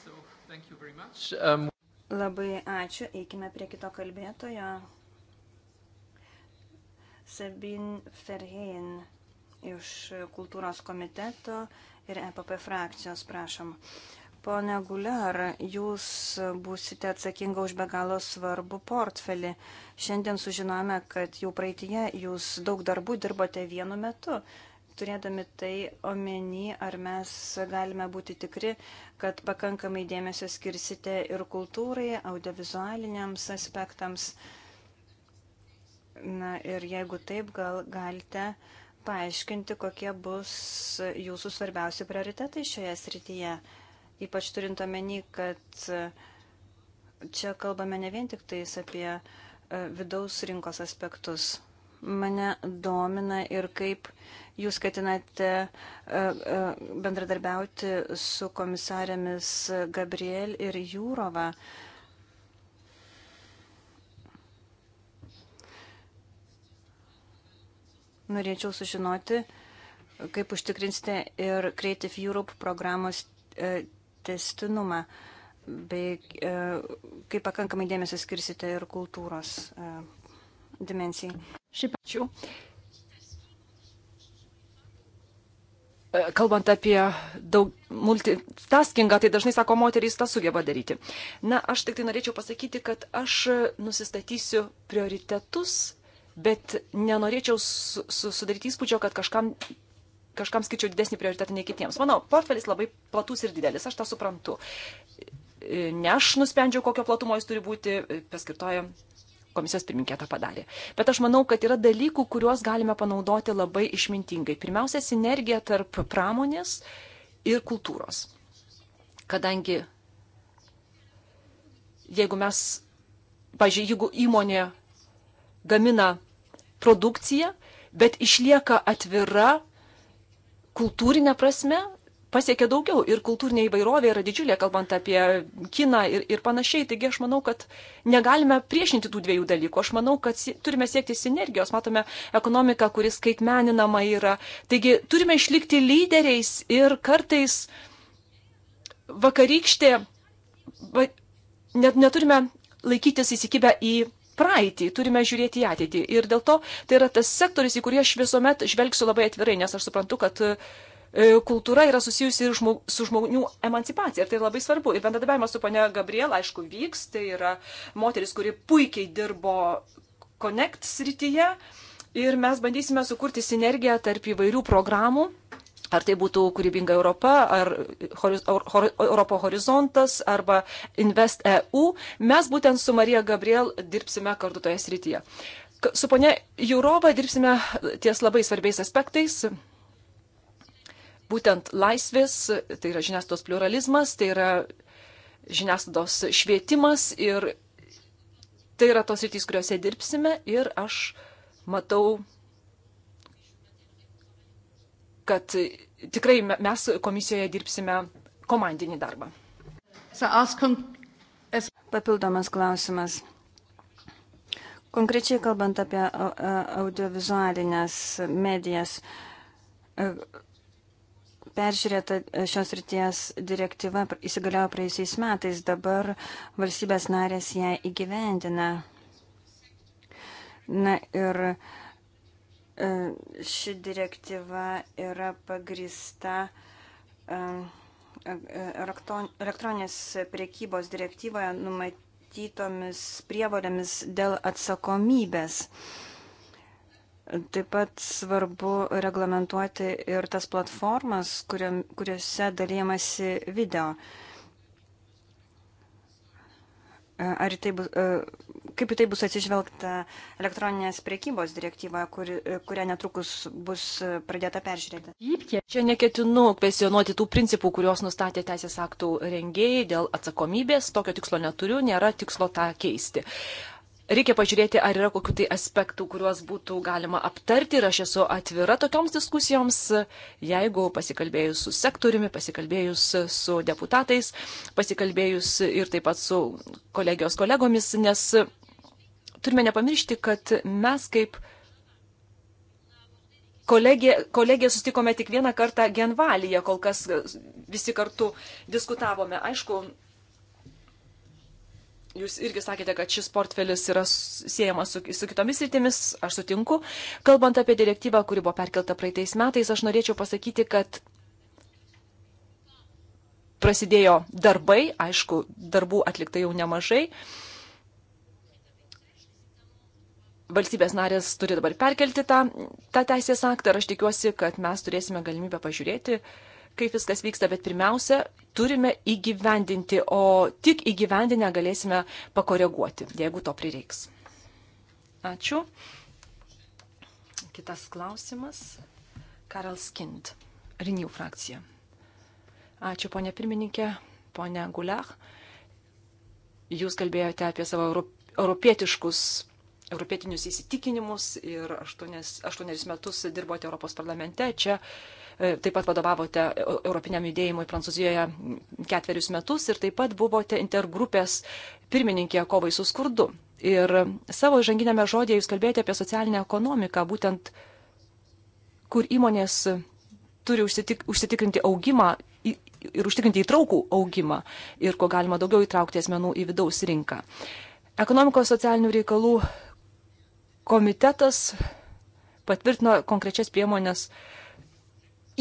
Speaker 1: So, thank you um...
Speaker 3: Labai ačiū, eikime prie kito kalbėtojo. Sabin Ferhein iš kultūros komiteto ir EPP frakcijos, prašom. Pone Guliar, jūs būsite atsakinga už be galo svarbu portfelį. Šiandien sužinome, kad jau praeitie jūs daug darbų dirbote vienu metu. Turėdami tai omeny, ar mes galime būti tikri, kad pakankamai dėmesio skirsite ir kultūrai, audiovizualiniams aspektams. Uh, Na ir jeigu taip, gal galite paaiškinti, kokie bus jūsų svarbiausi prioritetai šioje srityje, ypač turint omeny, kad e, čia kalbame ne vien tik tais apie e, vidaus rinkos aspektus. Mane domina ir kaip jūs ketinate e, bendradarbiauti su komisarėmis Gabriel ir Jūrova, Norėčiau sužinoti, kaip užtikrinsite ir Creative Europe programos e, testinumą, bei e, kaip pakankamai dėmesio skirsite ir kultūros e, dimensijai. Šiaip ačiū.
Speaker 2: Kalbant apie daug multitaskingą, tai dažnai sako moterys tą sugeba daryti. Na, aš tik tai norėčiau pasakyti, kad aš nusistatysiu prioritetus bet nenorėčiau su, su, sudaryti įspūdžio, kad kažkam, kažkam skaičiau didesnį prioritetą nei kitiems. Mano portfelis labai platus ir didelis, aš tą suprantu. Ne aš nusprendžiau, kokio platumo jis turi būti, paskirtoja komisijos pirmininkė tą padarė. Bet aš manau, kad yra dalykų, kuriuos galime panaudoti labai išmintingai. Pirmiausia, sinergija tarp pramonės ir kultūros. Kadangi jeigu mes, pažiūrėjau, jeigu įmonė gamina produkciją, bet išlieka atvira kultūrinė prasme, pasiekia daugiau ir kultūrinė įvairovė yra didžiulė, kalbant apie kiną ir, ir panašiai. Taigi aš manau, kad negalime priešinti tų dviejų dalykų. Aš manau, kad turime siekti sinergijos, matome ekonomiką, kuris skaitmeninama yra. Taigi turime išlikti lyderiais ir kartais vakarykštė, va, net neturime laikytis įsikibę į praeitį, turime žiūrėti į ateitį. Ir dėl to tai yra tas sektoris, į kurį aš visuomet žvelgsiu labai atvirai, nes aš suprantu, kad e, kultūra yra susijusi ir žmog, su žmonių emancipacija. Ir tai labai svarbu. Ir bendradarbiavimas su ponia Gabriela, aišku, vyks. Tai yra moteris, kuri puikiai dirbo Connect srityje. Ir mes bandysime sukurti sinergiją tarp įvairių programų Ar tai būtų kūrybinga Europa, ar horiz, or, hor, Europo horizontas, arba Invest EU, mes būtent su Marija Gabriel dirbsime kartu toje srityje. Su ponia Jūrova dirbsime ties labai svarbiais aspektais. Būtent laisvės, tai yra žiniasklaidos pluralizmas, tai yra žiniasklaidos švietimas ir tai yra tos rytys, kuriuose dirbsime ir aš matau kad tikrai mes komisijoje dirbsime komandinį darbą.
Speaker 3: Papildomas klausimas. Konkrečiai kalbant apie audiovizualinės medijas, e, peržiūrėta šios ryties direktyva įsigaliojo praeisiais metais, dabar valstybės narės ją įgyvendina. Na ir uh, E, ši direktyva yra pagrįsta e, e, elektroninės priekybos direktyvoje numatytomis prievolėmis dėl atsakomybės. Taip pat svarbu reglamentuoti ir tas platformas, kuriuose dalyjamasi video. Ar tai bus, e, kaip į tai bus atsižvelgta elektroninės priekybos direktyva, kuri, e, kurią netrukus bus e, pradėta peržiūrėti? Čia neketinu
Speaker 2: kvesionuoti tų principų, kuriuos nustatė teisės aktų rengėjai dėl atsakomybės. Tokio tikslo neturiu, nėra tikslo tą keisti reikia pažiūrėti, ar yra kokių tai aspektų, kuriuos būtų galima aptarti ir aš esu atvira tokioms diskusijoms, jeigu pasikalbėjus su sektoriumi, pasikalbėjus su deputatais, pasikalbėjus ir taip pat su kolegijos kolegomis, nes turime nepamiršti, kad mes kaip kolegė, kolegė sustikome tik vieną kartą Genvalyje, kol kas visi kartu diskutavome. Aišku, Jūs irgi sakėte, kad šis portfelis yra siejamas su, su kitomis rytimis, aš sutinku. Kalbant apie direktyvą, kuri buvo perkelta praeitais metais, aš norėčiau pasakyti, kad prasidėjo darbai, aišku, darbų atlikta jau nemažai. Valstybės narės turi dabar perkelti tą, tą teisės aktą ir aš tikiuosi, kad mes turėsime galimybę pažiūrėti, uh, kaip viskas vyksta, bet pirmiausia, turime įgyvendinti, o tik įgyvendinę galėsime pakoreguoti, jeigu to prireiks. Ačiū. Kitas klausimas. Karel Skind, Renew frakcija. Ačiū, ponė pirmininkė, ponė Guliach. Jūs kalbėjote apie savo europietiškus, europietinius įsitikinimus ir aštuonis, aštuonis metus dirbote Europos parlamente. Čia uh, E, taip pat vadovavote e, Europiniam judėjimui Prancūzijoje ketverius metus ir taip pat buvote intergrupės pirmininkė kovai su skurdu. Ir savo žanginėme žodėje jūs kalbėjote apie socialinę ekonomiką, būtent kur įmonės turi užsitik, užsitikrinti augimą ir užtikrinti įtraukų augimą ir ko galima daugiau įtraukti asmenų į vidaus rinką. Ekonomikos socialinių reikalų komitetas patvirtino konkrečias priemonės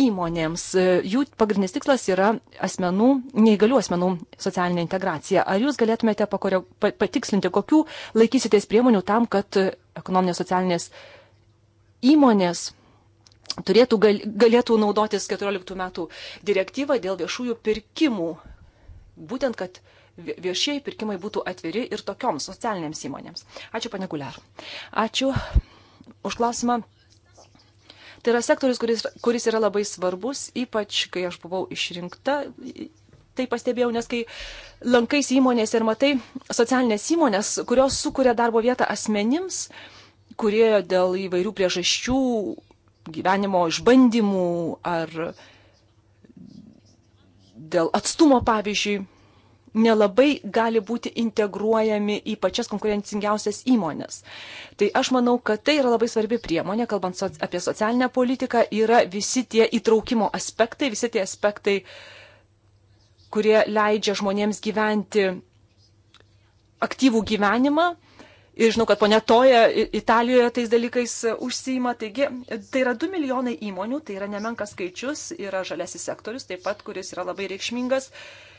Speaker 2: įmonėms. E, jų pagrindinis tikslas yra asmenų, neįgalių asmenų socialinė integracija. Ar jūs galėtumėte pakoreo, patikslinti, kokių laikysitės priemonių tam, kad e, ekonominės socialinės įmonės turėtų, gal, galėtų naudotis 14 metų direktyvą dėl viešųjų pirkimų? Būtent, kad viešieji pirkimai būtų atviri ir tokioms socialinėms įmonėms. Ačiū, pane Guliar. Ačiū už klausimą. Tai yra sektorius, kuris, kuris yra labai svarbus, ypač kai aš buvau išrinkta. Tai pastebėjau, nes kai lankais įmonėse ir matai socialinės įmonės, kurios sukuria darbo vietą asmenims, kurie dėl įvairių priežasčių, gyvenimo išbandymų ar dėl atstumo, pavyzdžiui, nelabai gali būti integruojami į pačias konkurencingiausias įmonės. Tai aš manau, kad tai yra labai svarbi priemonė, kalbant so apie socialinę politiką, yra visi tie įtraukimo aspektai, visi tie aspektai, kurie leidžia žmonėms gyventi aktyvų gyvenimą. Ir žinau, kad ponė Toja Italijoje tais dalykais užsima. Taigi, tai yra 2 milijonai įmonių, tai yra nemenkas skaičius, yra žalesis sektorius taip pat, kuris yra labai reikšmingas. Uh,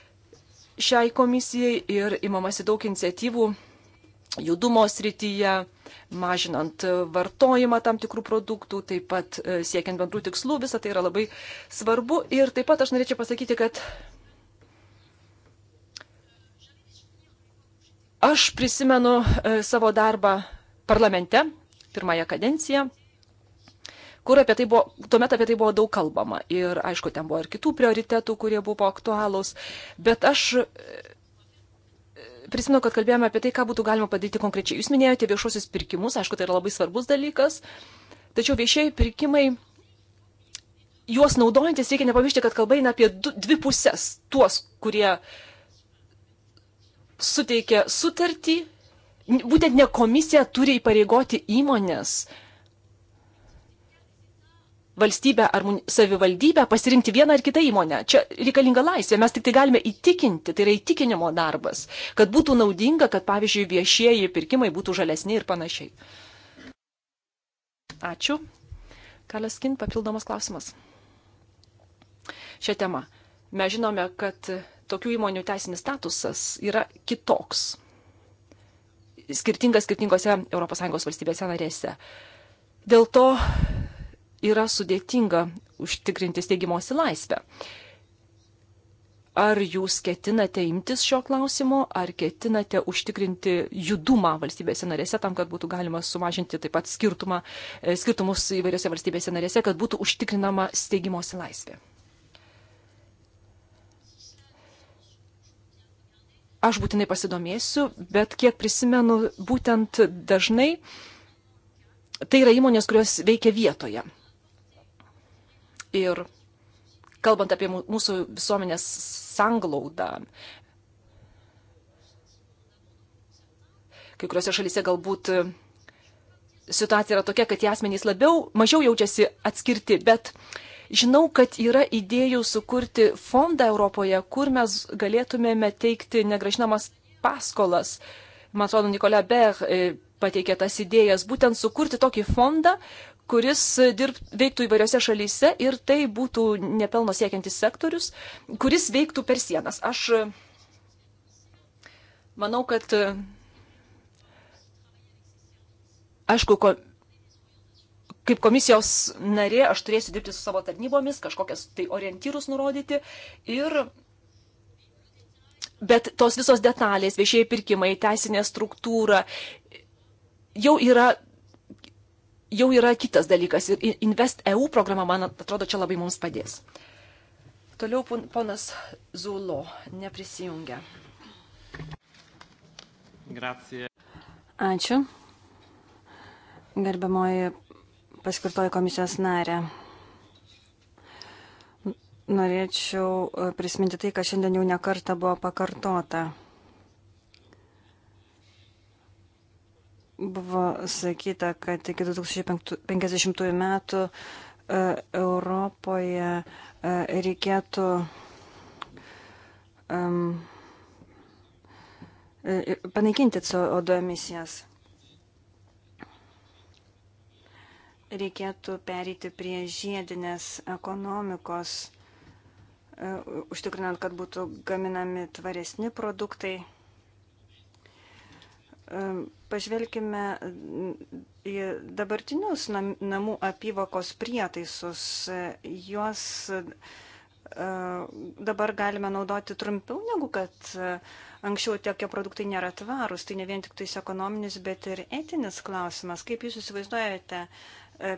Speaker 2: šiai komisijai ir imamasi daug iniciatyvų judumo srityje, mažinant vartojimą tam tikrų produktų, taip pat e, siekiant bendrų tikslų, visa tai yra labai svarbu. Ir taip pat aš norėčiau pasakyti, kad aš prisimenu e, savo darbą parlamente, pirmąją kadenciją kur apie tai buvo, tuomet apie tai buvo daug kalbama. Ir aišku, ten buvo ir kitų prioritetų, kurie buvo aktualūs, bet aš e, prisimenu, kad kalbėjome apie tai, ką būtų galima padaryti konkrečiai. Jūs minėjote viešuosius pirkimus, aišku, tai yra labai svarbus dalykas, tačiau viešieji pirkimai, juos naudojantis reikia nepamiršti, kad kalba eina apie du, dvi pusės. Tuos, kurie suteikia sutartį, būtent ne komisija turi įpareigoti įmonės valstybę ar savivaldybę pasirinkti vieną ar kitą įmonę. Čia reikalinga laisvė, mes tik tai galime įtikinti, tai yra įtikinimo darbas, kad būtų naudinga, kad pavyzdžiui viešieji pirkimai būtų žalesni ir panašiai. Ačiū. Kaleskin, papildomas klausimas. Šią temą. Mes žinome, kad tokių įmonių teisinis statusas yra kitoks. Skirtingas skirtingose ES valstybėse narėse. Dėl to yra sudėtinga užtikrinti steigimosi laisvę. Ar jūs ketinate imtis šio klausimo, ar ketinate užtikrinti judumą valstybėse narėse tam, kad būtų galima sumažinti taip pat skirtumą, e, skirtumus įvairiose valstybėse narėse, kad būtų užtikrinama steigimosi laisvė? Aš būtinai pasidomėsiu, bet kiek prisimenu, būtent dažnai tai yra įmonės, kurios veikia vietoje. Ir kalbant apie mūsų visuomenės sanglaudą, kai kuriuose šalyse galbūt situacija yra tokia, kad tie asmenys labiau, mažiau jaučiasi atskirti, bet žinau, kad yra idėjų sukurti fondą Europoje, kur mes galėtumėme teikti negražinamas paskolas. Man atrodo, Nikola Ber e, pateikė tas idėjas, būtent sukurti tokį fondą, kuris e, dirb, veiktų įvairiose šalyse ir tai būtų nepelno siekiantis sektorius, kuris veiktų per sienas. Aš e, manau, kad e, aišku, ko, kaip komisijos narė aš turėsiu dirbti su savo tarnybomis, kažkokias tai orientyrus nurodyti. Ir, bet tos visos detalės, viešieji pirkimai, teisinė struktūra jau yra jau yra kitas dalykas. Ir Invest EU programa, man atrodo, čia labai mums padės. Toliau ponas Zulo neprisijungia.
Speaker 1: Grazie.
Speaker 3: Ačiū. Gerbiamoji paskirtoji komisijos narė. Norėčiau e, prisiminti tai, kas šiandien jau nekarta buvo pakartota. Buvo sakyta, kad iki 2050 metų e, Europoje e, reikėtų um, panaikinti CO2 emisijas. Reikėtų perėti prie žiedinės ekonomikos, užtikrinant, kad būtų gaminami tvaresni produktai. Pažvelkime į dabartinius namų apyvokos prietaisus. Juos e, dabar galime naudoti trumpiau negu kad e, anksčiau tokie produktai nėra tvarūs. Tai ne vien tik tais ekonominis, bet ir etinis klausimas. Kaip jūs įsivaizduojate e,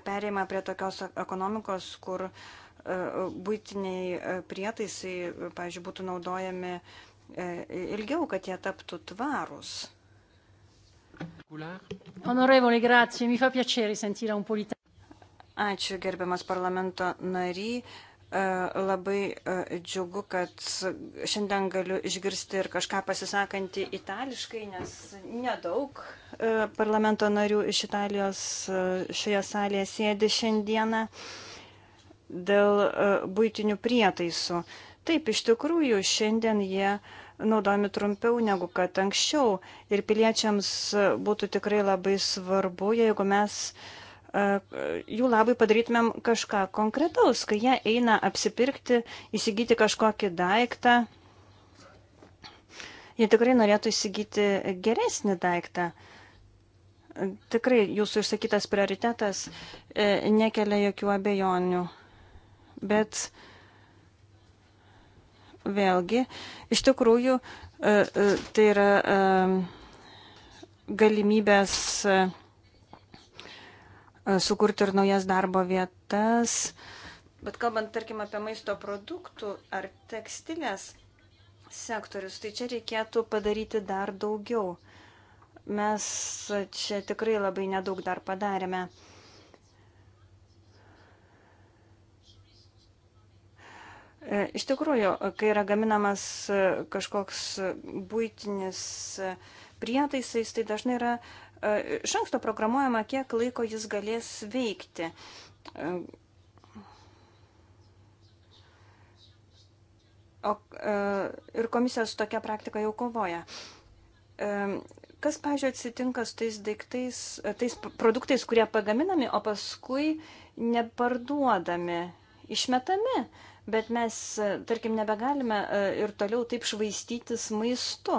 Speaker 3: perėjimą prie tokios ekonomikos, kur būtiniai prietaisai, pavyzdžiui, būtų naudojami ilgiau, kad jie taptų tvarūs? Honorevoli, grazie, mi fa piacere sentire un politano. Ačiū, gerbiamas parlamento nary. E, labai e, džiugu, kad šiandien galiu išgirsti ir kažką pasisakantį itališkai, nes nedaug e, parlamento narių iš Italijos šioje salėje sėdi šiandieną dėl būtinių prietaisų. Taip, iš tikrųjų, šiandien jie uh, naudojami trumpiau negu kad anksčiau. Ir piliečiams būtų tikrai labai svarbu, jeigu mes e, jų labai padarytumėm kažką konkretaus, kai jie eina apsipirkti, įsigyti kažkokį daiktą. Jie tikrai norėtų įsigyti geresnį daiktą. Tikrai jūsų išsakytas prioritetas e, nekelia jokių abejonių. Bet uh, vėlgi, iš tikrųjų, e, e, tai yra e, galimybės sukurti ir naujas darbo vietas. Bet kalbant, tarkim, apie maisto produktų ar tekstilės sektorius, tai čia reikėtų padaryti dar daugiau. Mes čia tikrai labai nedaug dar padarėme. E, iš tikrųjų, kai yra gaminamas e, kažkoks būtinis e, prietaisais, tai dažnai yra iš anksto programuojama, kiek laiko jis galės veikti. O, ir komisija su tokia praktika jau kovoja. Kas, pažiūrėjau, atsitinka su tais daiktais, tais produktais, kurie pagaminami, o paskui neparduodami, išmetami? bet mes, tarkim, nebegalime e, ir toliau taip švaistytis maistu.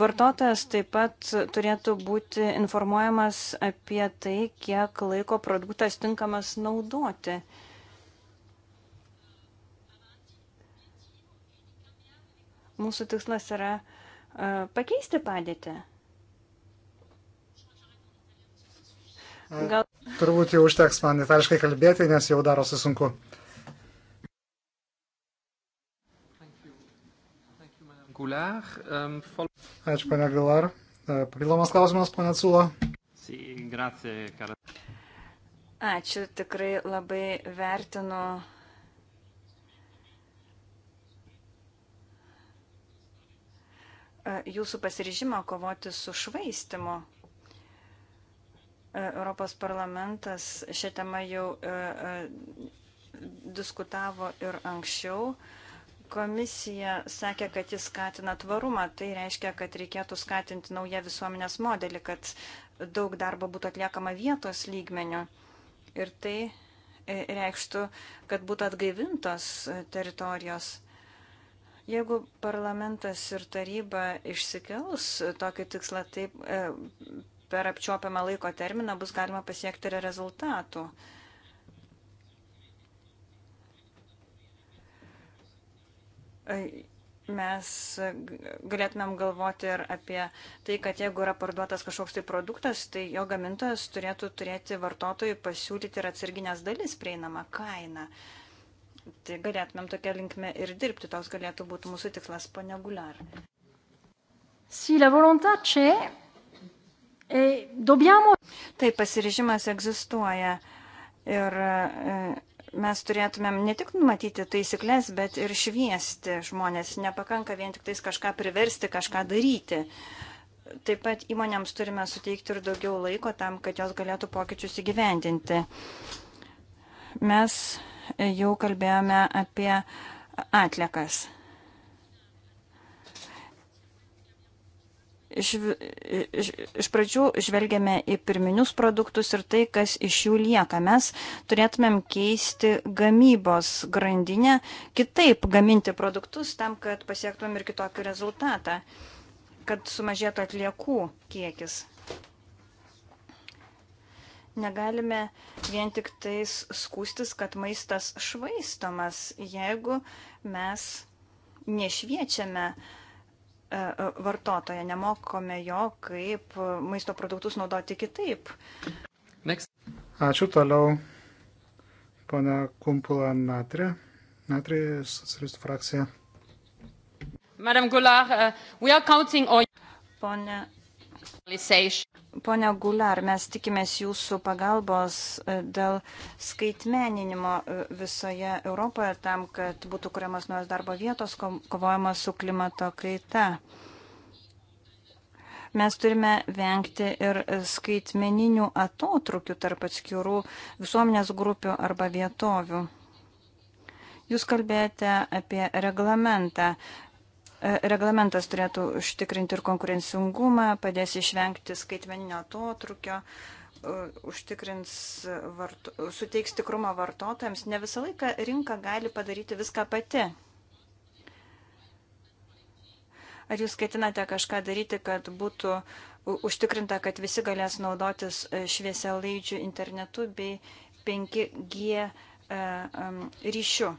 Speaker 3: Vartotojas taip pat turėtų būti informuojamas apie tai, kiek laiko produktas tinkamas naudoti. Mūsų tikslas yra e, pakeisti padėtį.
Speaker 1: Gal... Turbūt jau užteks man itališkai kalbėti, nes jau darosi sunku. Uh, Um, Ačiū, pane Aguilar. E, papildomas klausimas, pane Cūlo.
Speaker 3: Ačiū, tikrai labai vertinu e, jūsų pasiryžimą kovoti su švaistimu. E, Europos parlamentas šią temą jau diskutavo ir anksčiau. Komisija sakė, kad jis skatina tvarumą, tai reiškia, kad reikėtų skatinti naują visuomenės modelį, kad daug darbo būtų atliekama vietos lygmenių. Ir tai e, reikštų, kad būtų atgaivintos e, teritorijos. Jeigu parlamentas ir taryba išsikels e, tokį tikslą, taip per apčiopiamą laiko terminą bus galima pasiekti ir rezultatų. mes galėtumėm galvoti ir apie tai, kad jeigu yra parduotas kažkoks tai produktas, tai jo gamintojas turėtų turėti vartotojui pasiūlyti ir atsarginės dalis prieinamą kainą. Tai galėtumėm tokia linkme ir dirbti, toks galėtų būti mūsų tikslas paneguliar. Si la volontà c'è, e dobbiamo. Taip, pasirižimas egzistuoja ir e, mes turėtumėm ne tik numatyti taisyklės, bet ir šviesti žmonės. Nepakanka vien tik tais kažką priversti, kažką daryti. Taip pat įmonėms turime suteikti ir daugiau laiko tam, kad jos galėtų pokyčius įgyvendinti. Mes jau kalbėjome apie atlikas. iš, iš, iš pradžių žvelgiame į pirminius produktus ir tai, kas iš jų lieka. Mes turėtumėm keisti gamybos grandinę, kitaip gaminti produktus tam, kad pasiektumėm ir kitokį rezultatą, kad sumažėtų atliekų kiekis. Negalime vien tik tais skūstis, kad maistas švaistomas, jeigu mes nešviečiame uh, E, e, vartotoją, nemokome jo, kaip maisto produktus naudoti kitaip.
Speaker 1: Next. Ačiū toliau, ponia Kumpula Natrė, Natrė, socialistų frakcija.
Speaker 3: Madam Gular, uh, we are counting on... Pone Pone Gular, mes tikimės jūsų pagalbos e, dėl skaitmeninimo e, visoje Europoje tam, kad būtų kuriamas naujos darbo vietos, kovojama su klimato kaita. Mes turime vengti ir skaitmeninių atotrukių tarp atskirų visuomenės grupių arba vietovių. Jūs kalbėjote apie reglamentą. E, reglamentas turėtų užtikrinti ir konkurencingumą, padės išvengti skaitmeninio atotrukio, e, užtikrins, varto, suteiks tikrumą vartotojams. Ne visą laiką rinka gali padaryti viską pati. Ar jūs ketinate kažką daryti, kad būtų užtikrinta, kad visi galės naudotis e, šviesialaidžių internetu bei 5G ryšiu?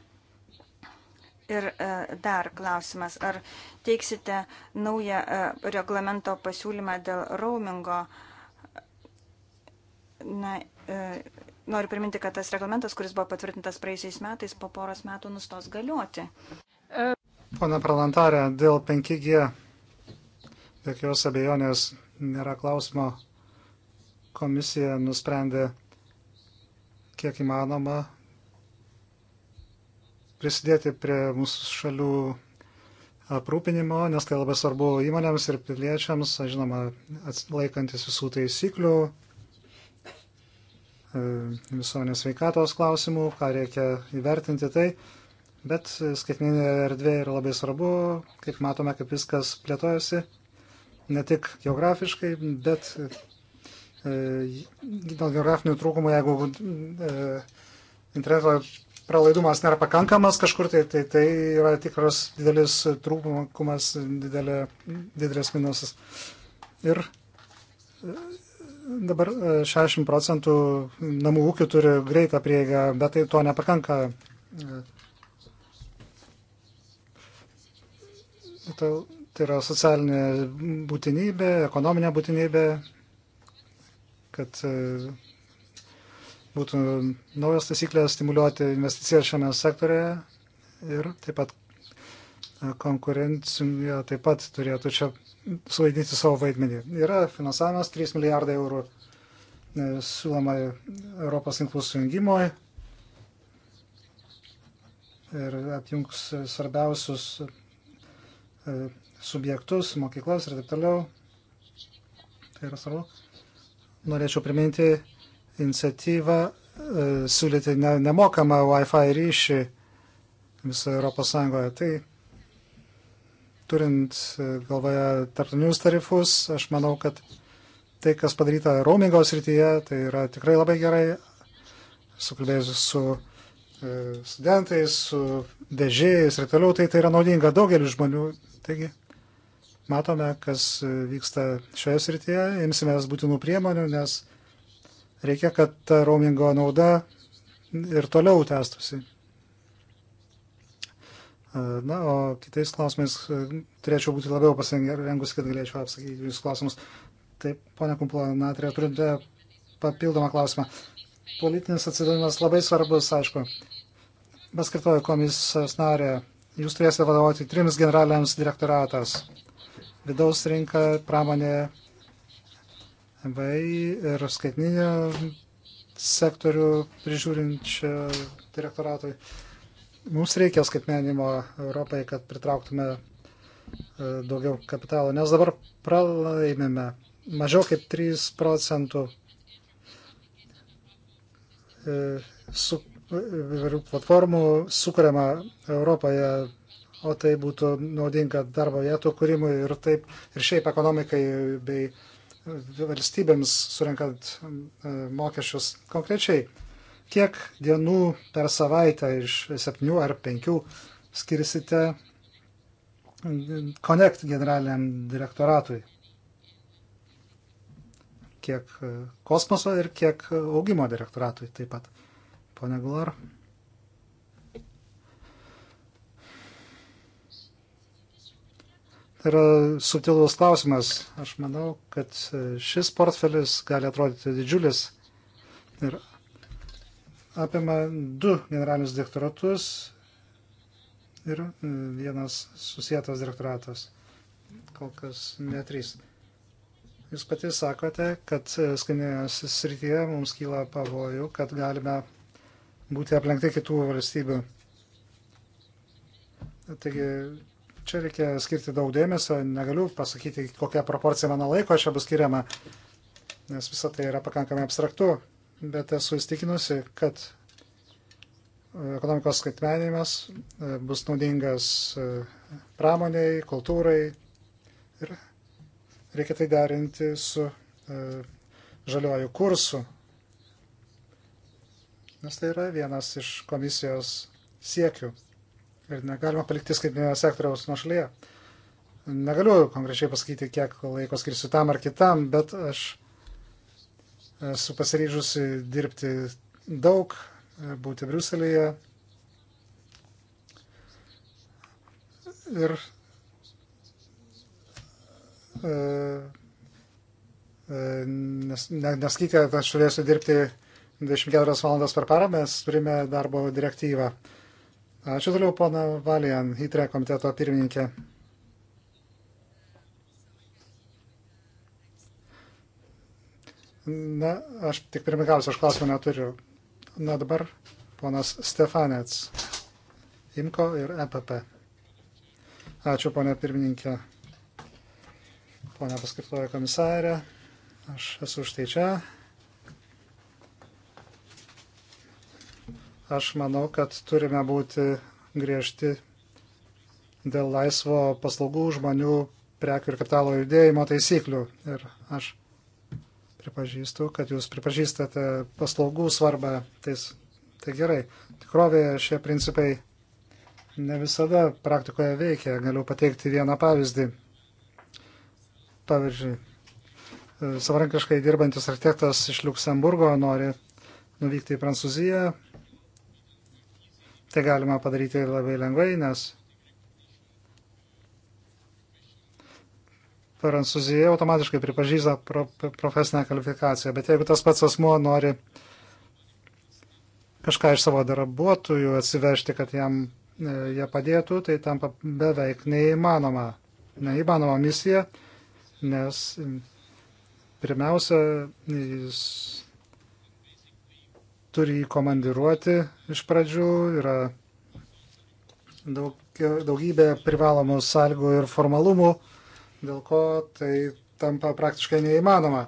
Speaker 3: Ir e, dar klausimas, ar teiksite naują e, reglamento pasiūlymą dėl roamingo? Na, e, noriu priminti, kad tas reglamentas, kuris buvo patvirtintas praeisiais metais, po poros metų nustos galioti.
Speaker 1: Pone parlamentarė, dėl 5G, jokios abejonės nėra klausimo, komisija nusprendė kiek įmanoma prisidėti prie mūsų šalių aprūpinimo, nes tai labai svarbu įmonėms ir piliečiams, žinoma, laikantis visų taisyklių, e, visuomenės veikatos klausimų, ką reikia įvertinti tai. Bet skaitmeninė erdvė yra labai svarbu, kaip matome, kaip viskas plėtojasi, ne tik geografiškai, bet e, dėl geografinių trūkumų, jeigu e, interneto pralaidumas nėra pakankamas kažkur, tai tai, tai yra tikras didelis trūkumas, didelė, didelis minusas. Ir e, dabar 60 e, procentų namų ūkių turi greitą prieigą, bet tai to nepakanka. E, tai, tai yra socialinė būtinybė, ekonominė būtinybė, kad būtų naujos taisyklės stimuliuoti investicijas šiame sektorėje ir taip pat e, konkurencija taip pat turėtų čia suvaidinti savo vaidmenį. Yra finansavimas 3 milijardai eurų e, siūloma Europos tinklų sujungimoje ir apjungs svarbiausius e, subjektus, mokyklas ir taip toliau. Tai yra svarbu. Norėčiau priminti iniciatyvą e, siūlyti ne, nemokamą Wi-Fi ryšį visoje Europos Sąjungoje. Tai turint e, galvoje tarptautinius tarifus, aš manau, kad tai, kas padaryta roamingo srityje, tai yra tikrai labai gerai. Sukalbėjusiu su e, studentais, su vežėjais ir toliau, tai tai yra naudinga daugeliu žmonių. Taigi, matome, kas vyksta šioje srityje, imsimės būtinų priemonių, nes Reikia, kad ta roamingo nauda ir toliau tęstusi. Na, o kitais klausimais e, turėčiau būti labiau pasirengusi, kad galėčiau atsakyti jūsų klausimus. Taip, ponia Kumplo, na, turite papildomą klausimą. Politinis atsidavimas labai svarbus, aišku. Mes kartuoju komisijos narė, jūs turėsite vadovauti trims generaliniams direktoratas. Vidaus rinka, pramonė MVI ir skaitinį sektorių prižiūrinčią direktoratui. Mums reikia skaitmenimo Europai, kad pritrauktume e, daugiau kapitalo, nes dabar pralaimime mažiau kaip 3 procentų e, su įvairių platformų sukuriama Europoje, o tai būtų naudinga darbo vietų kūrimui ir taip ir šiaip ekonomikai bei uh, valstybėms surinkant e, mokesčius. Konkrečiai, kiek dienų per savaitę iš septynių ar penkių skirsite Connect generaliniam direktoratui? Kiek e, kosmoso ir kiek e, augimo direktoratui taip pat? Pone Gular. Tai yra subtilus klausimas. Aš manau, kad šis portfelis gali atrodyti didžiulis ir apima du generalinius direktoratus ir e, vienas susijęs direktoratas. Kol kas ne trys. Jūs pati sakote, kad e, skandinavijos srityje mums kyla pavojų, kad galime būti aplenkti kitų valstybių. Taigi Čia reikia skirti daug dėmesio, negaliu pasakyti, kokia proporcija mano laiko čia bus skiriama, nes visa tai yra pakankamai abstraktu, bet esu įstikinusi, kad e, ekonomikos skaitmeninimas e, bus naudingas e, pramoniai, kultūrai ir reikia tai derinti su žaliuoju kursu, nes tai yra vienas iš komisijos siekių ir negalima palikti skaitmeninio sektoriaus nuošalyje. Negaliu konkrečiai pasakyti, kiek laiko skirsiu tam ar kitam, bet aš esu pasiryžusi dirbti daug, būti Briuselėje. Ir e, e, nes, ne, neskaitia, kad aš turėsiu dirbti 24 valandas per parą, mes turime darbo direktyvą. E, Ačiū toliau, pana Valijan, įtre komiteto pirmininkė. Na, aš tik pirmiausia, aš klausimą neturiu. Na dabar ponas Stefanets, Imko ir EPP. Ačiū, ponė pirmininkė. Pone paskirtoja komisarė, aš esu štai čia. Aš manau, kad turime būti griežti dėl laisvo paslaugų žmonių prekių ir kapitalo judėjimo taisyklių. Ir aš pripažįstu, kad jūs pripažįstate paslaugų svarbą. Tai, tai gerai. Tikrovėje šie principai ne visada praktikoje veikia. Galiu pateikti vieną pavyzdį. Pavyzdžiui, e, savarankiškai dirbantis architektas iš Luksemburgo nori nuvykti į Prancūziją, Tai galima padaryti labai lengvai, nes Prancūzija automatiškai pripažįsta pro, profesinę kvalifikaciją, bet jeigu tas pats asmuo nori kažką iš savo darbuotojų atsivežti, kad jam e, jie padėtų, tai tampa beveik neįmanoma, neįmanoma misija, nes pirmiausia, jis turi jį komandiruoti iš pradžių, yra daug, daugybė privalomų sąlygų ir formalumų, dėl ko tai tampa praktiškai neįmanoma.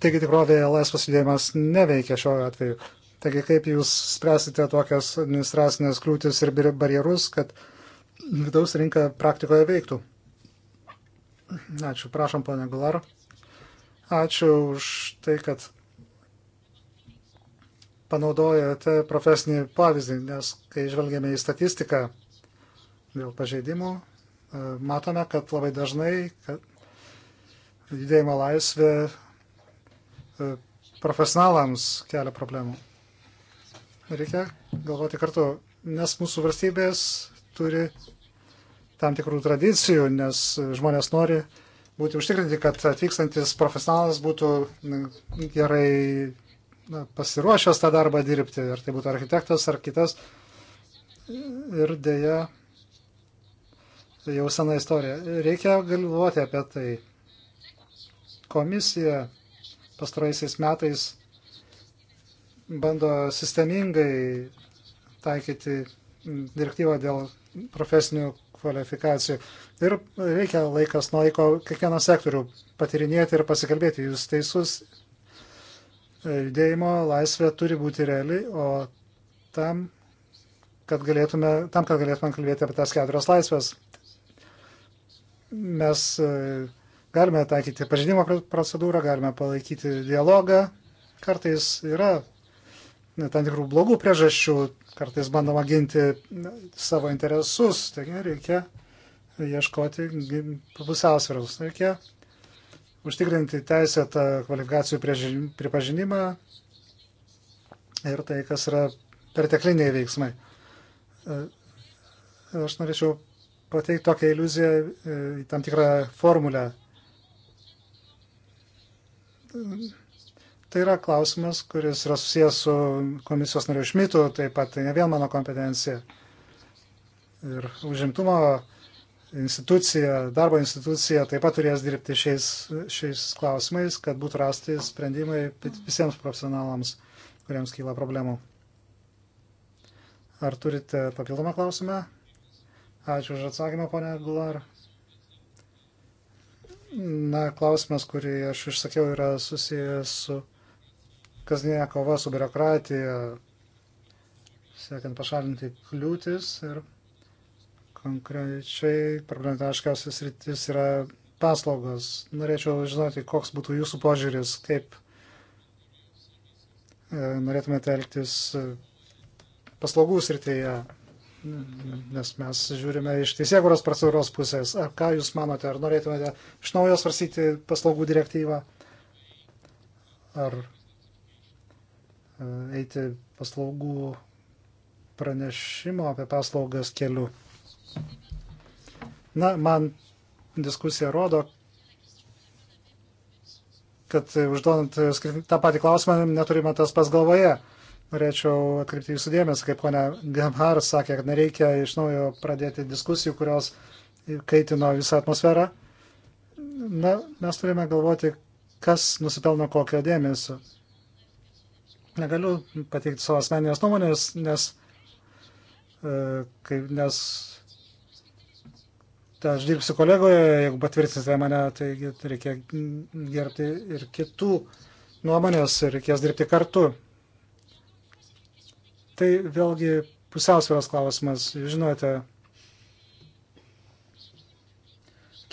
Speaker 1: Taigi tikrovėje laisvas judėjimas neveikia šiuo atveju. Taigi kaip jūs spręsite tokias administracinės kliūtis ir barjerus, kad vidaus rinka praktikoje veiktų? Ačiū, prašom, ponė Gular. Ačiū už tai, kad panaudojate profesinį pavyzdį, nes kai žvelgiame į statistiką dėl pažeidimų, e, matome, kad labai dažnai kad judėjimo laisvė e, profesionalams kelia problemų. Reikia galvoti kartu, nes mūsų valstybės turi tam tikrų tradicijų, nes žmonės nori būti užtikrinti, kad atvykstantis profesionalas būtų gerai pasiruošęs tą darbą dirbti, ar tai būtų architektas ar kitas. Ir dėja, jau sena istorija. Reikia galvoti apie tai. Komisija pastaraisiais metais bando sistemingai taikyti direktyvą dėl profesinių kvalifikacijų. Ir reikia laikas nuo laiko kiekvieną sektorių patirinėti ir pasikalbėti. Jūs teisus, judėjimo laisvė turi būti reali, o tam, kad galėtume, tam, kad galėtume kalbėti apie tas keturias laisvės, mes e, galime taikyti pažinimo procedūrą, galime palaikyti dialogą. Kartais yra tam tikrų blogų priežasčių, kartais bandoma ginti savo interesus, taigi reikia ieškoti pusiausvėros, reikia užtikrinti teisėtą kvalifikacijų pripažinimą ir tai, kas yra pertekliniai veiksmai. E, aš norėčiau pateikti tokią iliuziją e, į tam tikrą formulę. Tai yra klausimas, kuris yra susijęs su komisijos nariu Šmitu, taip pat tai ne vien mano kompetencija. Ir užimtumo uh, institucija, darbo institucija taip pat turės dirbti šiais, šiais klausimais, kad būtų rasti sprendimai visiems profesionalams, kuriems kyla problemų. Ar turite papildomą klausimą? Ačiū už atsakymą, ponia Gular. Na, klausimas, kurį aš išsakiau, yra susijęs su kasdienė kova su biurokratija, siekiant pašalinti kliūtis ir Konkrečiai problematiškiausias rytis yra paslaugos. Norėčiau žinoti, koks būtų jūsų požiūris, kaip e, norėtumėte elgtis e, paslaugų srityje, nes mes žiūrime iš teisėkuros procedūros pusės. Ar ką Jūs manote, ar norėtumėte iš naujo svarstyti paslaugų direktyvą, ar e, eiti paslaugų pranešimo apie paslaugas keliu? Na, man diskusija rodo, kad užduodant tą patį klausimą neturime tas pas galvoje. Norėčiau atkreipti jūsų dėmesį, kaip ponia Gemhar sakė, kad nereikia iš naujo pradėti diskusijų, kurios kaitino visą atmosferą. Na, mes turime galvoti, kas nusipelno kokio dėmesio. Negaliu pateikti savo asmeninės nuomonės, nes, e, kai, nes Ta, aš dirbsiu kolegoje, jeigu patvirtinsite mane, taigi reikia gerbti ir kitų nuomonės ir reikės dirbti kartu. Tai vėlgi pusiausvėros klausimas. Žinote,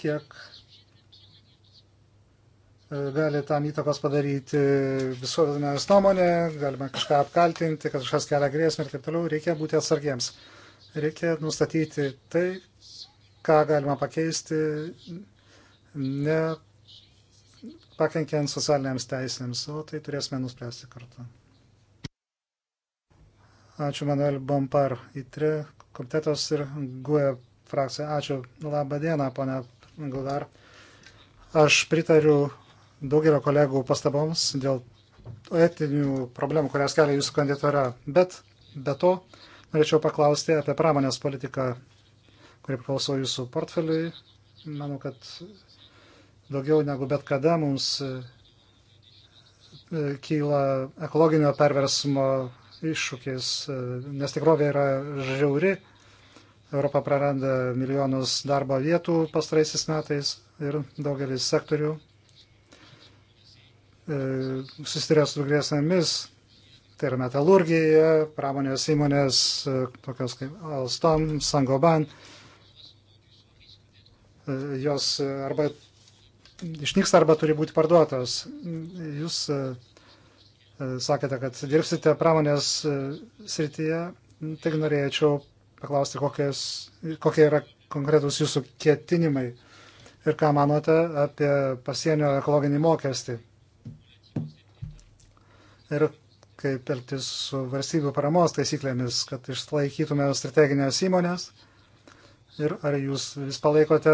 Speaker 1: kiek e, gali tam įtakos padaryti visuomenės nuomonė, galima kažką apkaltinti, kad kažkas kelia grėsmę ir taip toliau, reikia būti atsargiems. Reikia nustatyti tai, ką galima pakeisti, ne pakenkiant socialiniams teisėms, o tai turėsime nuspręsti kartu. Ačiū Manuel Bompar į tri e komitetos ir GUE frakciją. Ačiū. Labą dieną, ponia Gudar. Aš pritariu daugelio kolegų pastaboms dėl etinių problemų, kurias kelia jūsų kandidatūra. Bet be to norėčiau paklausti apie pramonės politiką kurie priklauso jūsų portfeliui. Manau, kad daugiau negu bet kada mums e, kyla ekologinio perversmo iššūkis, e, nes tikrovė yra žiauri. Europa praranda milijonus darbo vietų pastaraisiais metais ir daugelis sektorių e, susiduria su grėsmėmis. Tai yra metalurgija, pramonės įmonės, tokios kaip Alstom, Sangoban, jos e, arba išnyksta arba turi būti parduotos. Jūs e, e, sakėte, kad dirbsite pramonės srityje, tik norėčiau paklausti, kokios, kokie yra konkretus jūsų ketinimai ir ką manote apie pasienio ekologinį mokestį. Ir kaip elgtis su valstybių paramos taisyklėmis, kad išlaikytume strateginės įmonės Ir ar jūs vis palaikote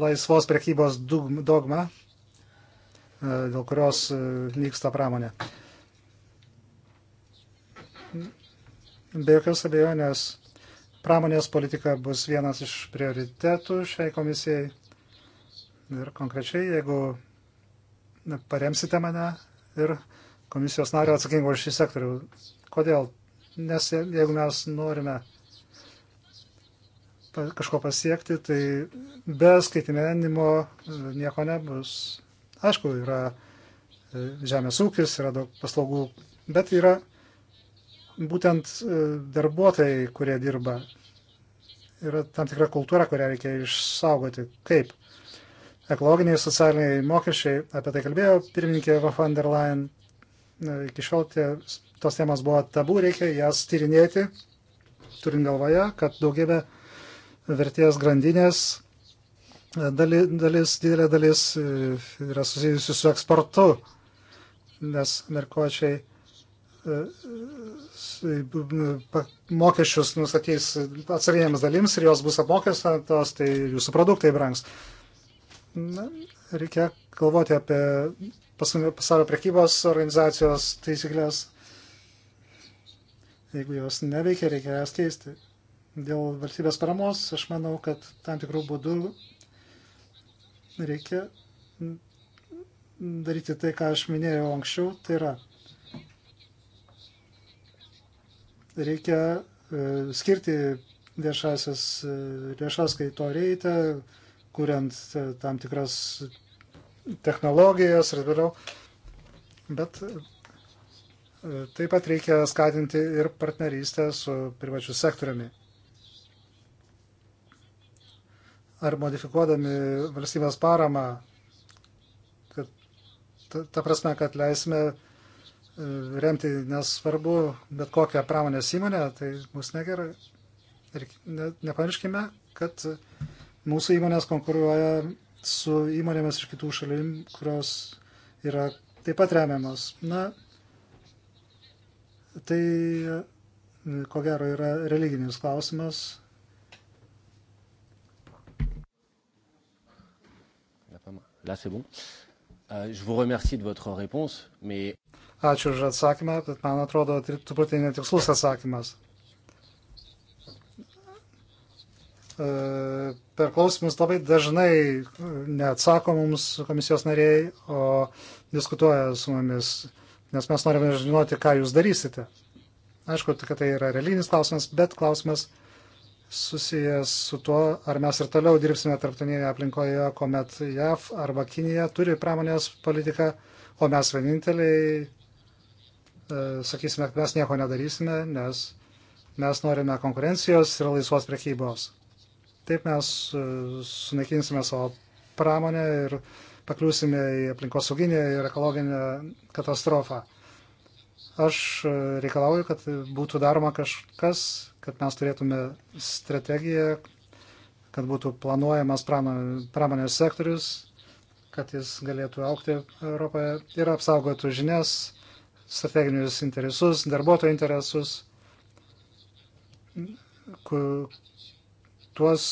Speaker 1: laisvos prekybos dogmą, e, dėl kurios vyksta e, pramonė? Be jokios abejonės, pramonės politika bus vienas iš prioritetų šiai komisijai. Ir konkrečiai, jeigu paremsite mane ir komisijos nario atsakingo už šį sektorių. Kodėl? Nes jeigu mes norime kažko pasiekti, tai be skaitmeninimo nieko nebus. Aišku, yra e, žemės ūkis, yra daug paslaugų, bet yra būtent e, darbuotojai, kurie dirba. Yra tam tikra kultūra, kurią reikia išsaugoti. Kaip? Ekologiniai, socialiniai mokesčiai, apie tai kalbėjo pirmininkė van der Leyen. Iki šiol tie, tos temos buvo tabu, reikia jas tyrinėti, turint galvoje, kad daugybė vertės grandinės e, dali, dalis, didelė dalis e, yra susijusi su eksportu, nes amerikočiai e, mokesčius nustatys atsarinėms dalims ir jos bus apmokestintos, tai jūsų produktai brangs. Na, reikia galvoti apie pasaulio prekybos organizacijos taisyklės. Jeigu jos neveikia, reikia jas keisti. Dėl valstybės paramos aš manau, kad tam tikrų būdų reikia daryti tai, ką aš minėjau anksčiau, tai yra reikia e, skirti viešasis, e, viešas, kai to reikia, kuriant e, tam tikras technologijas ir vėliau. Bet taip pat reikia skatinti ir partnerystę su privačiu sektoriumi. ar modifikuodami valstybės paramą, kad ta, ta prasme, kad leisime e, remti nesvarbu bet kokią pramonės įmonę, tai bus negerai. Ir ne, nepamirškime, kad mūsų įmonės konkuruoja su įmonėmis iš kitų šalim, kurios yra taip pat remiamos. Na, tai e, ko gero yra religinis klausimas Là, c'est bon. Euh, je vous remercie de votre réponse, mais... Ačiū už atsakymą, bet man atrodo, truputį netikslus atsakymas. E, per klausimus labai dažnai neatsako mums komisijos nariai, o diskutuoja su mumis, nes mes norime žinoti, ką jūs darysite. Aišku, kad tai yra religinis klausimas, bet klausimas, susijęs su tuo, ar mes ir toliau dirbsime tarptautinėje aplinkoje, kuomet JAV arba Kinija turi pramonės politiką, o mes vieninteliai e, sakysime, kad mes nieko nedarysime, nes mes norime konkurencijos ir laisvos prekybos. Taip mes e, sunaikinsime savo pramonę ir pakliūsime į aplinkosauginę ir ekologinę katastrofą. Aš e, reikalauju, kad būtų daroma kažkas, kad mes turėtume strategiją, kad būtų planuojamas pramonės sektorius, kad jis galėtų aukti Europoje ir apsaugotų žinias, strateginius interesus, darbuotojų interesus, kur, tuos,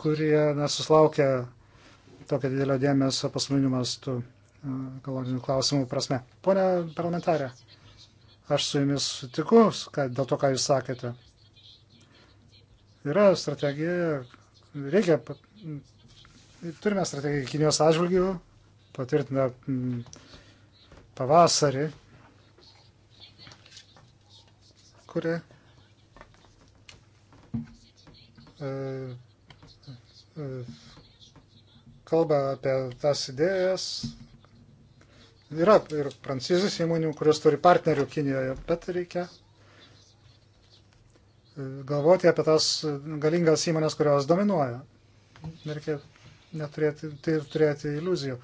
Speaker 1: kurie nesuslaukia tokio didelio dėmesio pasauliniu mastu e, ekologinių klausimų prasme. Pone parlamentarė, aš su jumis sutiku, kad dėl to, ką jūs sakėte. Yra strategija, reikia, turime strategiją Kinijos atžvilgių, patvirtina mm, pavasarį, kuri e, e, kalba apie tas idėjas. Yra ir prancūzijos įmonių, kurios turi partnerių Kinijoje, bet reikia galvoti apie tas galingas įmonės, kurios dominuoja. Nereikia neturėti, tai turėti iliuzijų.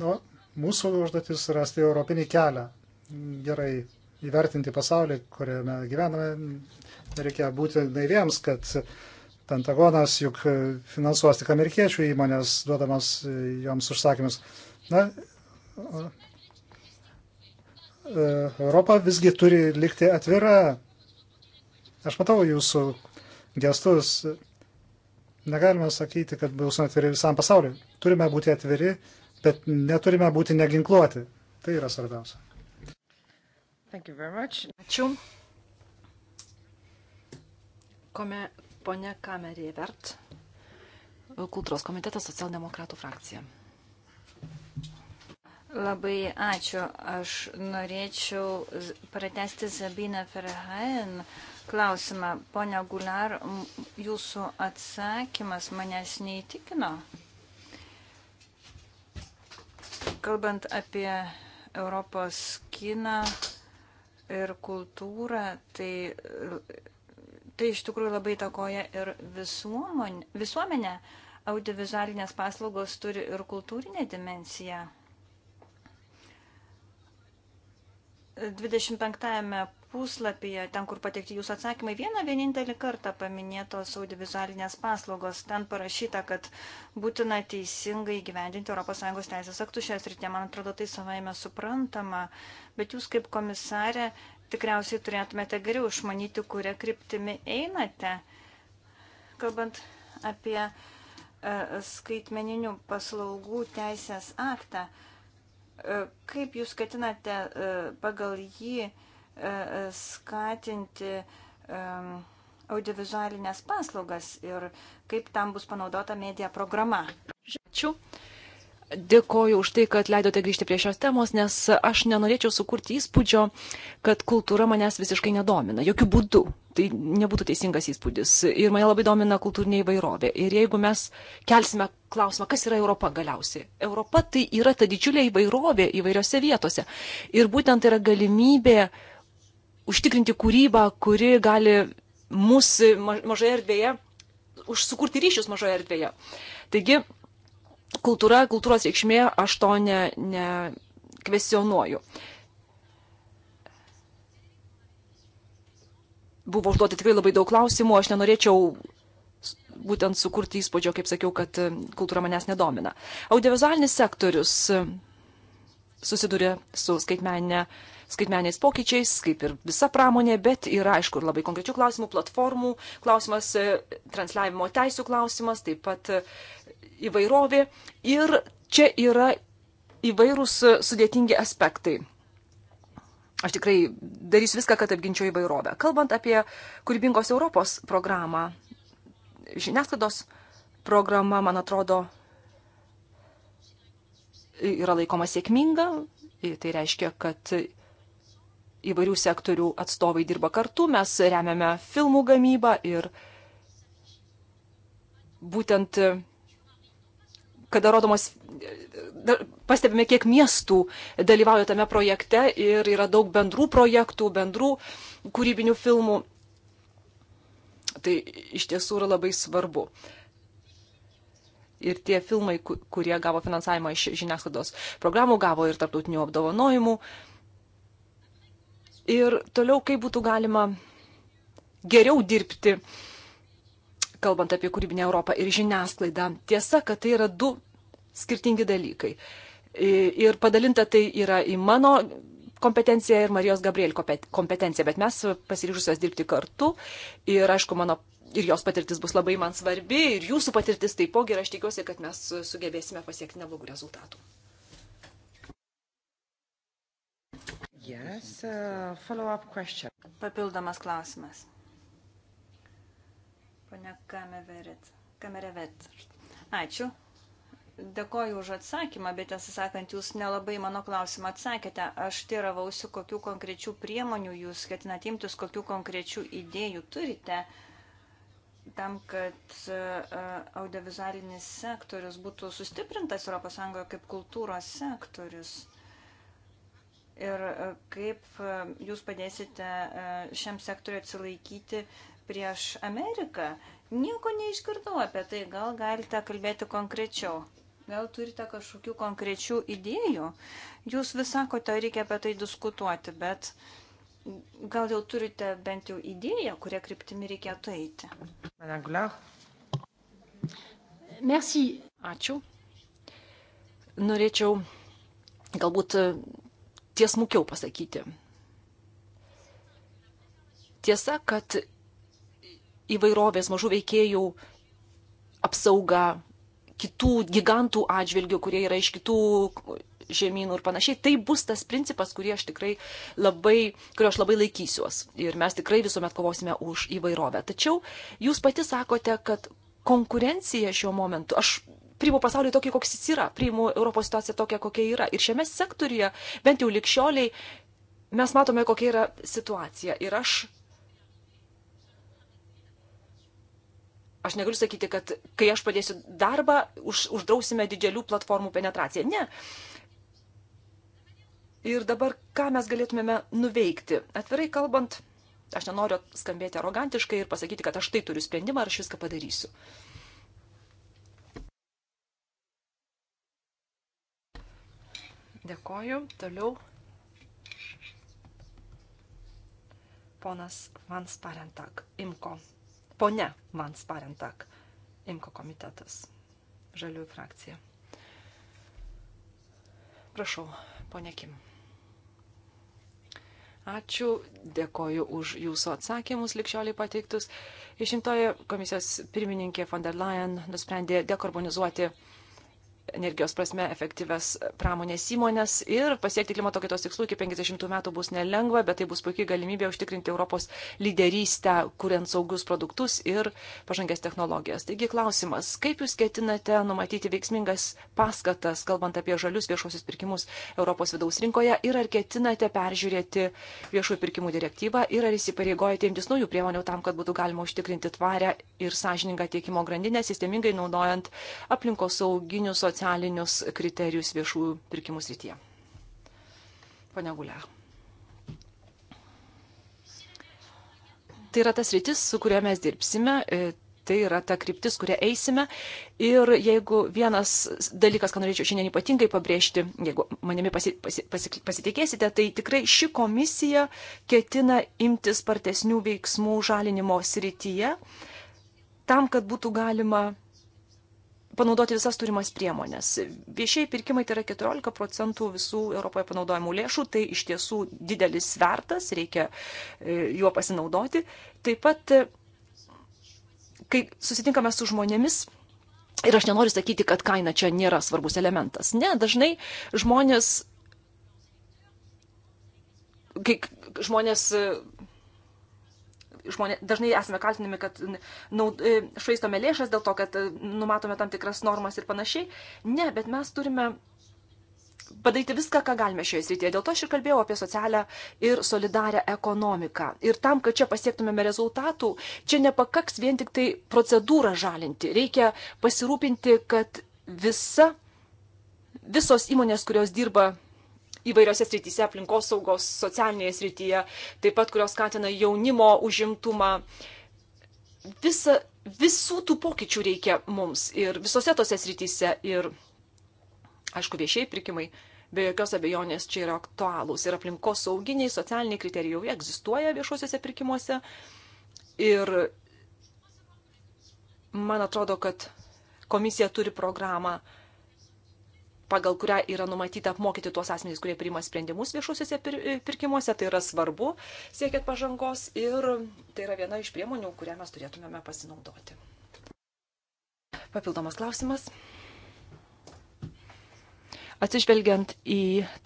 Speaker 1: Nu, mūsų užduotis rasti europinį kelią. Gerai įvertinti pasaulį, kuriame gyvename. Nereikia būti naiviems, kad Pentagonas juk finansuos tik amerikiečių įmonės, duodamas joms užsakymus. Na, Europa visgi turi likti atvira Aš matau jūsų gestus. Negalime sakyti, kad būsime atviri visam pasauliu. Turime būti atviri, bet neturime būti neginkluoti. Tai yra svarbiausia.
Speaker 2: Ačiū.
Speaker 3: Kome, pone Kamerė Vert,
Speaker 2: Kultūros komitetas, socialdemokratų frakcija.
Speaker 3: Labai ačiū. Aš norėčiau pratesti Zabiną Ferhain klausimą. Pone Gular, jūsų atsakymas manęs neįtikino. Kalbant apie Europos kiną ir kultūrą, tai, tai iš tikrųjų labai takoja ir visuomonė. visuomenė. Audiovizualinės paslaugos turi ir kultūrinę dimenciją. 25-ame puslapyje, ten, kur pateikti jūsų atsakymai, vieną vienintelį kartą paminėtos audiovizualinės paslaugos. Ten parašyta, kad būtina teisingai gyvendinti ES teisės aktus šią sritį. Man atrodo, tai savaime suprantama. Bet jūs kaip komisarė tikriausiai turėtumėte geriau išmanyti, kurią kryptimi einate. Kalbant apie e, skaitmeninių paslaugų teisės aktą, e, kaip jūs ketinate e, pagal jį E, skatinti e, audiovizualinės paslaugas ir kaip tam bus panaudota medija programa. Ačiū.
Speaker 2: Dėkoju už tai, kad leidote grįžti prie šios temos, nes aš nenorėčiau sukurti įspūdžio, kad kultūra manęs visiškai nedomina. Jokių būdų. Tai nebūtų teisingas įspūdis. Ir mane labai domina kultūrinė įvairovė. Ir jeigu mes kelsime klausimą, kas yra Europa galiausiai. Europa tai yra ta didžiulė įvairovė įvairiose vietose. Ir būtent tai yra galimybė uh, užtikrinti kūrybą, kuri gali mūsų mažoje erdvėje, sukurti ryšius mažoje erdvėje. Taigi, kultūra, kultūros reikšmė, aš to ne, ne kvesionuoju. Buvo užduoti tikrai labai daug klausimų, aš nenorėčiau būtent sukurti įspūdžio, kaip sakiau, kad e, kultūra manęs nedomina. Audiovizualinis sektorius e, susiduria su skaitmeninė uh, skaitmeniais pokyčiais, kaip ir visa pramonė, bet yra, aišku, ir labai konkrečių klausimų, platformų klausimas, e, transliavimo teisų klausimas, taip pat e, įvairovė. Ir čia yra įvairūs e, sudėtingi aspektai. Aš tikrai darysiu viską, kad apginčiau įvairovę. Kalbant apie kūrybingos Europos programą, žiniasklaidos programa, man atrodo, yra laikoma sėkminga. Tai reiškia, kad įvairių sektorių atstovai dirba kartu, mes remiame filmų gamybą ir būtent, kada rodomas, pastebime, kiek miestų dalyvauja tame projekte ir yra daug bendrų projektų, bendrų kūrybinių filmų. Tai iš tiesų yra labai svarbu ir tie filmai, kurie gavo finansavimą iš žiniasklaidos programų, gavo ir tarptautinių apdovanojimų ir toliau kaip būtų galima geriau dirbti, kalbant apie kūrybinę Europą ir žiniasklaidą. Tiesa, kad tai yra du skirtingi dalykai. Ir padalinta tai yra į mano kompetenciją ir Marijos Gabriel kompetenciją, bet mes pasiryžusios dirbti kartu ir, aišku, mano ir jos patirtis bus labai man svarbi, ir jūsų patirtis taipogi, ir aš tikiuosi, kad mes sugebėsime pasiekti neblogų rezultatų.
Speaker 3: Uh, yes, uh, follow-up question. Papildomas klausimas. Pane Kameverit. Kamerevet. Ačiū. Dėkoju už atsakymą, bet tiesą sakant, jūs nelabai mano klausimą atsakėte. Aš tyravausi, kokiu konkrečiu priemonių jūs ketinat imtis, kokiu konkrečiu idėjų turite tam, kad uh, audiovizualinis sektorius būtų sustiprintas ES kaip kultūros sektorius ir e, kaip e, jūs padėsite e, šiam sektoriu atsilaikyti prieš Ameriką. Nieko neišgirdau apie tai, gal galite kalbėti konkrečiau. Gal turite kažkokių konkrečių idėjų? Jūs vis sakote, reikia apie tai diskutuoti, bet gal jau turite bent jau idėją, kurie kryptimi reikėtų eiti. Merci. Ačiū.
Speaker 2: Norėčiau galbūt tiesmukiau pasakyti. Tiesa, kad įvairovės mažų veikėjų apsauga kitų gigantų atžvilgių, kurie yra iš kitų žemynų ir panašiai. Tai bus tas principas, kurį aš tikrai labai, kurio aš labai laikysiuos. Ir mes tikrai visuomet kovosime už įvairovę. Tačiau jūs pati sakote, kad konkurencija šiuo momentu, aš priimu pasaulį tokį, koks jis yra, priimu Europos situaciją tokią, kokia yra. Ir šiame sektoriuje, bent jau likščioliai, mes matome, kokia yra situacija. Ir aš. Aš negaliu sakyti, kad kai aš padėsiu darbą, už, uždrausime didelių platformų penetraciją. Ne. Ir dabar, ką mes galėtumėme nuveikti? Atvirai kalbant, aš nenoriu skambėti arogantiškai ir pasakyti, kad aš tai turiu sprendimą ir aš viską padarysiu. Uh, Dėkoju. Toliau. Ponas Van Sparentak, Imko. Pone Van Sparentak, Imko komitetas, Žaliųjų frakcija. Prašau, ponė Kim. Ačiū, dėkoju už jūsų atsakymus likščioliai pateiktus. Išimtoji komisijos pirmininkė von der Leyen nusprendė dekarbonizuoti energijos prasme efektyves pramonės įmonės ir pasiekti klimato kaitos tikslų iki 50 metų bus nelengva, bet tai bus puikiai galimybė užtikrinti Europos lyderystę, kuriant saugus produktus ir pažangės technologijas. Taigi klausimas, kaip Jūs ketinate numatyti veiksmingas paskatas, kalbant apie žalius viešuosius pirkimus Europos vidaus rinkoje ir ar ketinate peržiūrėti viešųjų pirkimų direktyvą ir ar įsipareigojate imtis naujų priemonių tam, kad būtų galima užtikrinti tvarę ir sąžiningą tiekimo grandinę, sistemingai naudojant aplinkosauginius socialinius socialinius kriterijus viešų pirkimų srityje. Pane Gulia. Tai yra tas rytis, su kuria mes dirbsime, e, tai yra ta kryptis, kuria eisime. Ir jeigu vienas dalykas, ką norėčiau šiandien ypatingai pabrėžti, jeigu manimi pasi, pasi, pasi, pasitikėsite, tai tikrai ši komisija ketina imtis spartesnių veiksmų žalinimo srityje tam, kad būtų galima panaudoti visas turimas priemonės. Viešiai pirkimai tai yra 14 procentų visų Europoje panaudojimų lėšų, tai iš tiesų didelis svertas, reikia e, juo pasinaudoti. Taip pat, e, kai susitinkame su žmonėmis, ir aš nenoriu sakyti, kad kaina čia nėra svarbus elementas. Ne, dažnai žmonės, kai žmonės e, žmonė, dažnai esame kaltinami, kad naud, e, švaistome lėšas dėl to, kad e, numatome tam tikras normas ir panašiai. Ne, bet mes turime padaryti viską, ką galime šioje srityje. Dėl to aš ir kalbėjau apie socialią ir solidarią ekonomiką. Ir tam, kad čia pasiektumėme rezultatų, čia nepakaks vien tik tai procedūrą žalinti. Reikia pasirūpinti, kad visa, visos įmonės, kurios dirba įvairiose srityse, aplinkosaugos, socialinėje srityje, taip pat kurios skatina jaunimo užimtumą. Visa, visų tų pokyčių reikia mums ir visose tose srityse ir, aišku, viešiai pirkimai be jokios abejonės čia yra aktualūs ir aplinkosauginiai, socialiniai kriterijai jau egzistuoja viešuosiuose pirkimuose ir man atrodo, kad komisija turi programą pagal kurią yra numatyta apmokyti tuos asmenys, kurie priima sprendimus viešuosiuose pir e, pirkimuose. Tai yra svarbu, siekiant pažangos ir tai yra viena iš priemonių, kurią mes turėtumėme pasinaudoti. Papildomas klausimas atsižvelgiant į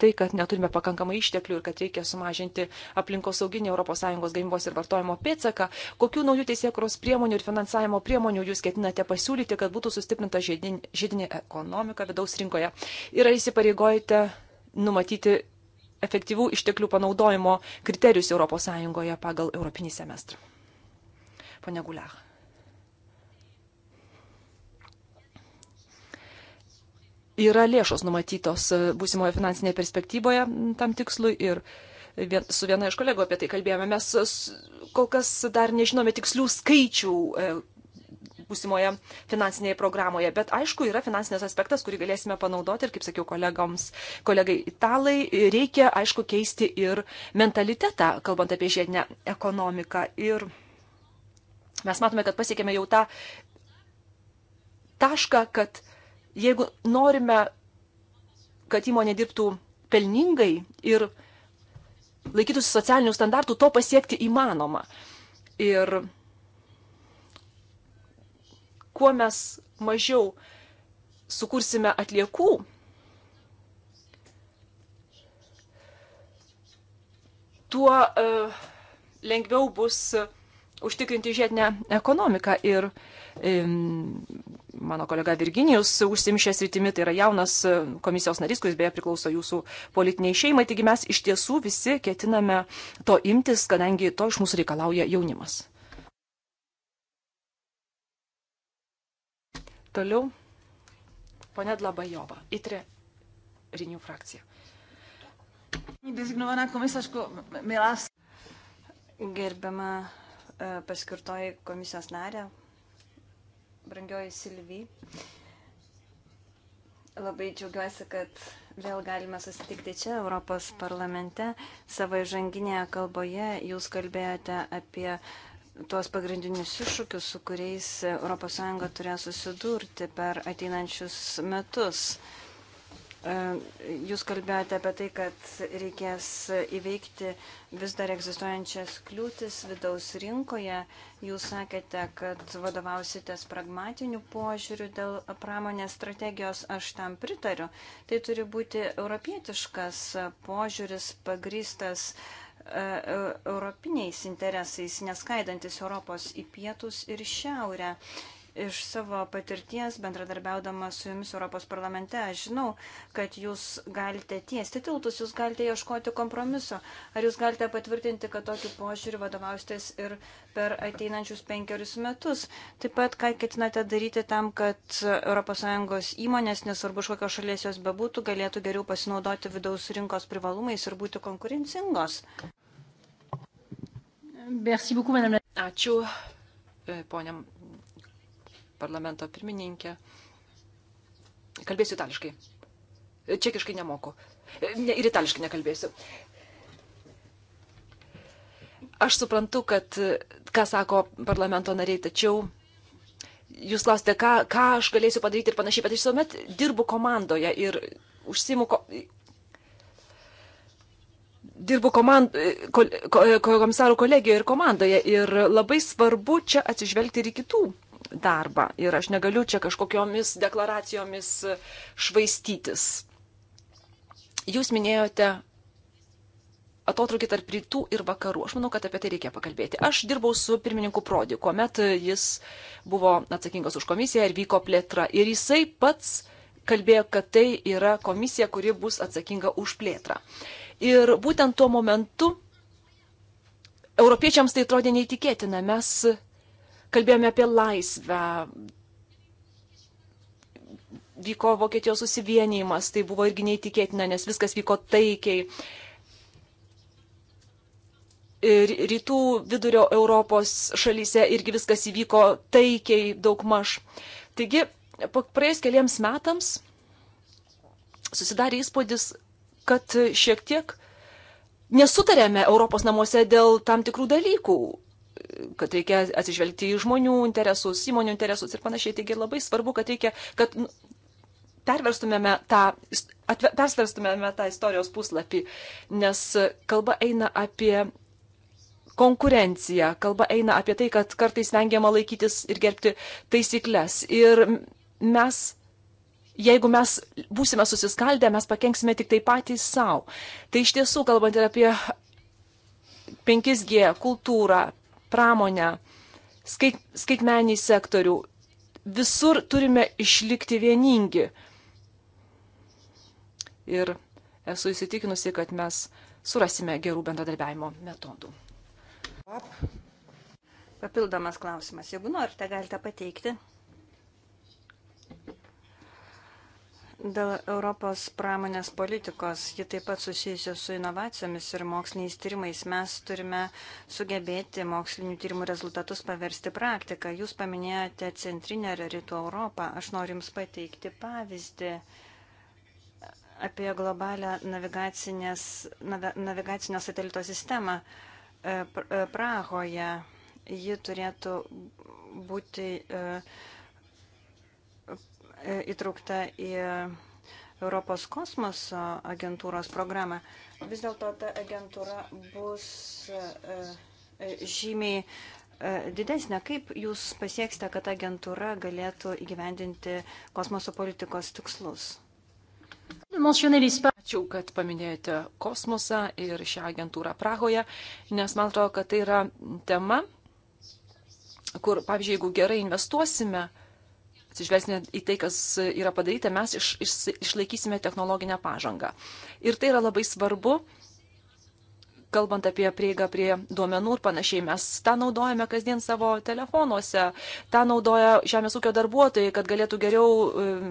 Speaker 2: tai, kad neturime pakankamai išteklių ir kad reikia sumažinti aplinkosauginį ES gamybos ir vartojimo pėtsaką, kokių naujų teisėkros priemonių ir finansavimo priemonių jūs ketinate pasiūlyti, kad būtų sustiprinta žiedinė ekonomika vidaus rinkoje? Ir ar įsipareigojate numatyti efektyvių išteklių panaudojimo kriterijus ES pagal Europinį semestrą? Pone Guliach. yra lėšos numatytos e, būsimoje finansinėje perspektyvoje tam tikslui ir su viena iš kolegų apie tai kalbėjome. Mes e, kol kas dar nežinome tikslių skaičių e, būsimoje finansinėje programoje, bet aišku, yra finansinės aspektas, kurį galėsime panaudoti ir, kaip sakiau kolegoms, kolegai italai, reikia, aišku, keisti ir mentalitetą, kalbant apie žiedinę ekonomiką. Ir mes matome, kad pasiekėme jau tą tašką, kad uh, Jeigu norime, kad įmonė dirbtų pelningai ir laikytųsi socialinių standartų, to pasiekti įmanoma. Ir kuo mes mažiau sukursime atliekų, tuo uh, lengviau bus e, užtikrinti žiedinę ekonomiką ir um, mano kolega Virginijus užsim šią sritimį, tai yra jaunas e, komisijos narys, kuris beje priklauso jūsų politiniai šeimai, taigi mes iš tiesų visi ketiname to imtis, kadangi to iš mūsų reikalauja jaunimas. Toliau, ponė Dlabajova,
Speaker 3: ITRE Rinių frakcija. Designuojama komisarko Milas. Gerbiama e, paskirtoji komisijos narė, brangioji Silvy. Labai džiaugiuosi, kad vėl galime susitikti čia, Europos parlamente. Savo įžanginėje kalboje jūs kalbėjote apie tuos pagrindinius iššūkius, su kuriais ES turės susidurti per ateinančius metus. E, jūs kalbėjote apie tai, kad reikės įveikti vis dar egzistuojančias kliūtis vidaus rinkoje. Jūs sakėte, kad vadovausitės pragmatiniu požiūriu dėl pramonės strategijos. Aš tam pritariu. Tai turi būti europietiškas požiūris pagrystas e, europiniais interesais, neskaidantis Europos į pietus ir šiaurę. Iš savo patirties bendradarbiaudama su jumis Europos parlamente, aš žinau, kad jūs galite tiesti tiltus, jūs galite ieškoti kompromiso. Ar jūs galite patvirtinti, kad tokiu požiūriu vadovausitės ir per ateinančius penkerius metus? Taip pat, ką ketinate daryti tam, kad ES įmonės, nesvarbu iš kokios šalies jos bebūtų, galėtų geriau pasinaudoti vidaus rinkos privalumais ir būti konkurencingos?
Speaker 2: Merci beaucoup, madame.
Speaker 3: Ačiū, e,
Speaker 2: ponia parlamento pirmininkė. Kalbėsiu itališkai. Čekiškai nemoku. Ne, ir itališkai nekalbėsiu. Aš suprantu, kad ką sako parlamento nariai, tačiau jūs klausite, ką, ką aš galėsiu padaryti ir panašiai, bet aš visuomet dirbu komandoje ir užsimu. Ko... Dirbu komand... ko... ko... komisarų kolegijoje ir komandoje ir labai svarbu čia atsižvelgti ir į kitų darbą ir aš negaliu čia kažkokiomis deklaracijomis švaistytis. Jūs minėjote atotrukį tarp rytų ir vakarų. Aš manau, kad apie tai reikia pakalbėti. Aš dirbau su pirmininku Prodi, kuomet jis buvo atsakingas už komisiją ir vyko plėtra. Ir jisai pats kalbėjo, kad tai yra komisija, kuri bus atsakinga už plėtrą. Ir būtent tuo momentu europiečiams tai atrodė neįtikėtina. Mes kalbėjome apie laisvę. Vyko Vokietijos susivienijimas, tai buvo irgi neįtikėtina, nes viskas vyko taikiai. Ir rytų vidurio Europos šalyse irgi viskas įvyko taikiai daugmaž. Taigi, praėjus keliems metams susidarė įspūdis, kad šiek tiek nesutarėme Europos namuose dėl tam tikrų dalykų kad reikia atsižvelgti į žmonių interesus, įmonių interesus ir panašiai. Taigi labai svarbu, kad reikia, kad nu, perverstumėme tą, atver, persverstumėme tą istorijos puslapį, nes kalba eina apie konkurenciją, kalba eina apie tai, kad kartais vengiama laikytis ir gerbti taisyklės. Ir mes, jeigu mes būsime susiskaldę, mes pakenksime tik tai patys savo. Tai iš tiesų, kalbant ir apie 5G kultūrą, pramonę, skait, skaitmenį sektorių. Visur turime išlikti vieningi. Ir esu įsitikinusi, kad mes surasime gerų
Speaker 3: bendradarbiavimo metodų. Papildomas klausimas. Jeigu norite, galite pateikti Dėl Europos pramonės politikos, ji taip pat susijusi su inovacijomis ir moksliniais tyrimais, mes turime sugebėti mokslinių tyrimų rezultatus paversti praktiką. Jūs paminėjote centrinę ir rytų Europą. Aš noriu Jums pateikti pavyzdį apie globalią navigacinės, navigacinio satelito sistemą e, e, Prahoje. Ji turėtų būti. Uh, įtraukta į Europos kosmoso agentūros programą. Vis dėlto ta agentūra bus e, e, žymiai e, didesnė. Kaip jūs pasieksite, kad agentūra galėtų įgyvendinti kosmoso politikos tikslus?
Speaker 2: Ačiū, kad paminėjote kosmosą ir šią agentūrą Prahoje, nes man atrodo, kad tai yra tema, kur, pavyzdžiui, jeigu gerai investuosime, uh, atsižvelgsime į tai, kas yra padaryta, mes iš, iš, išlaikysime technologinę pažangą. Ir tai yra labai svarbu, kalbant apie prieigą prie duomenų ir panašiai, mes tą naudojame kasdien savo telefonuose, tą naudoja žemės ūkio darbuotojai, kad galėtų geriau um,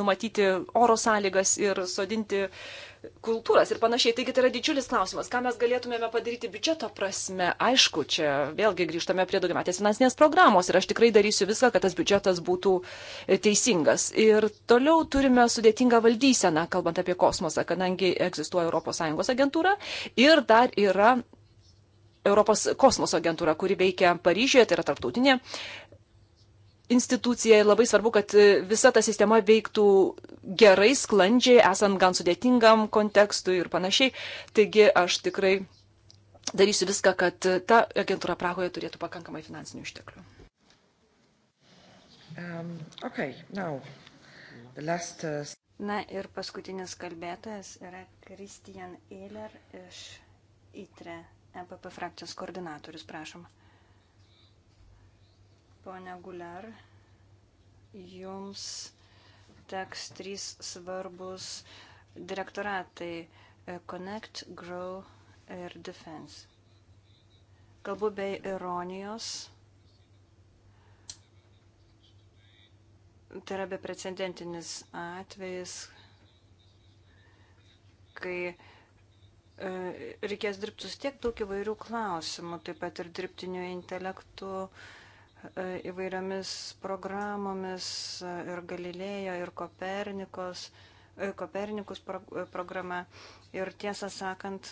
Speaker 2: numatyti oro sąlygas ir sodinti uh, kultūras ir panašiai. Taigi tai yra didžiulis klausimas, ką mes galėtumėme padaryti biudžeto prasme. Aišku, čia vėlgi grįžtame prie daugiametės finansinės programos ir aš tikrai darysiu viską, kad tas biudžetas būtų e, teisingas. Ir toliau turime sudėtingą valdyseną, kalbant apie kosmosą, kadangi egzistuoja ES agentūra ir dar yra Europos kosmoso agentūra, kuri veikia Paryžiuje, tai yra tarptautinė institucija ir labai svarbu, kad e, visa ta sistema veiktų gerai, sklandžiai, esant gan sudėtingam kontekstui ir panašiai. Taigi aš tikrai darysiu viską, kad e, ta agentūra Prahoje turėtų pakankamai finansinių išteklių. Um, okay, now,
Speaker 1: the last, uh...
Speaker 3: Na ir paskutinis kalbėtojas yra Kristijan Eiler iš ITRE EPP frakcijos koordinatorius, prašom ponia Guler, jums teks trys svarbus direktoratai e, – Connect, Grow ir Defense. Kalbu bei ironijos, tai yra beprecedentinis atvejis, kai e, reikės dirbti su tiek daug įvairių klausimų, taip pat ir dirbtiniu intelektu, uh, E, įvairiomis programomis e, ir Galilėjo, ir Kopernikos, e, Kopernikus pro, programa. Ir tiesą sakant,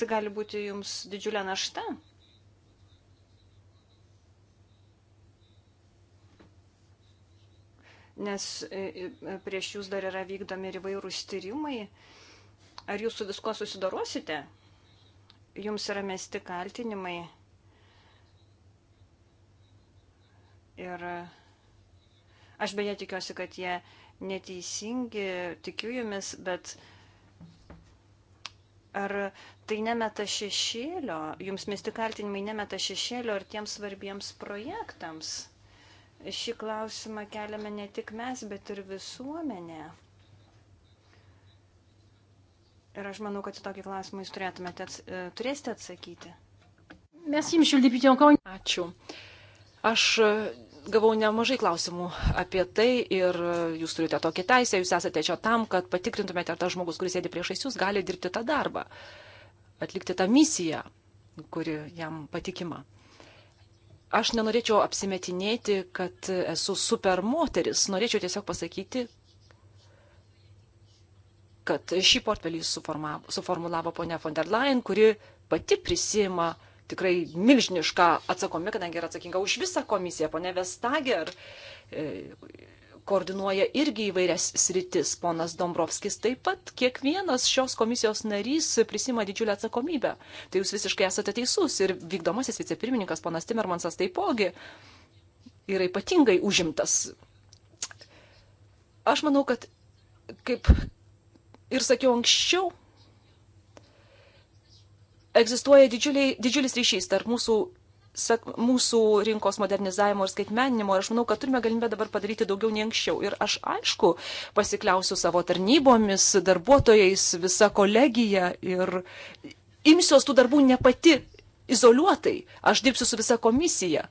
Speaker 3: tai gali būti jums didžiulė našta. Nes prieš jūs dar yra vykdomi ir įvairūs tyrimai, Ar jūs su visko susidorosite? Jums yra mesti kaltinimai. Ir aš beje tikiuosi, kad jie neteisingi, tikiu jumis, bet ar tai nemeta šešėlio, jums mesti kaltinimai nemeta šešėlio ir tiems svarbiems projektams? Šį klausimą keliame ne tik mes, bet ir visuomenė. Ir aš manau, kad į tokį klausimą jūs turėtumėte, e, turėsite atsakyti.
Speaker 2: Mes jums šildyti encore. Ačiū. Aš e, gavau nemažai klausimų apie tai ir e, jūs turite tokį teisę, jūs esate čia tam, kad patikrintumėte, ar tas žmogus, kuris sėdi priešais jūs, gali dirbti tą darbą, atlikti tą misiją, kuri jam patikima. Aš nenorėčiau apsimetinėti, kad esu super moteris, norėčiau tiesiog pasakyti, kad šį portfelį suformulavo ponia von der Leyen, kuri pati prisima tikrai milžinišką atsakomybę, kadangi yra atsakinga už visą komisiją. Pone Vestager e, koordinuoja irgi įvairias sritis. Ponas Dombrovskis taip pat kiekvienas šios komisijos narys prisima didžiulę atsakomybę. Tai jūs visiškai esate teisus ir vykdomasis vicepirmininkas ponas Timermansas taipogi yra ypatingai užimtas. Aš manau, kad kaip ir sakiau anksčiau, egzistuoja didžiuliai, didžiulis ryšys tarp mūsų mūsų rinkos modernizavimo ir skaitmeninimo ir aš manau, kad turime galimybę dabar padaryti daugiau nei anksčiau. Ir aš aišku pasikliausiu savo tarnybomis, darbuotojais, visa kolegija ir imsiuos tų darbų ne pati izoliuotai, aš dirbsiu su visa komisija.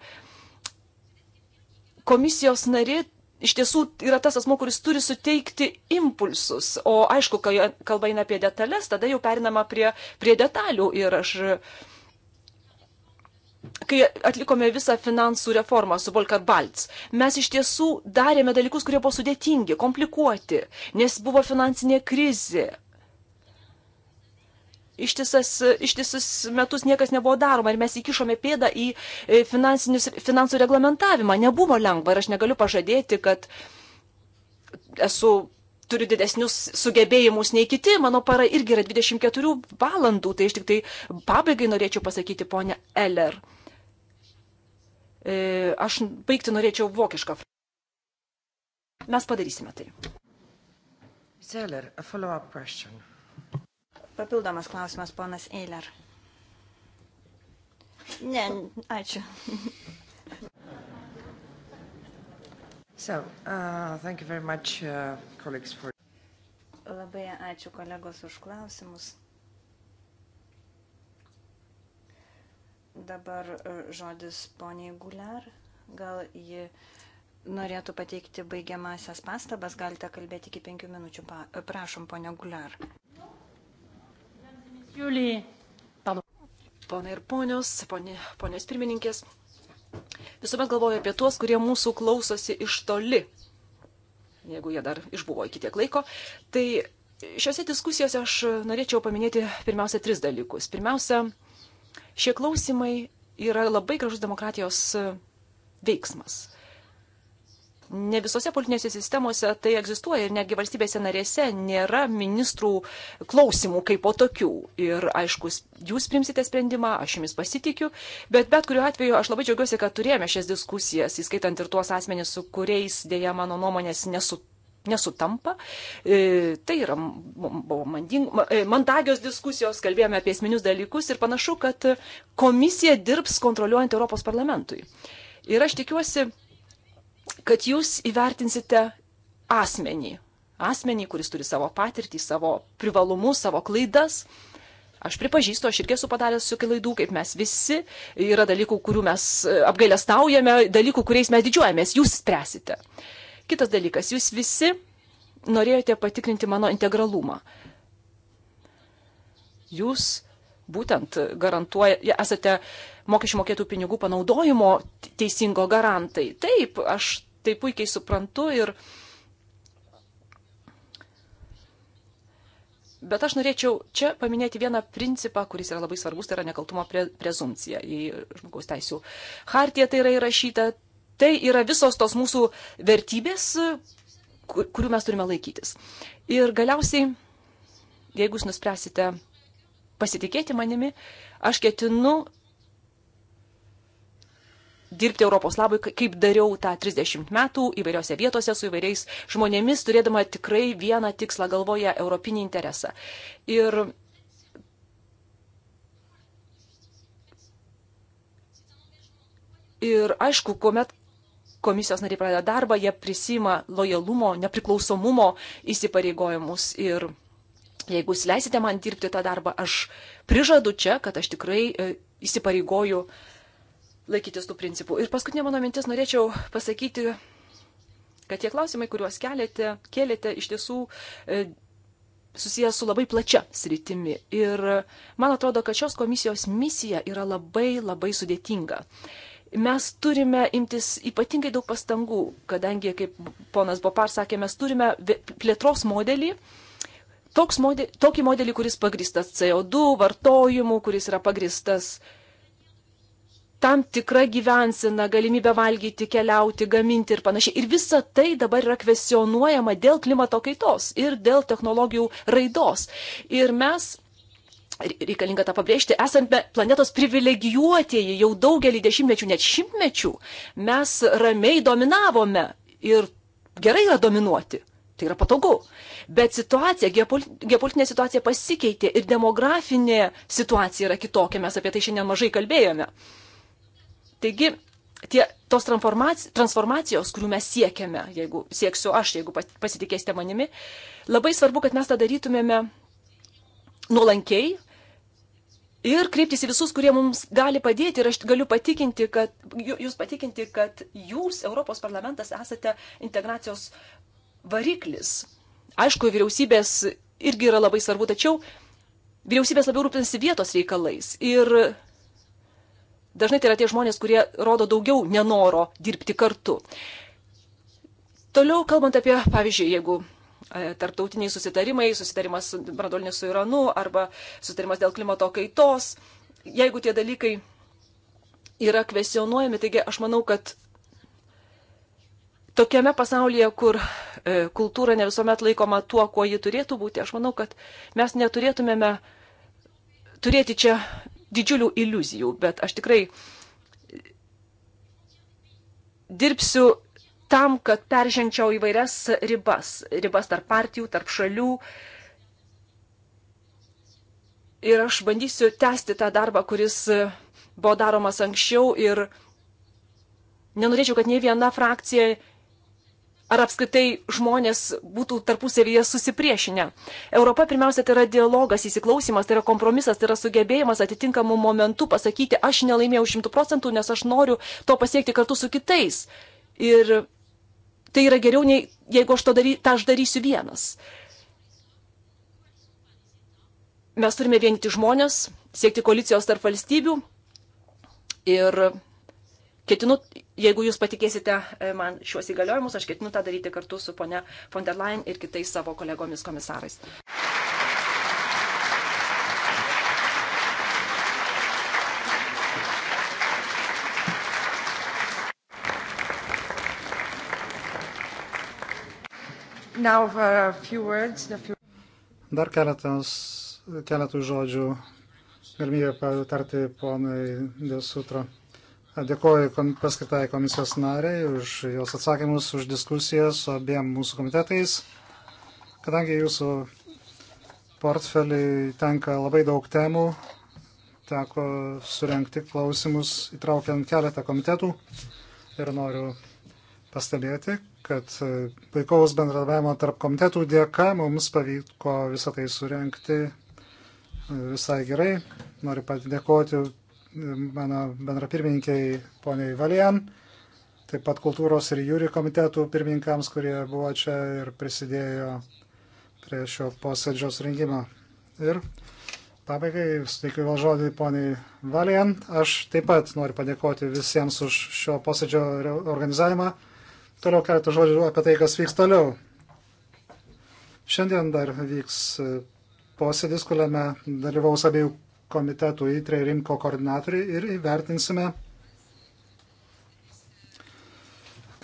Speaker 2: Komisijos narė iš tiesų yra tas asmo, kuris turi suteikti impulsus. O aišku, kai kalba eina apie detalės, tada jau perinama prie, prie detalių. Ir aš, kai atlikome visą finansų reformą su Volker Balts, mes iš tiesų darėme dalykus, kurie buvo sudėtingi, komplikuoti, nes buvo finansinė krizė ištisas, ištisus metus niekas nebuvo daroma ir mes įkišome pėdą į e, finansų reglamentavimą. Nebuvo lengva ir aš negaliu pažadėti, kad esu turiu didesnius sugebėjimus nei kiti, mano para irgi yra 24 valandų, tai aš tik tai pabaigai norėčiau pasakyti, ponia Eller. E, aš baigti norėčiau vokišką.
Speaker 3: Mes padarysime tai. Zeller, a follow-up question. Papildomas klausimas, ponas Eiler. Ne, ačiū.
Speaker 2: So, uh, thank you very much, uh, colleagues, for...
Speaker 3: Labai ačiū kolegos už klausimus. Dabar uh, žodis poniai Guliar. Gal ji norėtų pateikti baigiamasias pastabas, galite kalbėti iki penkių minučių. Prašom, ponia Guliar.
Speaker 2: Julie. Pone ir ponios, ponė, ponios pirmininkės, visuomet galvoju apie tuos, kurie mūsų klausosi iš toli, jeigu jie dar išbuvo iki tiek laiko. Tai šiuose diskusijose aš norėčiau paminėti pirmiausia tris dalykus. Pirmiausia, šie klausimai yra labai gražus demokratijos veiksmas ne visose politinėse sistemose tai egzistuoja ir netgi valstybėse narėse nėra ministrų klausimų kaip po tokių. Ir aišku, jūs primsite sprendimą, aš jumis pasitikiu, bet bet kuriuo atveju aš labai džiaugiuosi, kad turėjome šias diskusijas, įskaitant ir tuos asmenys, su kuriais dėja mano nuomonės nesu, nesutampa. E, tai yra buvo manding, e, mandagios diskusijos, kalbėjome apie esminius dalykus ir panašu, kad komisija dirbs kontroliuojant Europos parlamentui. Ir aš tikiuosi, kad jūs įvertinsite asmenį. Asmenį, kuris turi savo patirtį, savo privalumus, savo klaidas. Aš pripažįstu, aš irgi esu padaręs su klaidų, kaip mes visi. Yra dalykų, kurių mes e, apgailestaujame, dalykų, kuriais mes didžiuojamės. Jūs spręsite. Kitas dalykas, jūs visi norėjote patikrinti mano integralumą. Jūs būtent garantuoja, esate mokesčių mokėtų pinigų panaudojimo teisingo garantai. Taip, aš tai puikiai suprantu ir. Bet aš norėčiau čia paminėti vieną principą, kuris yra labai svarbus, tai yra nekaltumo pre prezumcija į žmogaus teisų hartiją, tai yra įrašyta, tai yra visos tos mūsų vertybės, kur, kurių mes turime laikytis. Ir galiausiai, jeigu jūs nuspręsite pasitikėti manimi, aš ketinu dirbti Europos labui, kaip dariau tą 30 metų įvairiose vietose su įvairiais žmonėmis, turėdama tikrai vieną tikslą galvoje - europinį interesą. Ir Ir aišku, kuomet komisijos nariai pradeda darbą, jie prisima lojalumo, nepriklausomumo įsipareigojimus. Ir jeigu leisite man dirbti tą darbą, aš prižadu čia, kad aš tikrai e, įsipareigoju uh, laikytis tų principų. Ir paskutinė mano mintis norėčiau pasakyti, kad tie klausimai, kuriuos keliate, kėlėte, iš tiesų e, susijęs su labai plačia sritimi. Ir man atrodo, kad šios komisijos misija yra labai labai sudėtinga. Mes turime imtis ypatingai daug pastangų, kadangi, kaip ponas Bopar sakė, mes turime plėtros modelį, modelį tokį modelį, kuris pagristas CO2 vartojimu, kuris yra pagristas uh, tam tikrą gyvenseną, galimybę valgyti, keliauti, gaminti ir panašiai. Ir visa tai dabar yra kvesionuojama dėl klimato kaitos ir dėl technologijų raidos. Ir mes reikalinga tą pabrėžti, esame planetos privilegijuotieji jau daugelį dešimtmečių, net šimtmečių, mes ramiai dominavome ir gerai yra dominuoti. Tai yra patogu. Bet situacija, geopolitinė situacija pasikeitė ir demografinė situacija yra kitokia, mes apie tai šiandien mažai kalbėjome. Uh, Taigi, tie, tos transformacijos, kurių mes siekiame, jeigu sieksiu aš, jeigu pasitikėsite manimi, labai svarbu, kad mes tą darytumėme nuolankiai ir kreiptis į visus, kurie mums gali padėti. Ir aš galiu patikinti, kad jūs patikinti, kad jūs, Europos parlamentas, esate integracijos variklis. Aišku, vyriausybės irgi yra labai svarbu, tačiau vyriausybės labiau rūpinasi vietos reikalais. Ir dažnai tai yra tie žmonės, kurie rodo daugiau nenoro dirbti kartu. Toliau kalbant apie, pavyzdžiui, jeigu e, tarptautiniai susitarimai, susitarimas brandolinės su Iranu arba susitarimas dėl klimato kaitos, jeigu tie dalykai yra kvesionuojami, taigi aš manau, kad tokiame pasaulyje, kur e, kultūra ne visuomet laikoma tuo, kuo ji turėtų būti, aš manau, kad mes neturėtumėme turėti čia didžiulių iliuzijų, bet aš tikrai dirbsiu tam, kad peržengčiau įvairias ribas, ribas tarp partijų, tarp šalių. Ir aš bandysiu tęsti tą darbą, kuris buvo daromas anksčiau ir nenorėčiau, kad nei viena frakcija ar apskritai žmonės būtų tarpusavyje susipriešinę. Europa pirmiausia tai yra dialogas, įsiklausimas, tai yra kompromisas, tai yra sugebėjimas atitinkamų momentų pasakyti, aš nelaimėjau šimtų procentų, nes aš noriu to pasiekti kartu su kitais. Ir tai yra geriau, nei jeigu aš to dary, tą aš darysiu vienas. Mes turime vienyti žmonės, siekti koalicijos tarp valstybių ir ketinu, jeigu jūs patikėsite e, man šiuos įgaliojimus, aš ketinu tą daryti kartu su ponia von der Leyen ir kitais savo kolegomis komisarais.
Speaker 1: Uh, words, few... Dar keletas, keletų žodžių galimybė patarti ponai Dėl sutro. Dėkoju paskirtai komisijos nariai už jos atsakymus, už diskusijas su abiem mūsų komitetais. Kadangi jūsų portfelį tenka labai daug temų, teko surenkti klausimus įtraukiant keletą komitetų ir noriu pastebėti, kad e, puikaus bendradavimo tarp komitetų dėka mums pavyko visą tai surenkti e, visai gerai. Noriu padėkoti mano bendrapirmininkiai poniai Valian, taip pat kultūros ir jūrių komitetų pirmininkams, kurie buvo čia ir prisidėjo prie šio posėdžio surinkimo. Ir pabaigai suteikiu vėl žodį poniai Valian. Aš taip pat noriu padėkoti visiems už šio posėdžio organizavimą. Toliau keletą žodžių apie tai, kas vyks toliau. Šiandien dar vyks posėdis, kuriame dalyvaus abiejų komitetų įtrė rinko koordinatoriai ir įvertinsime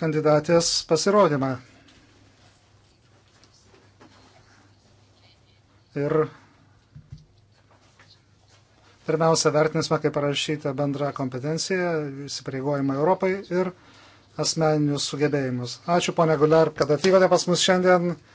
Speaker 1: kandidatės pasirodymą. Ir pirmiausia, vertinsime, kaip parašyta bendra kompetencija, įsipareigojimą Europai ir asmeninius sugebėjimus. Ačiū, ponia Guler, kad atvykote pas mus šiandien.